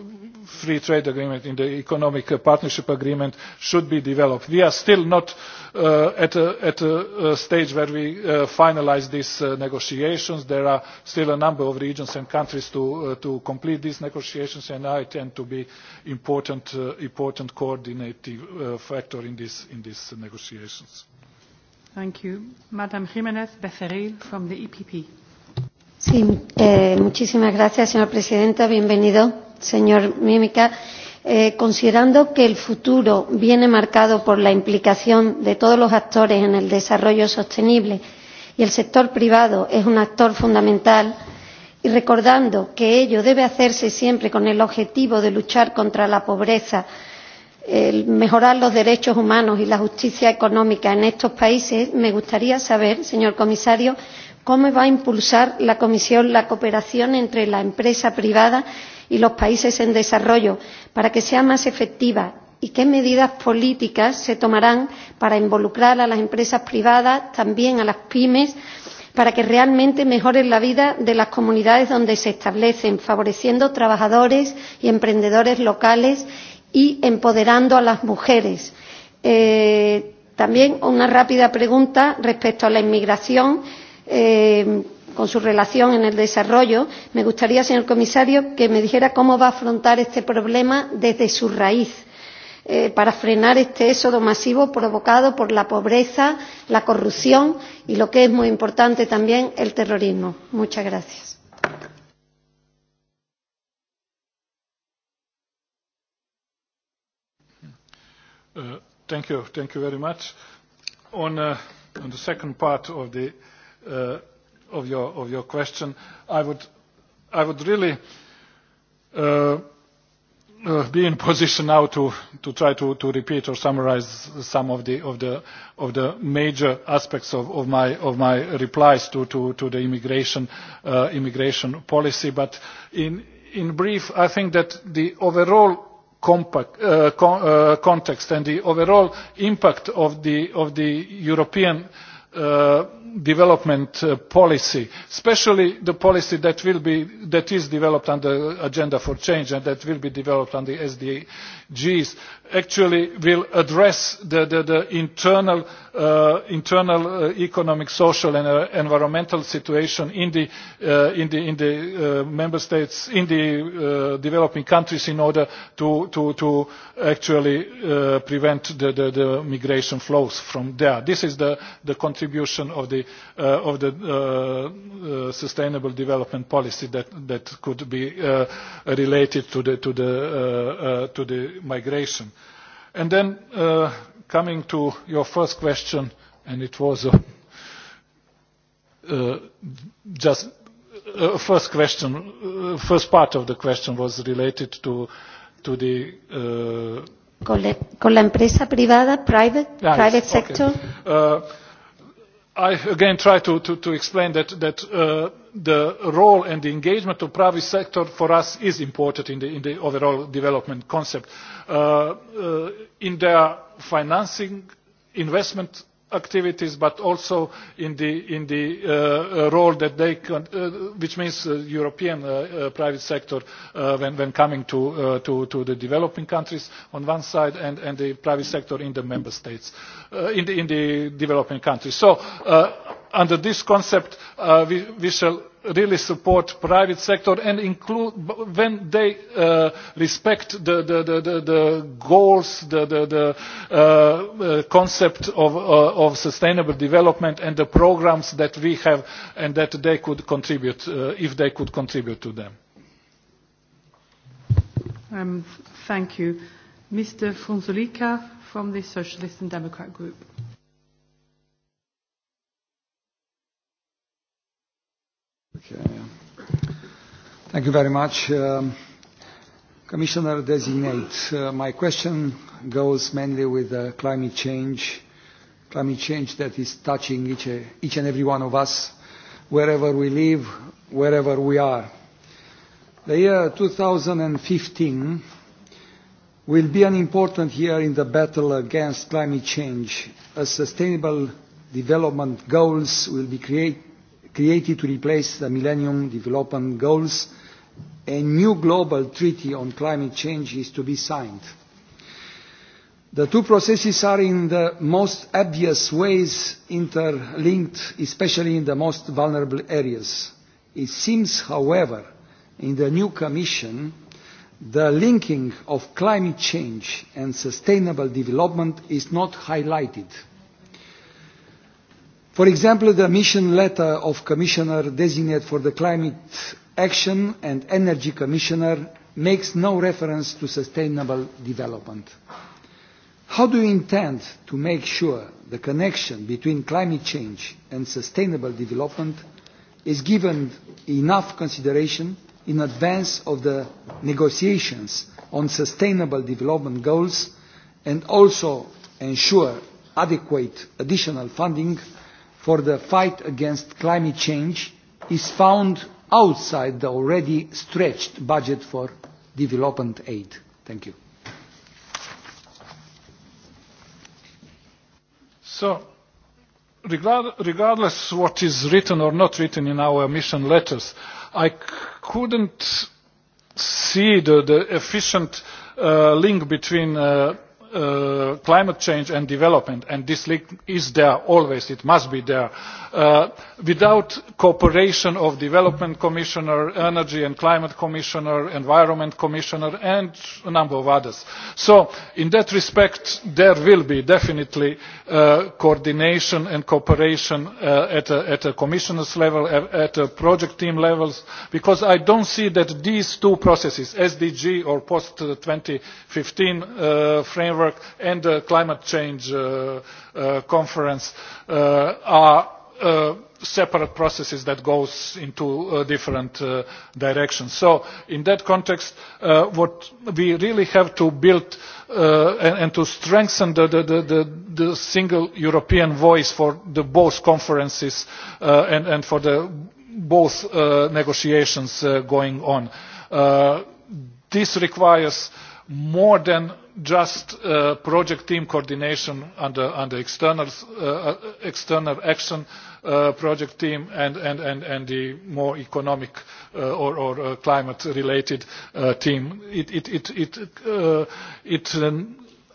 Speaker 3: uh, free trade agreement, in the economic uh, partnership agreement should be developed. We are still not uh, at, a, at a, stage where we uh, finalize these uh, negotiations. There are still a number of regions and countries to, uh, to complete these negotiations and I tend to be important, uh, important coordinating uh, factor in, this, in these negotiations.
Speaker 26: Thank you. Madam
Speaker 3: Jiménez Becerril from the EPP.
Speaker 26: Sí, eh, muchísimas gracias, señora presidenta. Bienvenido señor Mímica, eh, considerando que el futuro viene marcado por la implicación de todos los actores en el desarrollo sostenible y el sector privado es un actor fundamental, y recordando que ello debe hacerse siempre con el objetivo de luchar contra la pobreza, el mejorar los derechos humanos y la justicia económica en estos países, me gustaría saber, señor comisario, cómo va a impulsar la Comisión la cooperación entre la empresa privada y los países en desarrollo para que sea más efectiva y qué medidas políticas se tomarán para involucrar a las empresas privadas, también a las pymes, para que realmente mejoren la vida de las comunidades donde se establecen, favoreciendo trabajadores y emprendedores locales y empoderando a las mujeres. Eh, también una rápida pregunta respecto a la inmigración. Eh, con su relación en el desarrollo, me gustaría, señor comisario, que me dijera cómo va a afrontar este problema desde su raíz eh, para frenar este éxodo masivo provocado por la pobreza, la corrupción y, lo que es muy importante también, el terrorismo. Muchas gracias.
Speaker 3: Uh, thank you, thank you very much. On, uh, on the second part of the uh, of your, of your question. I would, I would really uh, uh, be in position now to, to try to, to repeat or summarize some of the, of the, of the major aspects of, of, my, of my replies to, to, to the immigration, uh, immigration policy. But in, in brief, I think that the overall compact, uh, con, uh, context and the overall impact of the, of the European uh, uh, development uh, policy, especially the policy that will be that is developed under agenda for change and that will be developed under SDGs, actually will address the, the, the internal uh, internal uh, economic, social and uh, environmental situation in the uh, in the in the uh, member states in the uh, developing countries in order to to to actually uh, prevent the, the, the migration flows from there. This is the the contribution of the, uh, of the uh, uh, sustainable development policy that, that could be uh, related to the, to the, uh, uh, to the migration. And then uh, coming to your first question, and it was uh, uh, just uh, first question, uh, first part of the question was related to to the uh, con, con la
Speaker 26: empresa privada, private, ah, private yes, sector. Okay.
Speaker 3: Uh, I again try to, to, to explain that, that uh, the role and the engagement of private sector for us is important in the, in the overall development concept. Uh, uh, in their financing investment activities but also in the, in the uh, uh, role that they, can uh, which means uh, European uh, uh, private sector uh, when, when coming to, uh, to, to the developing countries on one side and, and the private sector in the member states, uh, in, the, in the developing countries. So uh, under this concept uh, we, we shall really support private sector and include when they uh, respect the, the, the, the, the goals, the, the, the uh, uh, concept of, uh, of sustainable development and the programs that we have and that they could contribute, uh, if they could contribute to them.
Speaker 1: Um, thank you. Mr. Fonzolika from the Socialist and Democrat Group.
Speaker 27: Thank you very much. Um, Commissioner designate, uh, my question goes mainly with uh, climate change, climate change that is touching each, uh, each and every one of us, wherever we live, wherever we are. The year 2015 will be an important year in the battle against climate change, as sustainable development goals will be create, created to replace the Millennium Development Goals, a new global treaty on climate change is to be signed. The two processes are in the most obvious ways interlinked, especially in the most vulnerable areas. It seems, however, in the new Commission, the linking of climate change and sustainable development is not highlighted. For example, the mission letter of Commissioner designate for the Climate Action and Energy Commissioner makes no reference to sustainable development. How do you intend to make sure the connection between climate change and sustainable development is given enough consideration in advance of the negotiations on sustainable development goals and also ensure adequate additional funding for the fight against climate change is found outside the already stretched budget for development aid. Thank you.
Speaker 3: So, regardless what is written or not written in our mission letters, I couldn't see the, the efficient uh, link between uh, uh, climate change and development, and this link is there always, it must be there. Uh, without cooperation of development commissioner, energy and climate commissioner, environment commissioner, and a number of others. So in that respect, there will be definitely uh, coordination and cooperation uh, at, a, at a commissioner's level, at, at a project team levels, because I don't see that these two processes, SDG or post-2015 uh, framework, framework and the climate change uh, uh, conference uh, are uh, separate processes that goes into uh, different uh, directions. So in that context, uh, what we really have to build uh, and, and to strengthen the, the, the, the single European voice for the both conferences uh, and, and for the both uh, negotiations uh, going on. Uh, this requires more than just uh, project team coordination under, under external, uh, uh, external action uh, project team and, and, and, and the more economic uh, or, or uh, climate related uh, team. It, it, it, it, uh, it uh,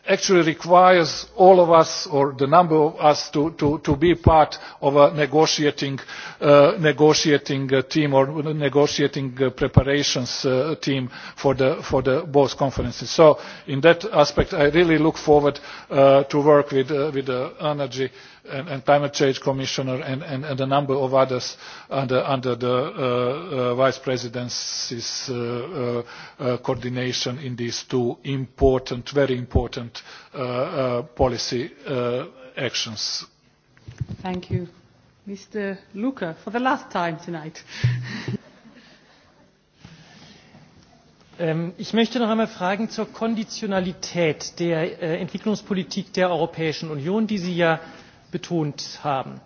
Speaker 3: actually requires all of us or the number of us to, to, to be part of a negotiating, uh, negotiating uh, team or negotiating uh, preparations uh, team for the, for the both conferences. So in that aspect I really look forward uh, to work with, uh, with the uh, energy and, and climate change commissioner and, and, and a number of others under, under the uh, uh, vice presidency's uh, uh, uh, coordination in these two important, very important uh, uh, policy uh, actions.
Speaker 1: Thank you. Mr.
Speaker 5: Luca, for the last time tonight. Ähm, ich möchte noch einmal fragen zur Konditionalität der äh, Entwicklungspolitik der Europäischen Union, die Sie ja betont haben.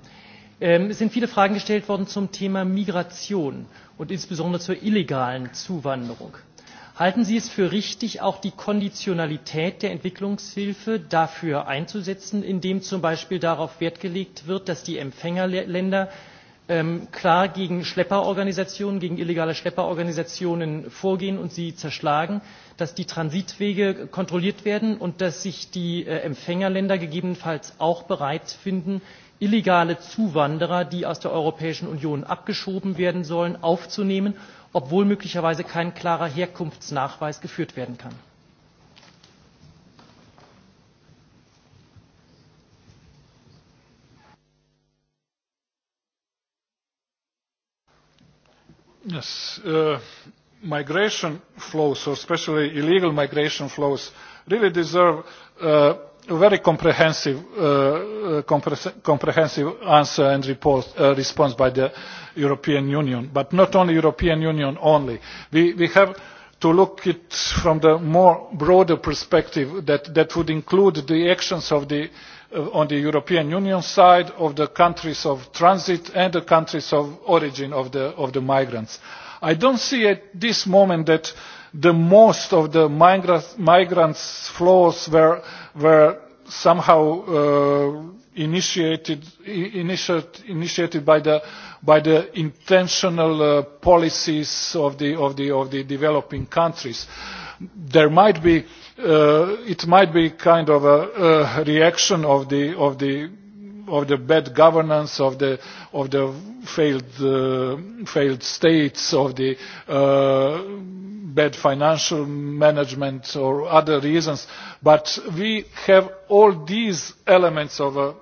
Speaker 5: Ähm, es sind viele Fragen gestellt worden zum Thema Migration und insbesondere zur illegalen Zuwanderung. Halten Sie es für richtig, auch die Konditionalität der Entwicklungshilfe dafür einzusetzen, indem zum Beispiel darauf Wert gelegt wird, dass die Empfängerländer ähm, klar gegen Schlepperorganisationen, gegen illegale Schlepperorganisationen vorgehen und sie zerschlagen, dass die Transitwege kontrolliert werden und dass sich die äh, Empfängerländer gegebenenfalls auch bereit finden, illegale Zuwanderer, die aus der Europäischen Union abgeschoben werden sollen, aufzunehmen, obwohl möglicherweise kein klarer Herkunftsnachweis geführt werden kann.
Speaker 3: Yes. Uh, migration flows, or especially illegal migration flows, really deserve uh, a very comprehensive, uh, uh compre comprehensive answer and report, uh, response by the European Union. But not only European Union only. We, we have to look at from the more broader perspective that, that would include the actions of the Uh, on the European Union side of the countries of transit and the countries of origin of the, of the migrants. I don't see at this moment that the most of the migrants, migrants flows were, were somehow uh, initiated, initiated, initiated by, the, by the intentional uh, policies of the, of, the, of the developing countries. There might be uh, uh, it might be kind of a uh, reaction of the of the of the bad governance of the of the failed uh, failed states of the uh, bad financial management or other reasons but we have all these elements of a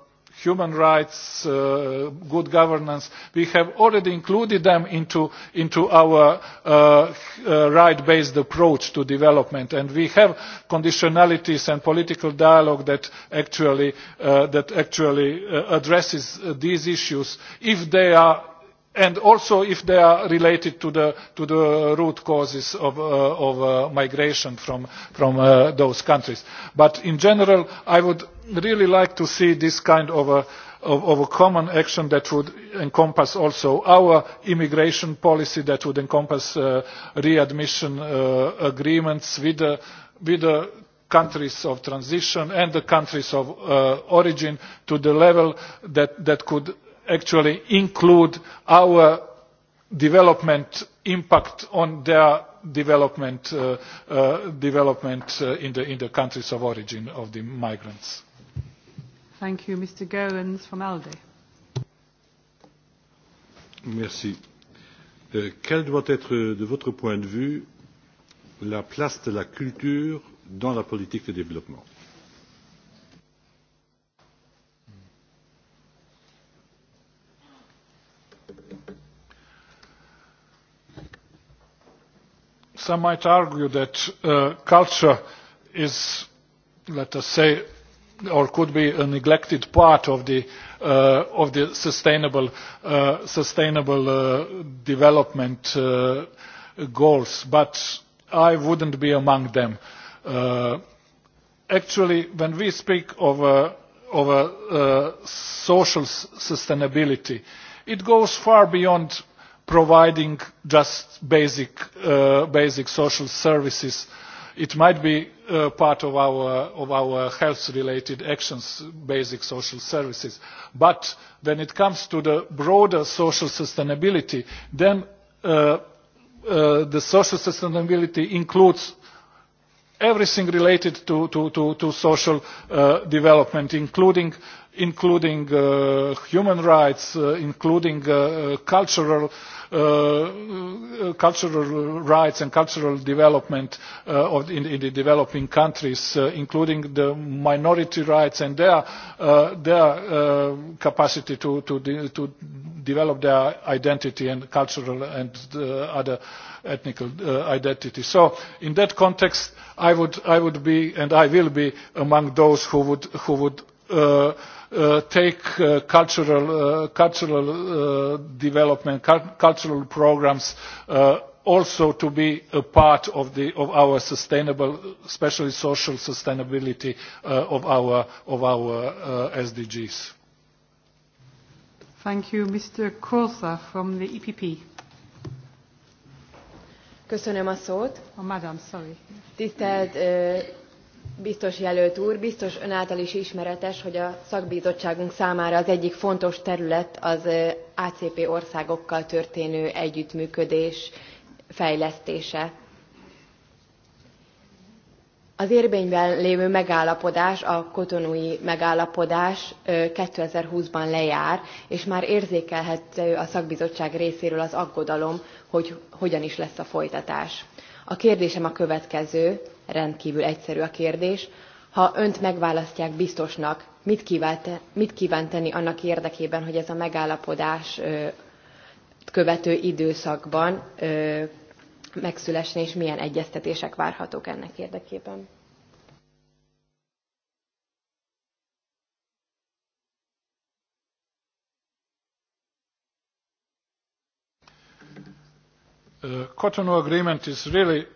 Speaker 3: human rights, uh, good governance. We have already included them into, into our uh, uh, right-based approach to development. And we have conditionalities and political dialogue that actually, uh, that actually uh, addresses uh, these issues if they are and also if they are related to the, to the root causes of, uh, of uh, migration from, from uh, those countries. But in general, I would really like to see this kind of a, of, of a common action that would encompass also our immigration policy, that would encompass uh, readmission uh, agreements with the, with the countries of transition and the countries of uh, origin to the level that, that could actually include our development impact on their development, uh, uh, development uh, in, the, in the countries of origin of the migrants.
Speaker 1: Thank you. Mr. Goins from ALDE.
Speaker 6: Merci. Euh, quelle doit être, euh, de votre point de vue, la place de la culture dans la politique de développement
Speaker 3: some might argue that uh, culture is, let us say, or could be a neglected part of the, uh, of the sustainable, uh, sustainable uh, development uh, goals, but I wouldn't be among them. Uh, actually, when we speak of, uh, of uh, social sustainability, it goes far beyond providing just basic, uh, basic social services. It might be uh, part of our, of our health-related actions, basic social services. But when it comes to the broader social sustainability, then uh, uh, the social sustainability includes everything related to, to, to, to social uh, development, including, including uh, human rights, uh, including uh, uh cultural uh, Uh, uh, cultural rights and cultural development uh, of in, in the developing countries, uh, including the minority rights and their, uh, their uh, capacity to, to, de to develop their identity and cultural and uh, other ethnic uh, identity. So in that context, I would, I would be and I will be among those who would, who would Uh, uh, take uh, cultural, uh, cultural uh, development, cu cultural programs uh, also to be a part of, the, of our sustainable, especially social sustainability uh, of our, of our uh, SDGs.
Speaker 1: Thank you. Mr. Kosa from the EPP. Köszönöm a szót.
Speaker 24: Oh, madam, sorry. Tisztelt uh, Biztos jelölt úr, biztos ön által is ismeretes, hogy a szakbizottságunk számára az egyik fontos terület az ACP országokkal történő együttműködés fejlesztése. Az érvényben lévő megállapodás, a kotonui megállapodás 2020-ban lejár, és már érzékelhető a szakbizottság részéről az aggodalom, hogy hogyan is lesz a folytatás. A kérdésem a következő, rendkívül egyszerű a kérdés. Ha önt megválasztják biztosnak, mit, kívánt, mit kíván tenni annak érdekében, hogy ez a megállapodás követő időszakban megszülesni, és milyen egyeztetések várhatók ennek érdekében?
Speaker 3: Uh, Cotonou Agreement is really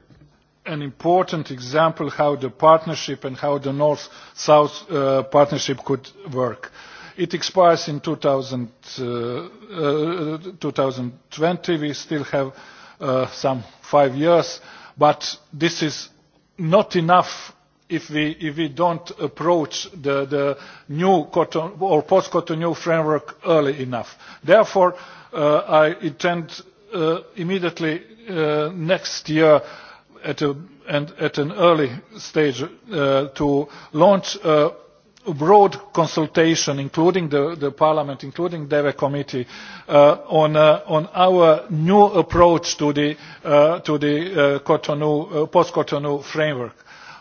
Speaker 3: an important example how the partnership and how the North-South uh, partnership could work. It expires in 2000, uh, uh, 2020. We still have uh, some five years, but this is not enough if we, if we don't approach the, the new Cotton, or post-Cotonou framework early enough. Therefore, uh, I intend uh, immediately uh, next year at, a, and at an early stage uh, to launch a broad consultation, including the, the Parliament, including the DEVE Committee, uh, on, uh, on our new approach to the, uh, to the uh, Cotonou, uh, post-Cotonou framework.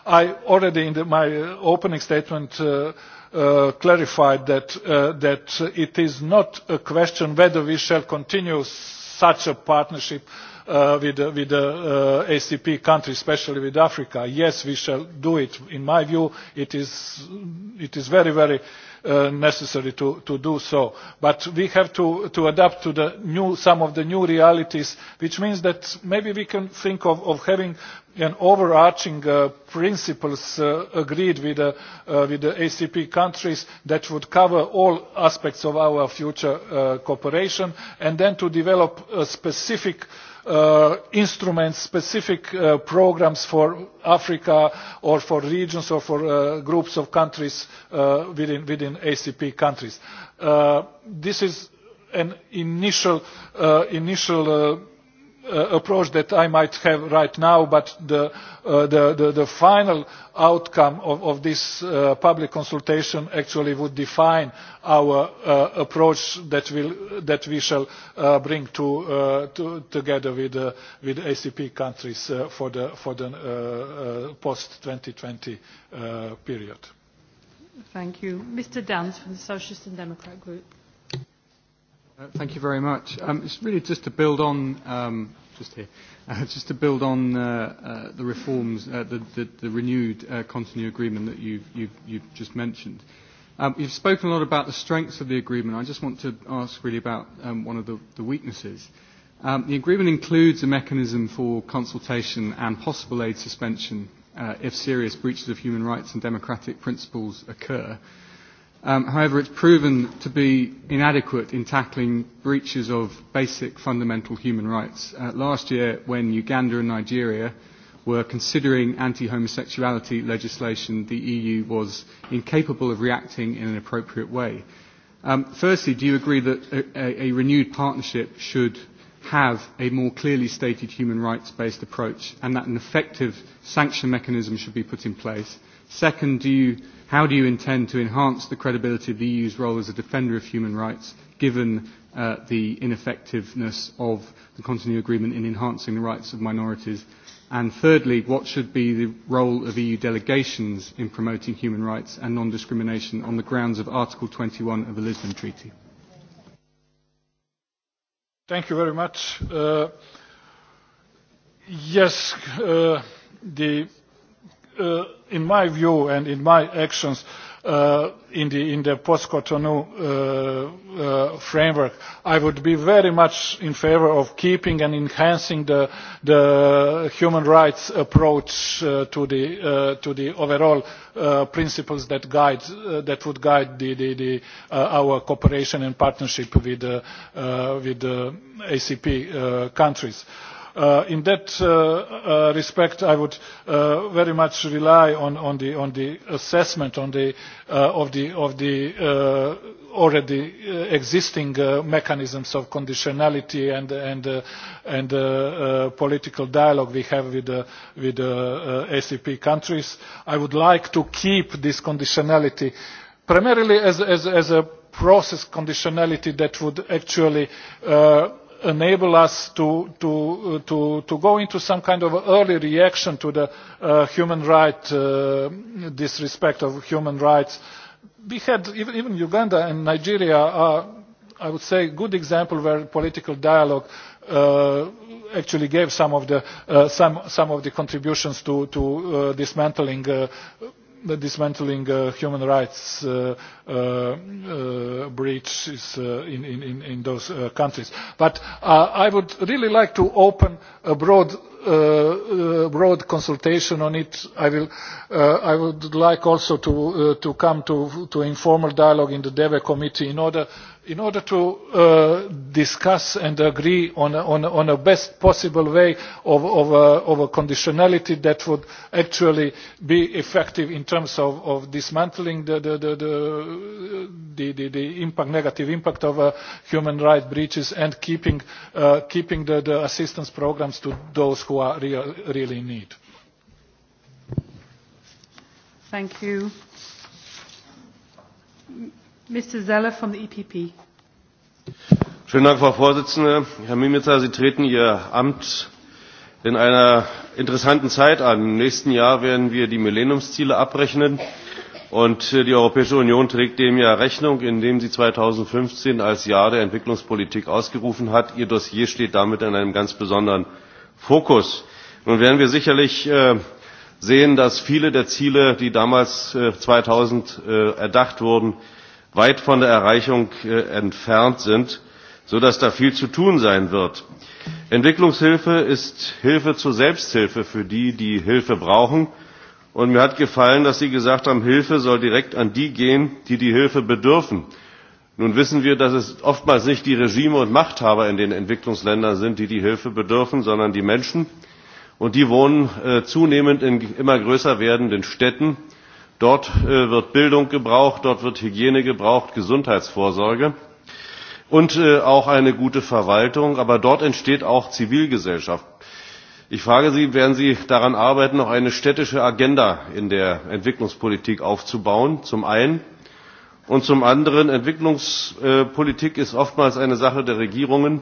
Speaker 3: I already in the, my opening statement uh, uh, clarified that, uh, that it is not a question whether we shall continue such a partnership uh, uh, with, uh, with the uh, uh ACP countries, especially with Africa. Yes, we shall do it. In my view, it is, it is very, very uh, necessary to, to do so. But we have to, to adapt to the new, some of the new realities, which means that maybe we can think of, of having an overarching uh, principles uh, agreed with, uh, uh, with the ACP countries that would cover all aspects of our future uh, cooperation and then to develop a specific uh, uh, instruments, specific uh, programs for Africa or for regions or for uh, groups of countries uh, within, within ACP countries. Uh, this is an initial, uh, initial uh, uh, approach that I might have right now, but the, uh, the, the, the final outcome of, of this uh, public consultation actually would define our uh, approach that, will, that we shall uh, bring to, uh, to, together with, uh, with ACP countries uh, for the, for the uh, uh, post-2020 uh, period.
Speaker 1: Thank you. Mr. Dance from the Socialist and Democrat Group. Uh, thank
Speaker 3: you very much.
Speaker 28: Um, it's really just to build on um, just here, uh, just to build on uh, uh, the reforms, uh, the, the, the renewed uh, continuity agreement that you've, you've, you've just mentioned. Um, you've spoken a lot about the strengths of the agreement. I just want to ask really about um, one of the, the weaknesses. Um, the agreement includes a mechanism for consultation and possible aid suspension uh, if serious breaches of human rights and democratic principles occur. Um, however, it's proven to be inadequate in tackling breaches of basic fundamental human rights. Uh, last year, when Uganda and Nigeria were considering anti-homosexuality legislation, the EU was incapable of reacting in an appropriate way. Um, firstly, do you agree that a, a renewed partnership should have a more clearly stated human rights-based approach and that an effective sanction mechanism should be put in place? Second, do you, how do you intend to enhance the credibility of the EU's role as a defender of human rights, given uh, the ineffectiveness of the Cotonou Agreement in enhancing the rights of minorities? And thirdly, what should be the role of EU delegations in promoting human rights and non-discrimination on the grounds of Article 21 of the Lisbon Treaty?
Speaker 3: Thank you very much. Uh, yes, uh, the uh, in my view and in my actions, uh, in the, in the post-Cotonou uh, uh, framework, I would be very much in favor of keeping and enhancing the, the human rights approach uh, to, the, uh, to the overall uh, principles that, guide, uh, that would guide the, the, the, uh, our cooperation and partnership with, uh, uh, with the ACP uh, countries. Uh, Uh, in that uh, uh, respect, I would uh, very much rely on, on, the, on the assessment on the, uh, of the, of the uh, already uh, existing uh, mechanisms of conditionality and, and, uh, and uh, uh, political dialogue we have with, uh, with uh, uh, ACP countries. I would like to keep this conditionality primarily as, as, as a process conditionality that would actually uh, enable us to, to, uh, to, to go into some kind of early reaction to the uh, human rights, uh, disrespect of human rights. We had, even, even Uganda and Nigeria are, I would say, good example where political dialogue uh, actually gave some of the, uh, some, some of the contributions to, to uh, dismantling uh, the dismantling uh, human rights uh, uh, uh, breaches uh, in, in, in those uh, countries. But uh, I would really like to open a broad, uh, uh, broad consultation on it. I, will, uh, I would like also to, uh, to come to, to informal dialogue in the DEVE committee in order uh, in order to uh, discuss and agree on a, on, a, on a best possible way of, of, a, uh, of a conditionality that would actually be effective in terms of, of dismantling the, the, the, the, the, the impact, negative impact of uh, human rights breaches and keeping, uh, keeping the, the assistance programs to those who are real, really in need.
Speaker 1: Thank you. Mr. Zeller from the EPP.
Speaker 29: Schönen Dank, Frau Vorsitzende. Herr Mimica, Sie treten Ihr Amt in einer interessanten Zeit an. Im nächsten Jahr werden wir die Millenniumsziele abrechnen. Und die Europäische Union trägt dem ja Rechnung, indem sie 2015 als Jahr der Entwicklungspolitik ausgerufen hat. Ihr Dossier steht damit in einem ganz besonderen Fokus. Nun werden wir sicherlich äh, sehen, dass viele der Ziele, die damals 2000 äh, äh, erdacht wurden, weit von der Erreichung äh, entfernt sind, sodass da viel zu tun sein wird. Entwicklungshilfe ist Hilfe zur Selbsthilfe für die, die Hilfe brauchen. Und mir hat gefallen, dass Sie gesagt haben, Hilfe soll direkt an die gehen, die die Hilfe bedürfen. Nun wissen wir, dass es oftmals nicht die Regime und Machthaber in den Entwicklungsländern sind, die die Hilfe bedürfen, sondern die Menschen. Und die wohnen äh, zunehmend in immer größer werdenden Städten Dort äh, wird Bildung gebraucht, dort wird Hygiene gebraucht, Gesundheitsvorsorge und äh, auch eine gute Verwaltung, aber dort entsteht auch Zivilgesellschaft. Ich frage Sie, werden Sie daran arbeiten, noch eine städtische Agenda in der Entwicklungspolitik aufzubauen, zum einen? Und zum anderen, Entwicklungspolitik ist oftmals eine Sache der Regierungen,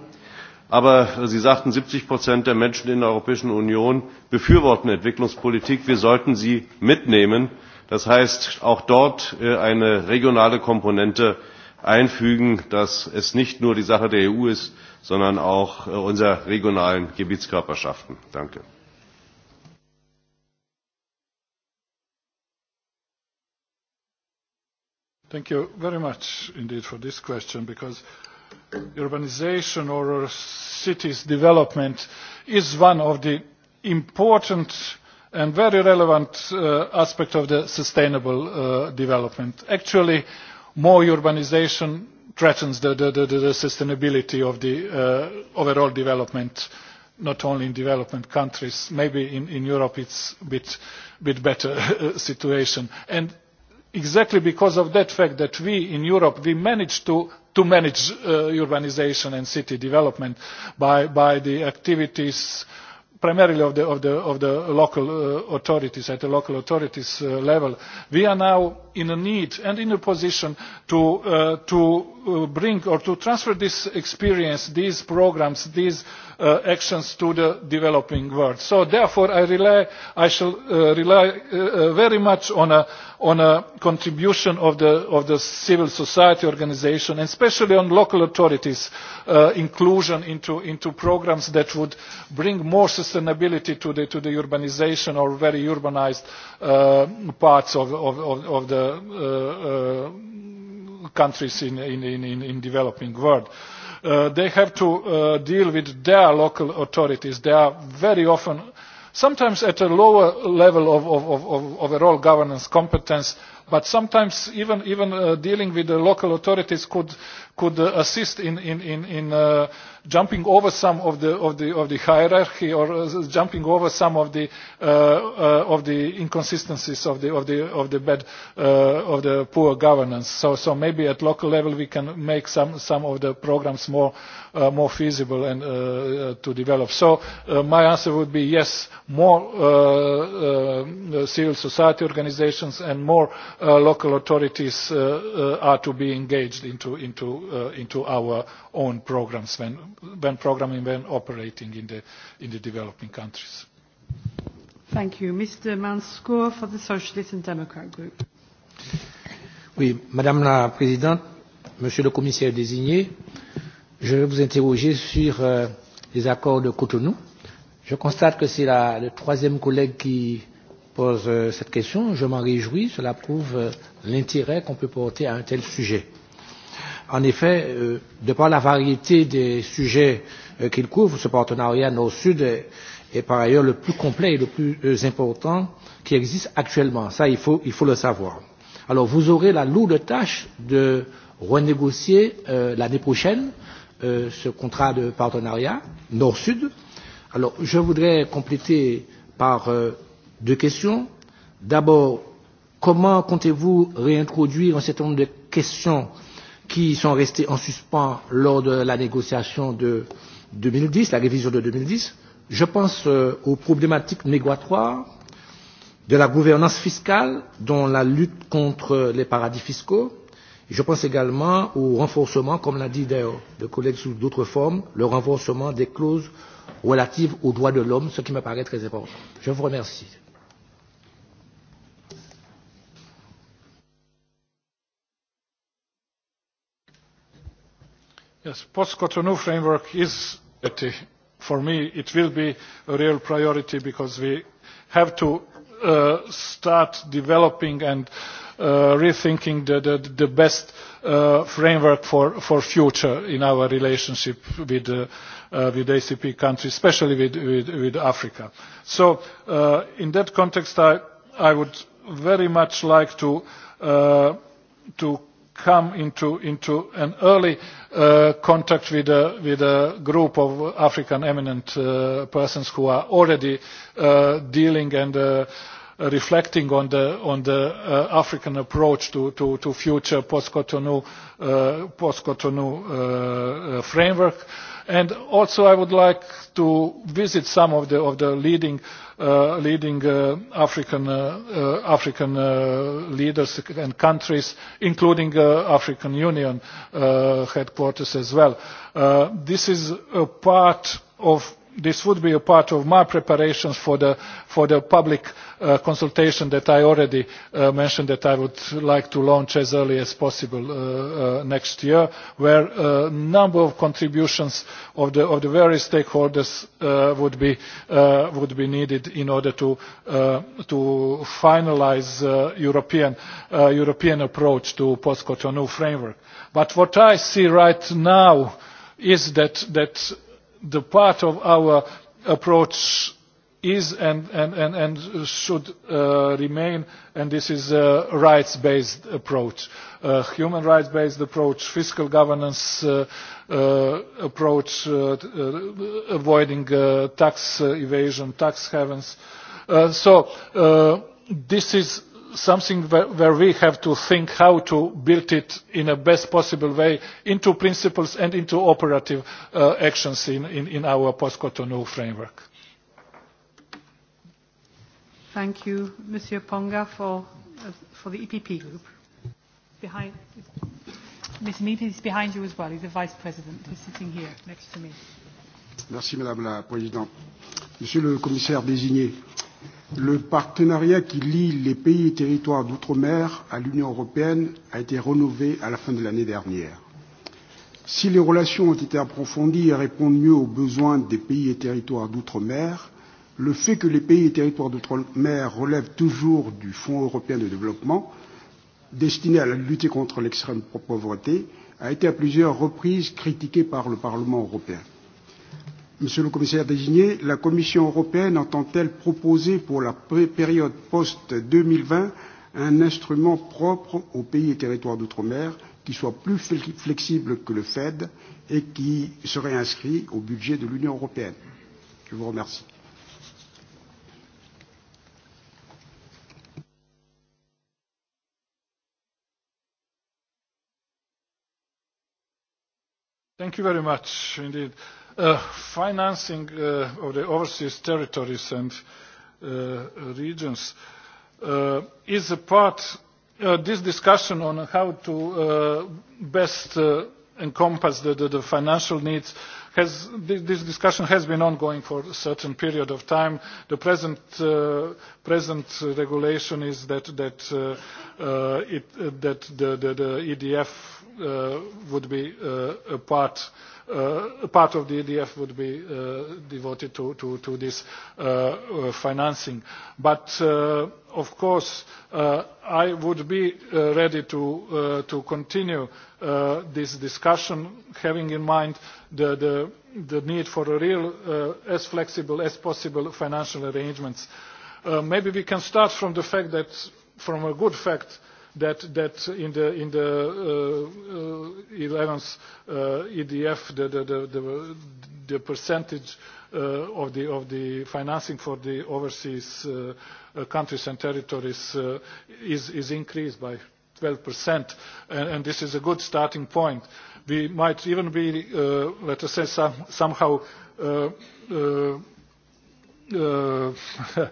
Speaker 29: aber Sie sagten, 70 Prozent der Menschen in der Europäischen Union befürworten Entwicklungspolitik. Wir sollten sie mitnehmen Das heißt, auch dort äh, eine regionale Komponente einfügen, dass es nicht nur die Sache der EU ist, sondern auch äh, unserer regionalen Gebietskörperschaften. Danke.
Speaker 3: Thank you very much indeed for this question because urbanization or cities development is one of the important and very relevant uh, aspect of the sustainable uh, development. Actually, more urbanization threatens the, the, the, the sustainability of the uh, overall development, not only in development countries. Maybe in, in Europe it's a bit, bit better situation. And exactly because of that fact that we in Europe, we managed to to manage uh, urbanization and city development by, by the activities uh, primarily of the, of the, of the local uh, authorities, at the local authorities uh, level. We are now in a need and in a position to, uh, to uh, bring or to transfer this experience, these programs, these uh, actions to the developing world. So therefore I, rely, I shall uh, rely uh, uh very much on a on a contribution of the, of the civil society organization, and especially on local authorities' uh, inclusion into, into programs that would bring more sustainability to the, to the urbanization or very urbanized uh, parts of, of, of, of the uh, uh, countries in, in, in, in developing world. Uh, they have to uh, deal with their local authorities. They are very often sometimes at a lower level of, of, of, of overall governance competence, but sometimes even, even uh, dealing with the local authorities could, could uh, assist in, in, in, in uh, jumping over some of the, of the, of the hierarchy or uh, jumping over some of the, uh, uh, of the inconsistencies of the, of the, of the bad, uh, of the poor governance. So, so maybe at local level we can make some, some of the programs more, uh, more feasible and uh, uh, to develop. So uh, my answer would be yes, more uh, uh, uh civil society organizations and more uh, local authorities uh, uh, are to be engaged into, into uh, into our own programs when, when programming, when operating in the, in the developing countries.
Speaker 1: Thank you. Mr. Manskour for the Socialist and Democrat Group.
Speaker 3: Oui,
Speaker 30: Madame la Présidente, Monsieur le Commissaire désigné, je vais vous interroger sur euh, les accords de Cotonou. Je constate que c'est le troisième collègue qui pose euh, cette question. Je m'en réjouis. Cela prouve euh, l'intérêt qu'on peut porter à un tel sujet. En effet, euh, de par la variété des sujets euh, qu'il couvre, ce partenariat Nord-Sud est, est par ailleurs le plus complet et le plus euh, important qui existe actuellement. Ça, il faut, il faut le savoir. Alors, vous aurez la lourde tâche de renégocier euh, l'année prochaine euh, ce contrat de partenariat Nord-Sud. Alors, je voudrais compléter par euh, deux questions. D'abord, comment comptez-vous réintroduire un certain nombre de questions qui sont restés en suspens lors de la négociation de 2010, la révision de 2010. Je pense euh, aux problématiques négatoires de la gouvernance fiscale, dont la lutte contre les paradis fiscaux. Je pense également au renforcement, comme l'a dit d'ailleurs le collègue sous d'autres formes, le renforcement des clauses relatives aux droits de l'homme, ce qui me paraît très important. Je vous remercie.
Speaker 3: Yes, post-Cotonou framework is, for me, it will be a real priority because we have to uh, start developing and uh, rethinking the, the, the best uh, framework for, for future in our relationship with, uh, uh, with ACP countries, especially with, with, with Africa. So uh, in that context, I, I would very much like to, uh, to come into, into an early uh, contact with a, with a group of African eminent uh, persons who are already uh, dealing and uh, reflecting on the, on the uh, African approach to, to, to future post-Cotonou uh, post -Cotonou, uh, uh, framework. Uh, And also I would like to visit some of the, of the leading, uh, leading uh, African, uh, uh, African uh, leaders and countries, including uh, African Union uh, headquarters as well. Uh, this is a part of this would be a part of my preparations for the, for the public uh, consultation that I already uh, mentioned that I would like to launch as early as possible uh, uh, next year, where a uh, number of contributions of the, of the various stakeholders uh, would, be, uh, would be needed in order to, uh, to finalize uh, European, uh, European approach to post-Cotonou framework. But what I see right now is that, that the part of our approach is and, and, and, and should uh, remain, and this is a rights-based approach, a human rights-based approach, fiscal governance uh, uh, approach, uh, uh, avoiding uh, tax evasion, tax havens. Uh, so uh, this is something where, we have to think how to build it in the best possible way into principles and into operative uh, actions in, in, in our post-Cotonou framework.
Speaker 1: Thank you, Monsieur Ponga, for, uh, for the EPP group. Behind, Ms. Mead is behind you as well. He's the Vice President. He's sitting here next to me.
Speaker 27: Merci, Madame la Présidente. Monsieur le Commissaire désigné, Le partenariat qui lie les pays et territoires d'outre-mer à l'Union européenne a été renouvelé à la fin de l'année dernière. Si les relations ont été approfondies et répondent mieux aux besoins des pays et territoires d'outre-mer, le fait que les pays et territoires d'outre-mer relèvent toujours du Fonds européen de développement, destiné à la lutter contre l'extrême pauvreté, a été à plusieurs reprises critiqué par le Parlement européen. Monsieur le commissaire désigné, la Commission européenne entend-elle proposer pour la période post-2020 un instrument propre aux pays et territoires d'outre-mer qui soit plus flexible que le Fed et qui serait inscrit au budget de l'Union européenne Je vous remercie.
Speaker 3: Thank you very much indeed. Uh, financing uh, of the overseas territories and uh, regions uh, is a part, uh, this discussion on how to uh, best uh, encompass the, the, the financial needs has, this discussion has been ongoing for a certain period of time. The present, uh, present regulation is that, that, uh, uh, it, uh, that the, the, the EDF uh, would be uh, a part uh, part of the EDF would be uh, devoted to, to, to this uh, uh, financing. But uh, of course, uh, I would be uh, ready to, uh, to continue uh, this discussion, having in mind the, the, the need for a real, uh, as flexible as possible financial arrangements. Uh, maybe we can start from the fact that, from a good fact, uh, that, that in the, in the uh, uh, 11th uh, EDF, the, the, the, the, the percentage uh, of, the, of the financing for the overseas uh, uh, countries and territories uh, is, is increased by 12%, and, and this is a good starting point. We might even be, uh, let us say, some, somehow uh, uh, uh,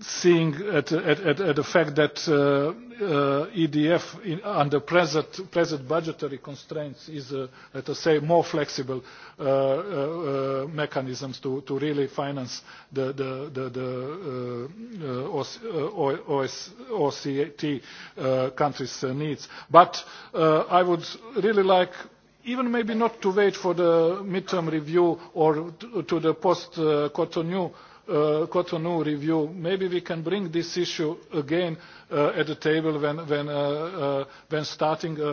Speaker 3: seeing at, at, at, at the fact that uh, uh, EDF in, under present, present budgetary constraints is, uh, let us say, more flexible uh, uh, uh, mechanisms to, to really finance the, the, the, the uh, OS, uh, OS, uh, OCT uh, countries' uh, needs. But uh, I would really like even maybe not to wait for the midterm review or to, to the post-Cotonou uh, uh, Cotonou review, maybe we can bring this issue again uh, at the table when, when, uh, uh, when starting a,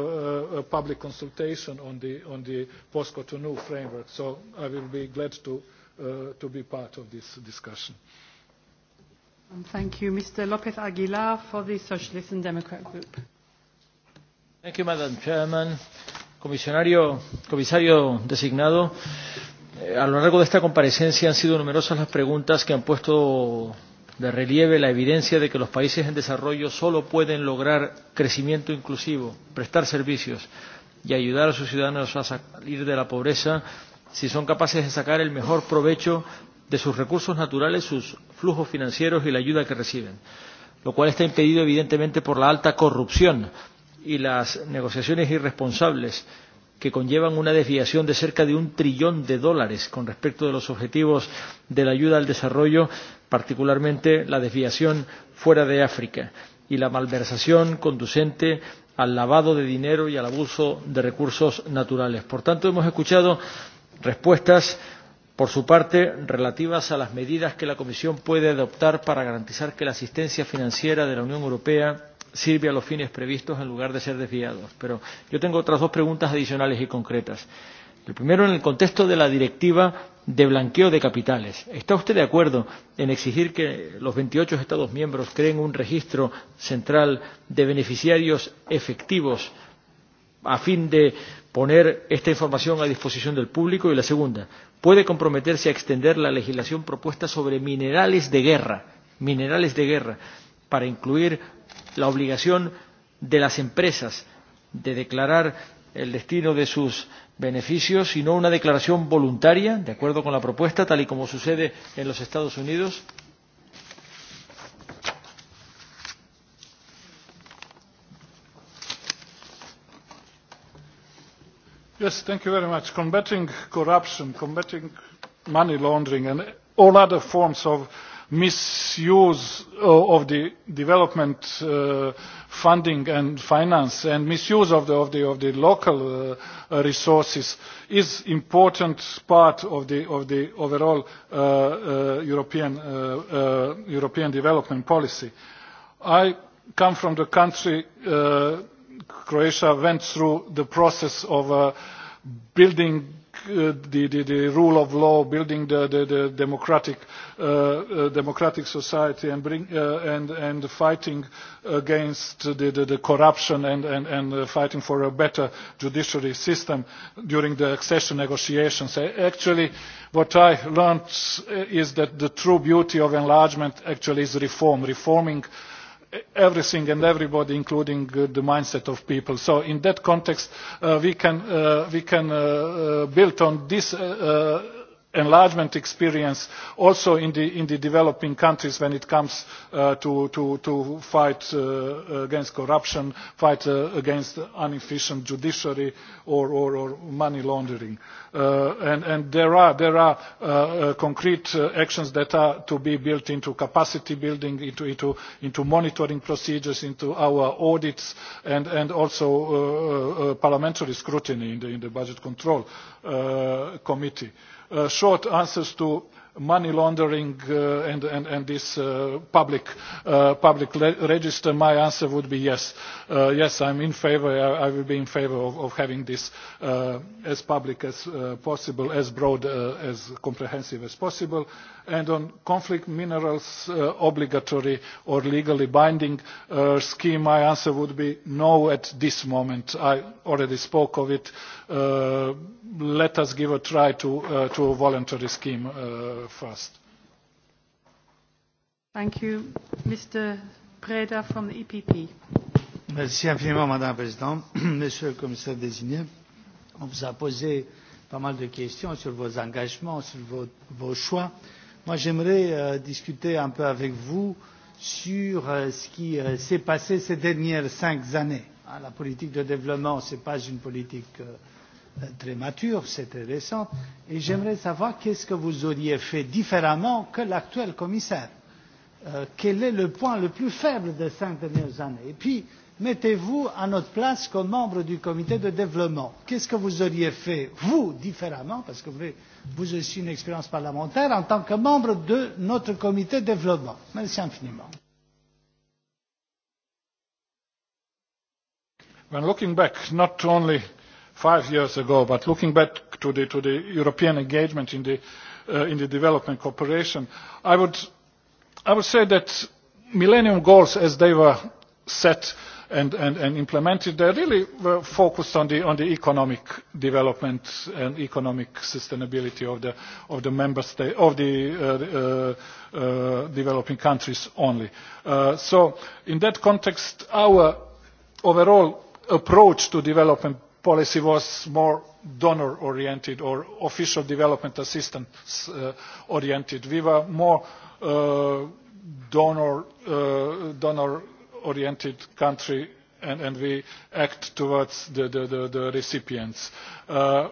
Speaker 3: a public consultation on the, on the post-Cotonou framework. So I will be glad to, uh, to be part of this discussion.
Speaker 1: And um, thank you, Mr. Lopez Aguilar, for the Socialist and Democrat Group.
Speaker 31: Thank you, Madam Chairman. Comisionario, comisario designado, Eh, a lo largo de esta comparecencia han sido numerosas las preguntas que han puesto de relieve la evidencia de que los países en desarrollo solo pueden lograr crecimiento inclusivo, prestar servicios y ayudar a sus ciudadanos a salir de la pobreza si son capaces de sacar el mejor provecho de sus recursos naturales, sus flujos financieros y la ayuda que reciben, lo cual está impedido evidentemente por la alta corrupción y las negociaciones irresponsables que conllevan una desviación de cerca de un trillón de dólares con respecto de los objetivos de la ayuda al desarrollo, particularmente la desviación fuera de África y la malversación conducente al lavado de dinero y al abuso de recursos naturales. Por tanto, hemos escuchado respuestas por su parte relativas a las medidas que la Comisión puede adoptar para garantizar que la asistencia financiera de la Unión Europea sirve a los fines previstos en lugar de ser desviados. Pero yo tengo otras dos preguntas adicionales y concretas. El primero, en el contexto de la directiva de blanqueo de capitales. ¿Está usted de acuerdo en exigir que los 28 Estados miembros creen un registro central de beneficiarios efectivos a fin de poner esta información a disposición del público? Y la segunda, ¿puede comprometerse a extender la legislación propuesta sobre minerales de guerra, minerales de guerra, para incluir la obligación de las empresas de declarar el destino de sus beneficios, sino una declaración voluntaria, de acuerdo con la propuesta, tal y como sucede en los Estados Unidos.
Speaker 3: Yes, thank you very much. Combating corruption, combating money laundering and all other forms of misuse of the development uh, funding and finance and misuse of the, of the, of the local uh, resources is important part of the, of the overall uh, uh, European, uh, uh, European development policy. I come from the country, uh, Croatia went through the process of uh, building Uh, the, the, the rule of law, building the, the, the democratic, uh, uh, democratic society and, bring, uh, and, and fighting against the, the, the corruption and, and, and uh, fighting for a better judiciary system during the accession negotiations. Actually, what I learned is that the true beauty of enlargement actually is reform, reforming uh, everything and everybody, including uh, the mindset of people. So in that context, uh, we can, uh, we can uh, uh, build on this uh, uh, enlargement experience also in the, in the developing countries when it comes uh, to, to, to fight uh, against corruption, fight uh, against inefficient judiciary or, or, or money laundering. Uh, and, and there are, there are uh, uh, concrete uh, actions that are to be built into capacity building, into, into, into monitoring procedures, into our audits, and, and also uh, uh, uh parliamentary scrutiny in the, in the budget control uh, committee. Uh, Uh, short answers to money laundering uh, and, and, and this uh, public, uh, public le register, my answer would be yes. Uh, yes, I'm in favor, I, I will be in favor of, of having this uh, as public as uh, possible, as broad, uh, as comprehensive as possible. And on conflict minerals, uh, obligatory or legally binding uh, scheme, my answer would be no at this moment. I already spoke of it. Uh, let us give a try to, uh, to a voluntary scheme. Uh, uh, first.
Speaker 1: Thank you. Mr. Preda from the EPP.
Speaker 19: Merci infiniment, Madame la Présidente. Monsieur le Commissaire désigné, on vous a posé pas mal de questions sur vos engagements, sur vos, vos choix. Moi, j'aimerais euh, discuter un peu avec vous sur euh, ce qui euh, s'est passé ces dernières cinq années. Hein, la politique de développement, ce n'est pas une politique euh, Euh, très mature, c'est très récent, et j'aimerais savoir qu'est-ce que vous auriez fait différemment que l'actuel commissaire. Euh, quel est le point le plus faible des cinq dernières années Et puis, mettez-vous à notre place comme membre du comité de développement. Qu'est-ce que vous auriez fait, vous, différemment, parce que vous avez vous aussi une expérience parlementaire, en tant que membre de notre comité de développement Merci infiniment.
Speaker 3: When looking back, not only five years ago, but looking back to the, to the European engagement in the, uh, in the development cooperation, I would, I would say that Millennium Goals, as they were set and, and, and implemented, they really were focused on the, on the economic development and economic sustainability of the, of the member state, of the uh, uh, uh, developing countries only. Uh, so in that context, our overall approach to development policy was more donor oriented or official development assistance uh, oriented. We were more uh, donor, uh, donor oriented country and, and we act towards the, the, the, the recipients. Uh,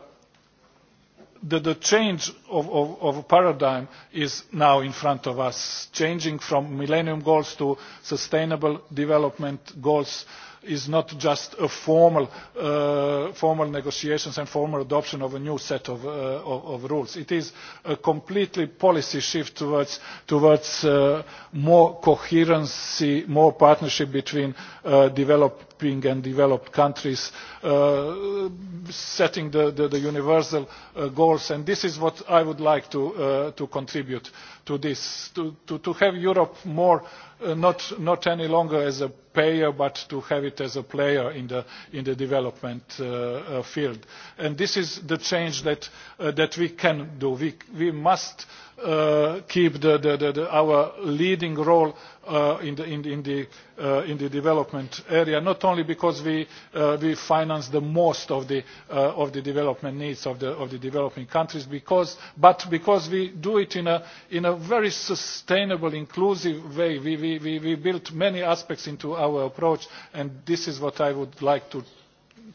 Speaker 3: the, the change of, of, of paradigm is now in front of us, changing from Millennium Goals to Sustainable Development Goals uh, is not just a formal, uh, formal negotiations and formal adoption of a new set of, uh, of, of rules. It is a completely policy shift towards, towards uh, more coherency, more partnership between uh, developed developing and developed countries, uh, setting the, the, the universal uh, goals. And this is what I would like to, uh, to contribute to this, to, to, to have Europe more, uh, not, not any longer as a payer, but to have it as a player in the, in the development uh, uh, field. And this is the change that, uh, that we can do. We, we must uh, keep the, the, the, the, our leading role uh, in, the, in, the, in, the, uh, in the development area, not only because we, uh, we finance the most of the, uh, of the development needs of the, of the developing countries, because, but because we do it in a, in a very sustainable, inclusive way. We, we, we, we built many aspects into our approach, and this is what I would like to,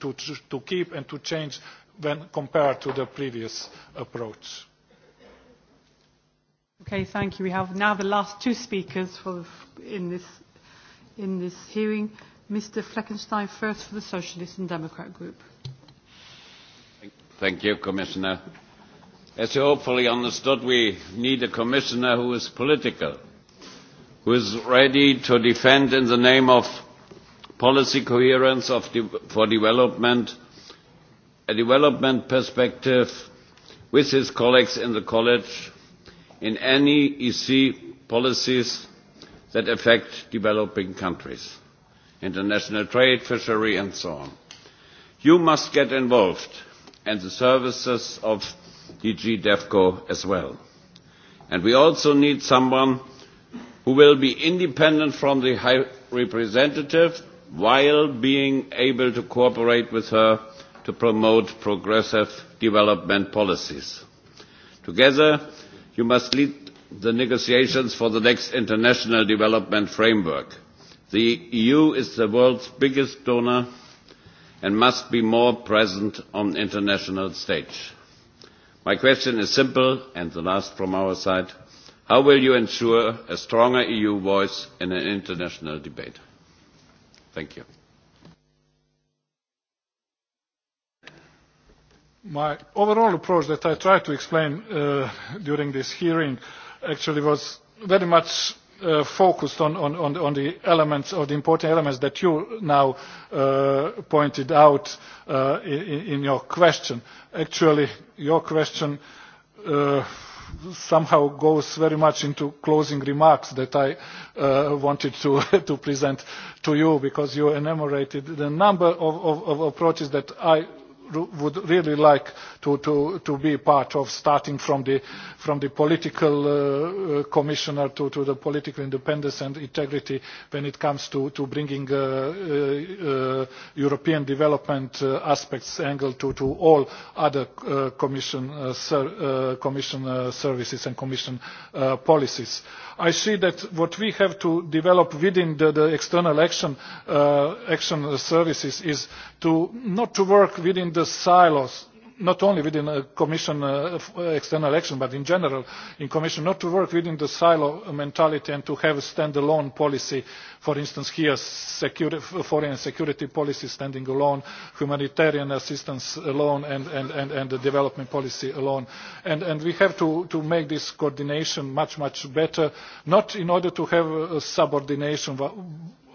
Speaker 3: to, to keep and to change when compared to the previous approach.
Speaker 1: Okay, thank you. We have now the last two speakers for the, in, this, in this hearing. Mr. Fleckenstein first for the Socialist and Democrat Group.
Speaker 14: Thank you, Commissioner. As you hopefully understood, we need a commissioner who is political, who is ready to defend in the name of policy coherence of de for development, a development perspective with his colleagues in the college in any EC policies that affect developing countries, international trade, fishery, and so on. You must get involved, and the services of DG DEFCO as well. And we also need someone who will be independent from the High Representative while being able to cooperate with her to promote progressive development policies. Together, you must lead the negotiations for the next international development framework. The EU is the world's biggest donor and must be more present on the international stage. My question is simple and the last from our side. How will you ensure a stronger EU voice in an international debate? Thank you.
Speaker 3: My overall approach that I tried to explain uh, during this hearing actually was very much uh, focused on, on, on, on the elements or the important elements that you now uh, pointed out uh, in, in your question. Actually, your question uh, somehow goes very much into closing remarks that I uh, wanted to, to present to you because you enumerated the number of, of, of approaches that I would really like to, to, to be part of starting from the, from the political uh, uh, commissioner to, to the political independence and integrity when it comes to, to bringing uh, uh, uh, European development uh, aspects angle to, to all other uh, commission, uh, ser, uh, commission uh, services and commission uh, policies. I see that what we have to develop within the, the external action, uh, action services is to not to work within the silos not only within a Commission uh, uh, external action, but in general in Commission, not to work within the silo mentality and to have a standalone policy, for instance, here, security, foreign and security policy standing alone, humanitarian assistance alone, and, and, and, and the development policy alone. And, and we have to, to make this coordination much, much better, not in order to have a subordination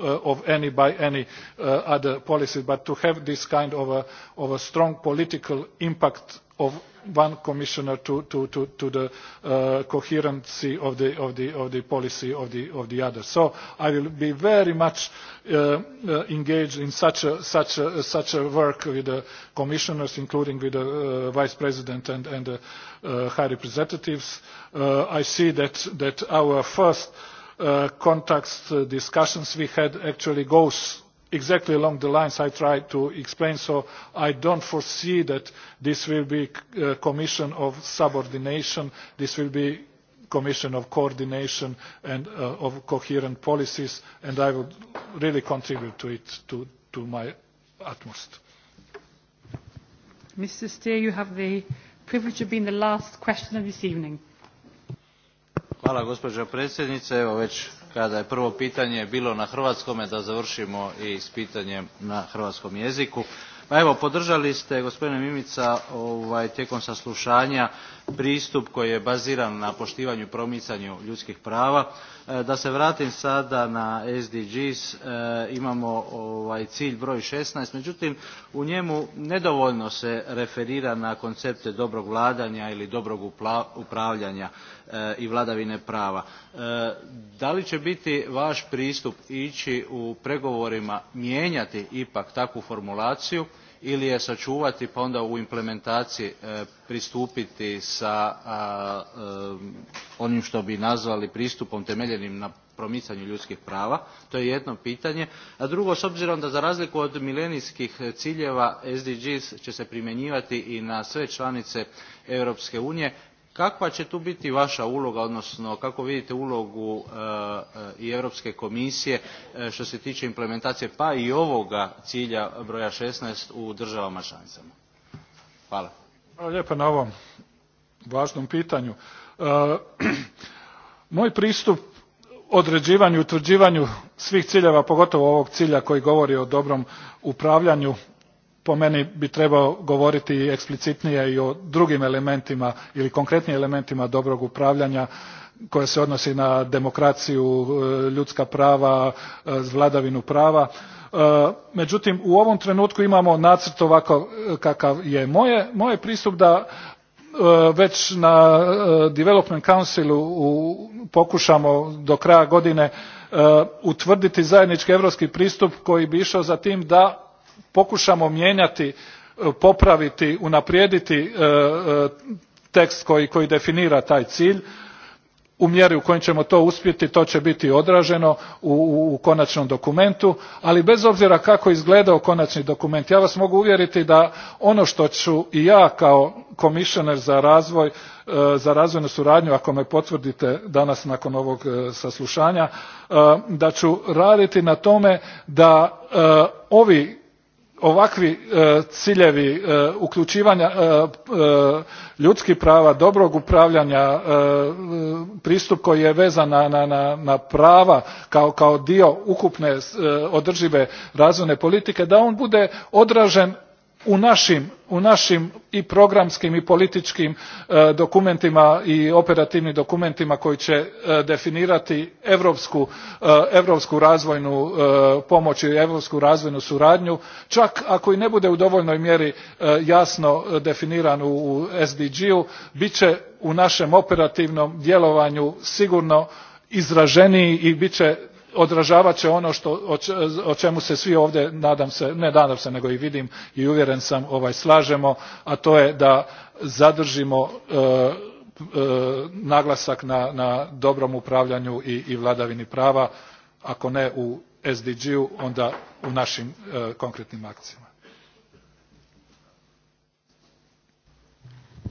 Speaker 3: uh, of any by any uh, other policy, but to have this kind of a, of a strong political impact of one commissioner to, to, to, to the uh, coherency of the, of, the, of the policy of the, of the other. So I will be very much uh, uh, engaged in such a, such, a, such a work with the commissioners, including with the uh, vice president and, and the uh, high representatives. Uh, I see that, that our first uh, uh, contacts, uh, discussions we had actually goes exactly along the lines I tried to explain, so I don't foresee that this will be a uh, commission of subordination, this will be commission of coordination and uh, of coherent policies, and I would really contribute to it to, to my utmost.
Speaker 1: Mr. Steer, you have the privilege of being the last question of this evening.
Speaker 2: Hvala gospođo predsjednice. Evo već kada je prvo pitanje bilo na hrvatskome da završimo i s pitanjem na hrvatskom jeziku. Pa evo, podržali ste, gospodine Mimica, ovaj, tijekom saslušanja pristup koji je baziran na poštivanju i promicanju ljudskih prava Eh, da se vratim sada na SDGs, eh, imamo ovaj cilj broj 16, međutim u njemu nedovoljno se referira na koncepte dobrog vladanja ili dobrog upravljanja eh, i vladavine prava. Da li će biti vaš pristup ići u pregovorima mijenjati ipak takvu formulaciju ili je sačuvati pa onda u implementaciji e, pristupiti sa e, onim što bi nazvali pristupom temeljenim na promicanju ljudskih prava. To je jedno pitanje. A drugo, s obzirom da za razliku od milenijskih ciljeva SDGs će se primjenjivati i na sve članice Europske unije, Kakva će tu biti vaša uloga, odnosno kako vidite ulogu e, e, i Europske komisije e, što se tiče implementacije pa i ovoga cilja broja 16 u državama članicama? Hvala.
Speaker 3: Hvala lijepa na ovom važnom pitanju. E, moj pristup određivanju i utvrđivanju svih ciljeva, pogotovo ovog cilja koji govori o dobrom upravljanju po meni bi trebao govoriti eksplicitnije i o drugim elementima ili konkretnim elementima dobrog upravljanja koje se odnosi na demokraciju, e, ljudska prava, e, vladavinu prava. E, međutim, u ovom trenutku imamo nacrt ovako kakav je. Moje, moje pristup da već na Development Councilu u, pokušamo do kraja godine utvrditi zajednički evropski pristup koji bi išao za tim da pokušamo mijenjati, e, popraviti, unaprijediti e, e, tekst koji, koji definira taj cilj, u mjeri u kojoj ćemo to uspjeti, to će biti odraženo u, u, u konačnom dokumentu, ali bez obzira kako izgledao konačni dokument, ja vas mogu uvjeriti da ono što ću i ja kao komisioner za razvoj, za razvojnu suradnju, ako me potvrdite danas nakon ovog saslušanja, da ću raditi na tome da ovi ovakvi e, ciljevi e, uključivanja e, ljudskih prava, dobrog upravljanja, pristup koji je vezan na, na, na prava kao, kao dio ukupne održive razvojne politike, da on bude odražen u našim, u našim i programskim i političkim e, dokumentima i operativnim dokumentima koji će e, definirati evropsku, e, evropsku razvojnu e, pomoć i evropsku razvojnu suradnju, čak ako i ne bude u dovoljnoj mjeri e, jasno e, definiran u, u SDG-u, bit će u našem operativnom djelovanju sigurno izraženiji i bit će odražavat će ono što, o, o čemu se svi ovdje, nadam se, ne nadam se nego i vidim i uvjeren sam, ovaj, slažemo, a to je da zadržimo e, e, naglasak na, na dobrom upravljanju i, i vladavini prava, ako ne u SDG-u, onda u našim e, konkretnim akcijama.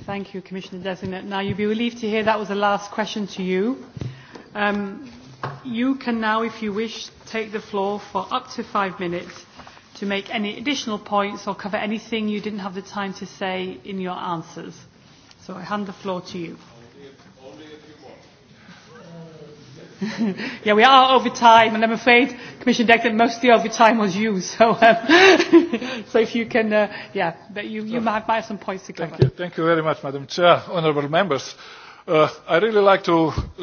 Speaker 1: Thank you, Commissioner Designate. Now, you'll be relieved to hear that was the last question to you. Um, You can now, if you wish, take the floor for up to five minutes to make any additional points or cover anything you didn't have the time to say in your answers. So I hand the floor to you.
Speaker 3: yeah, we
Speaker 1: are over time, and I'm afraid, Commissioner Deck, that most of the overtime was you. So, um, so if you can, uh, yeah, but you, you might, might have some points to cover. Thank
Speaker 3: you, thank you very much, Madam Chair, honourable members. Uh, I really like to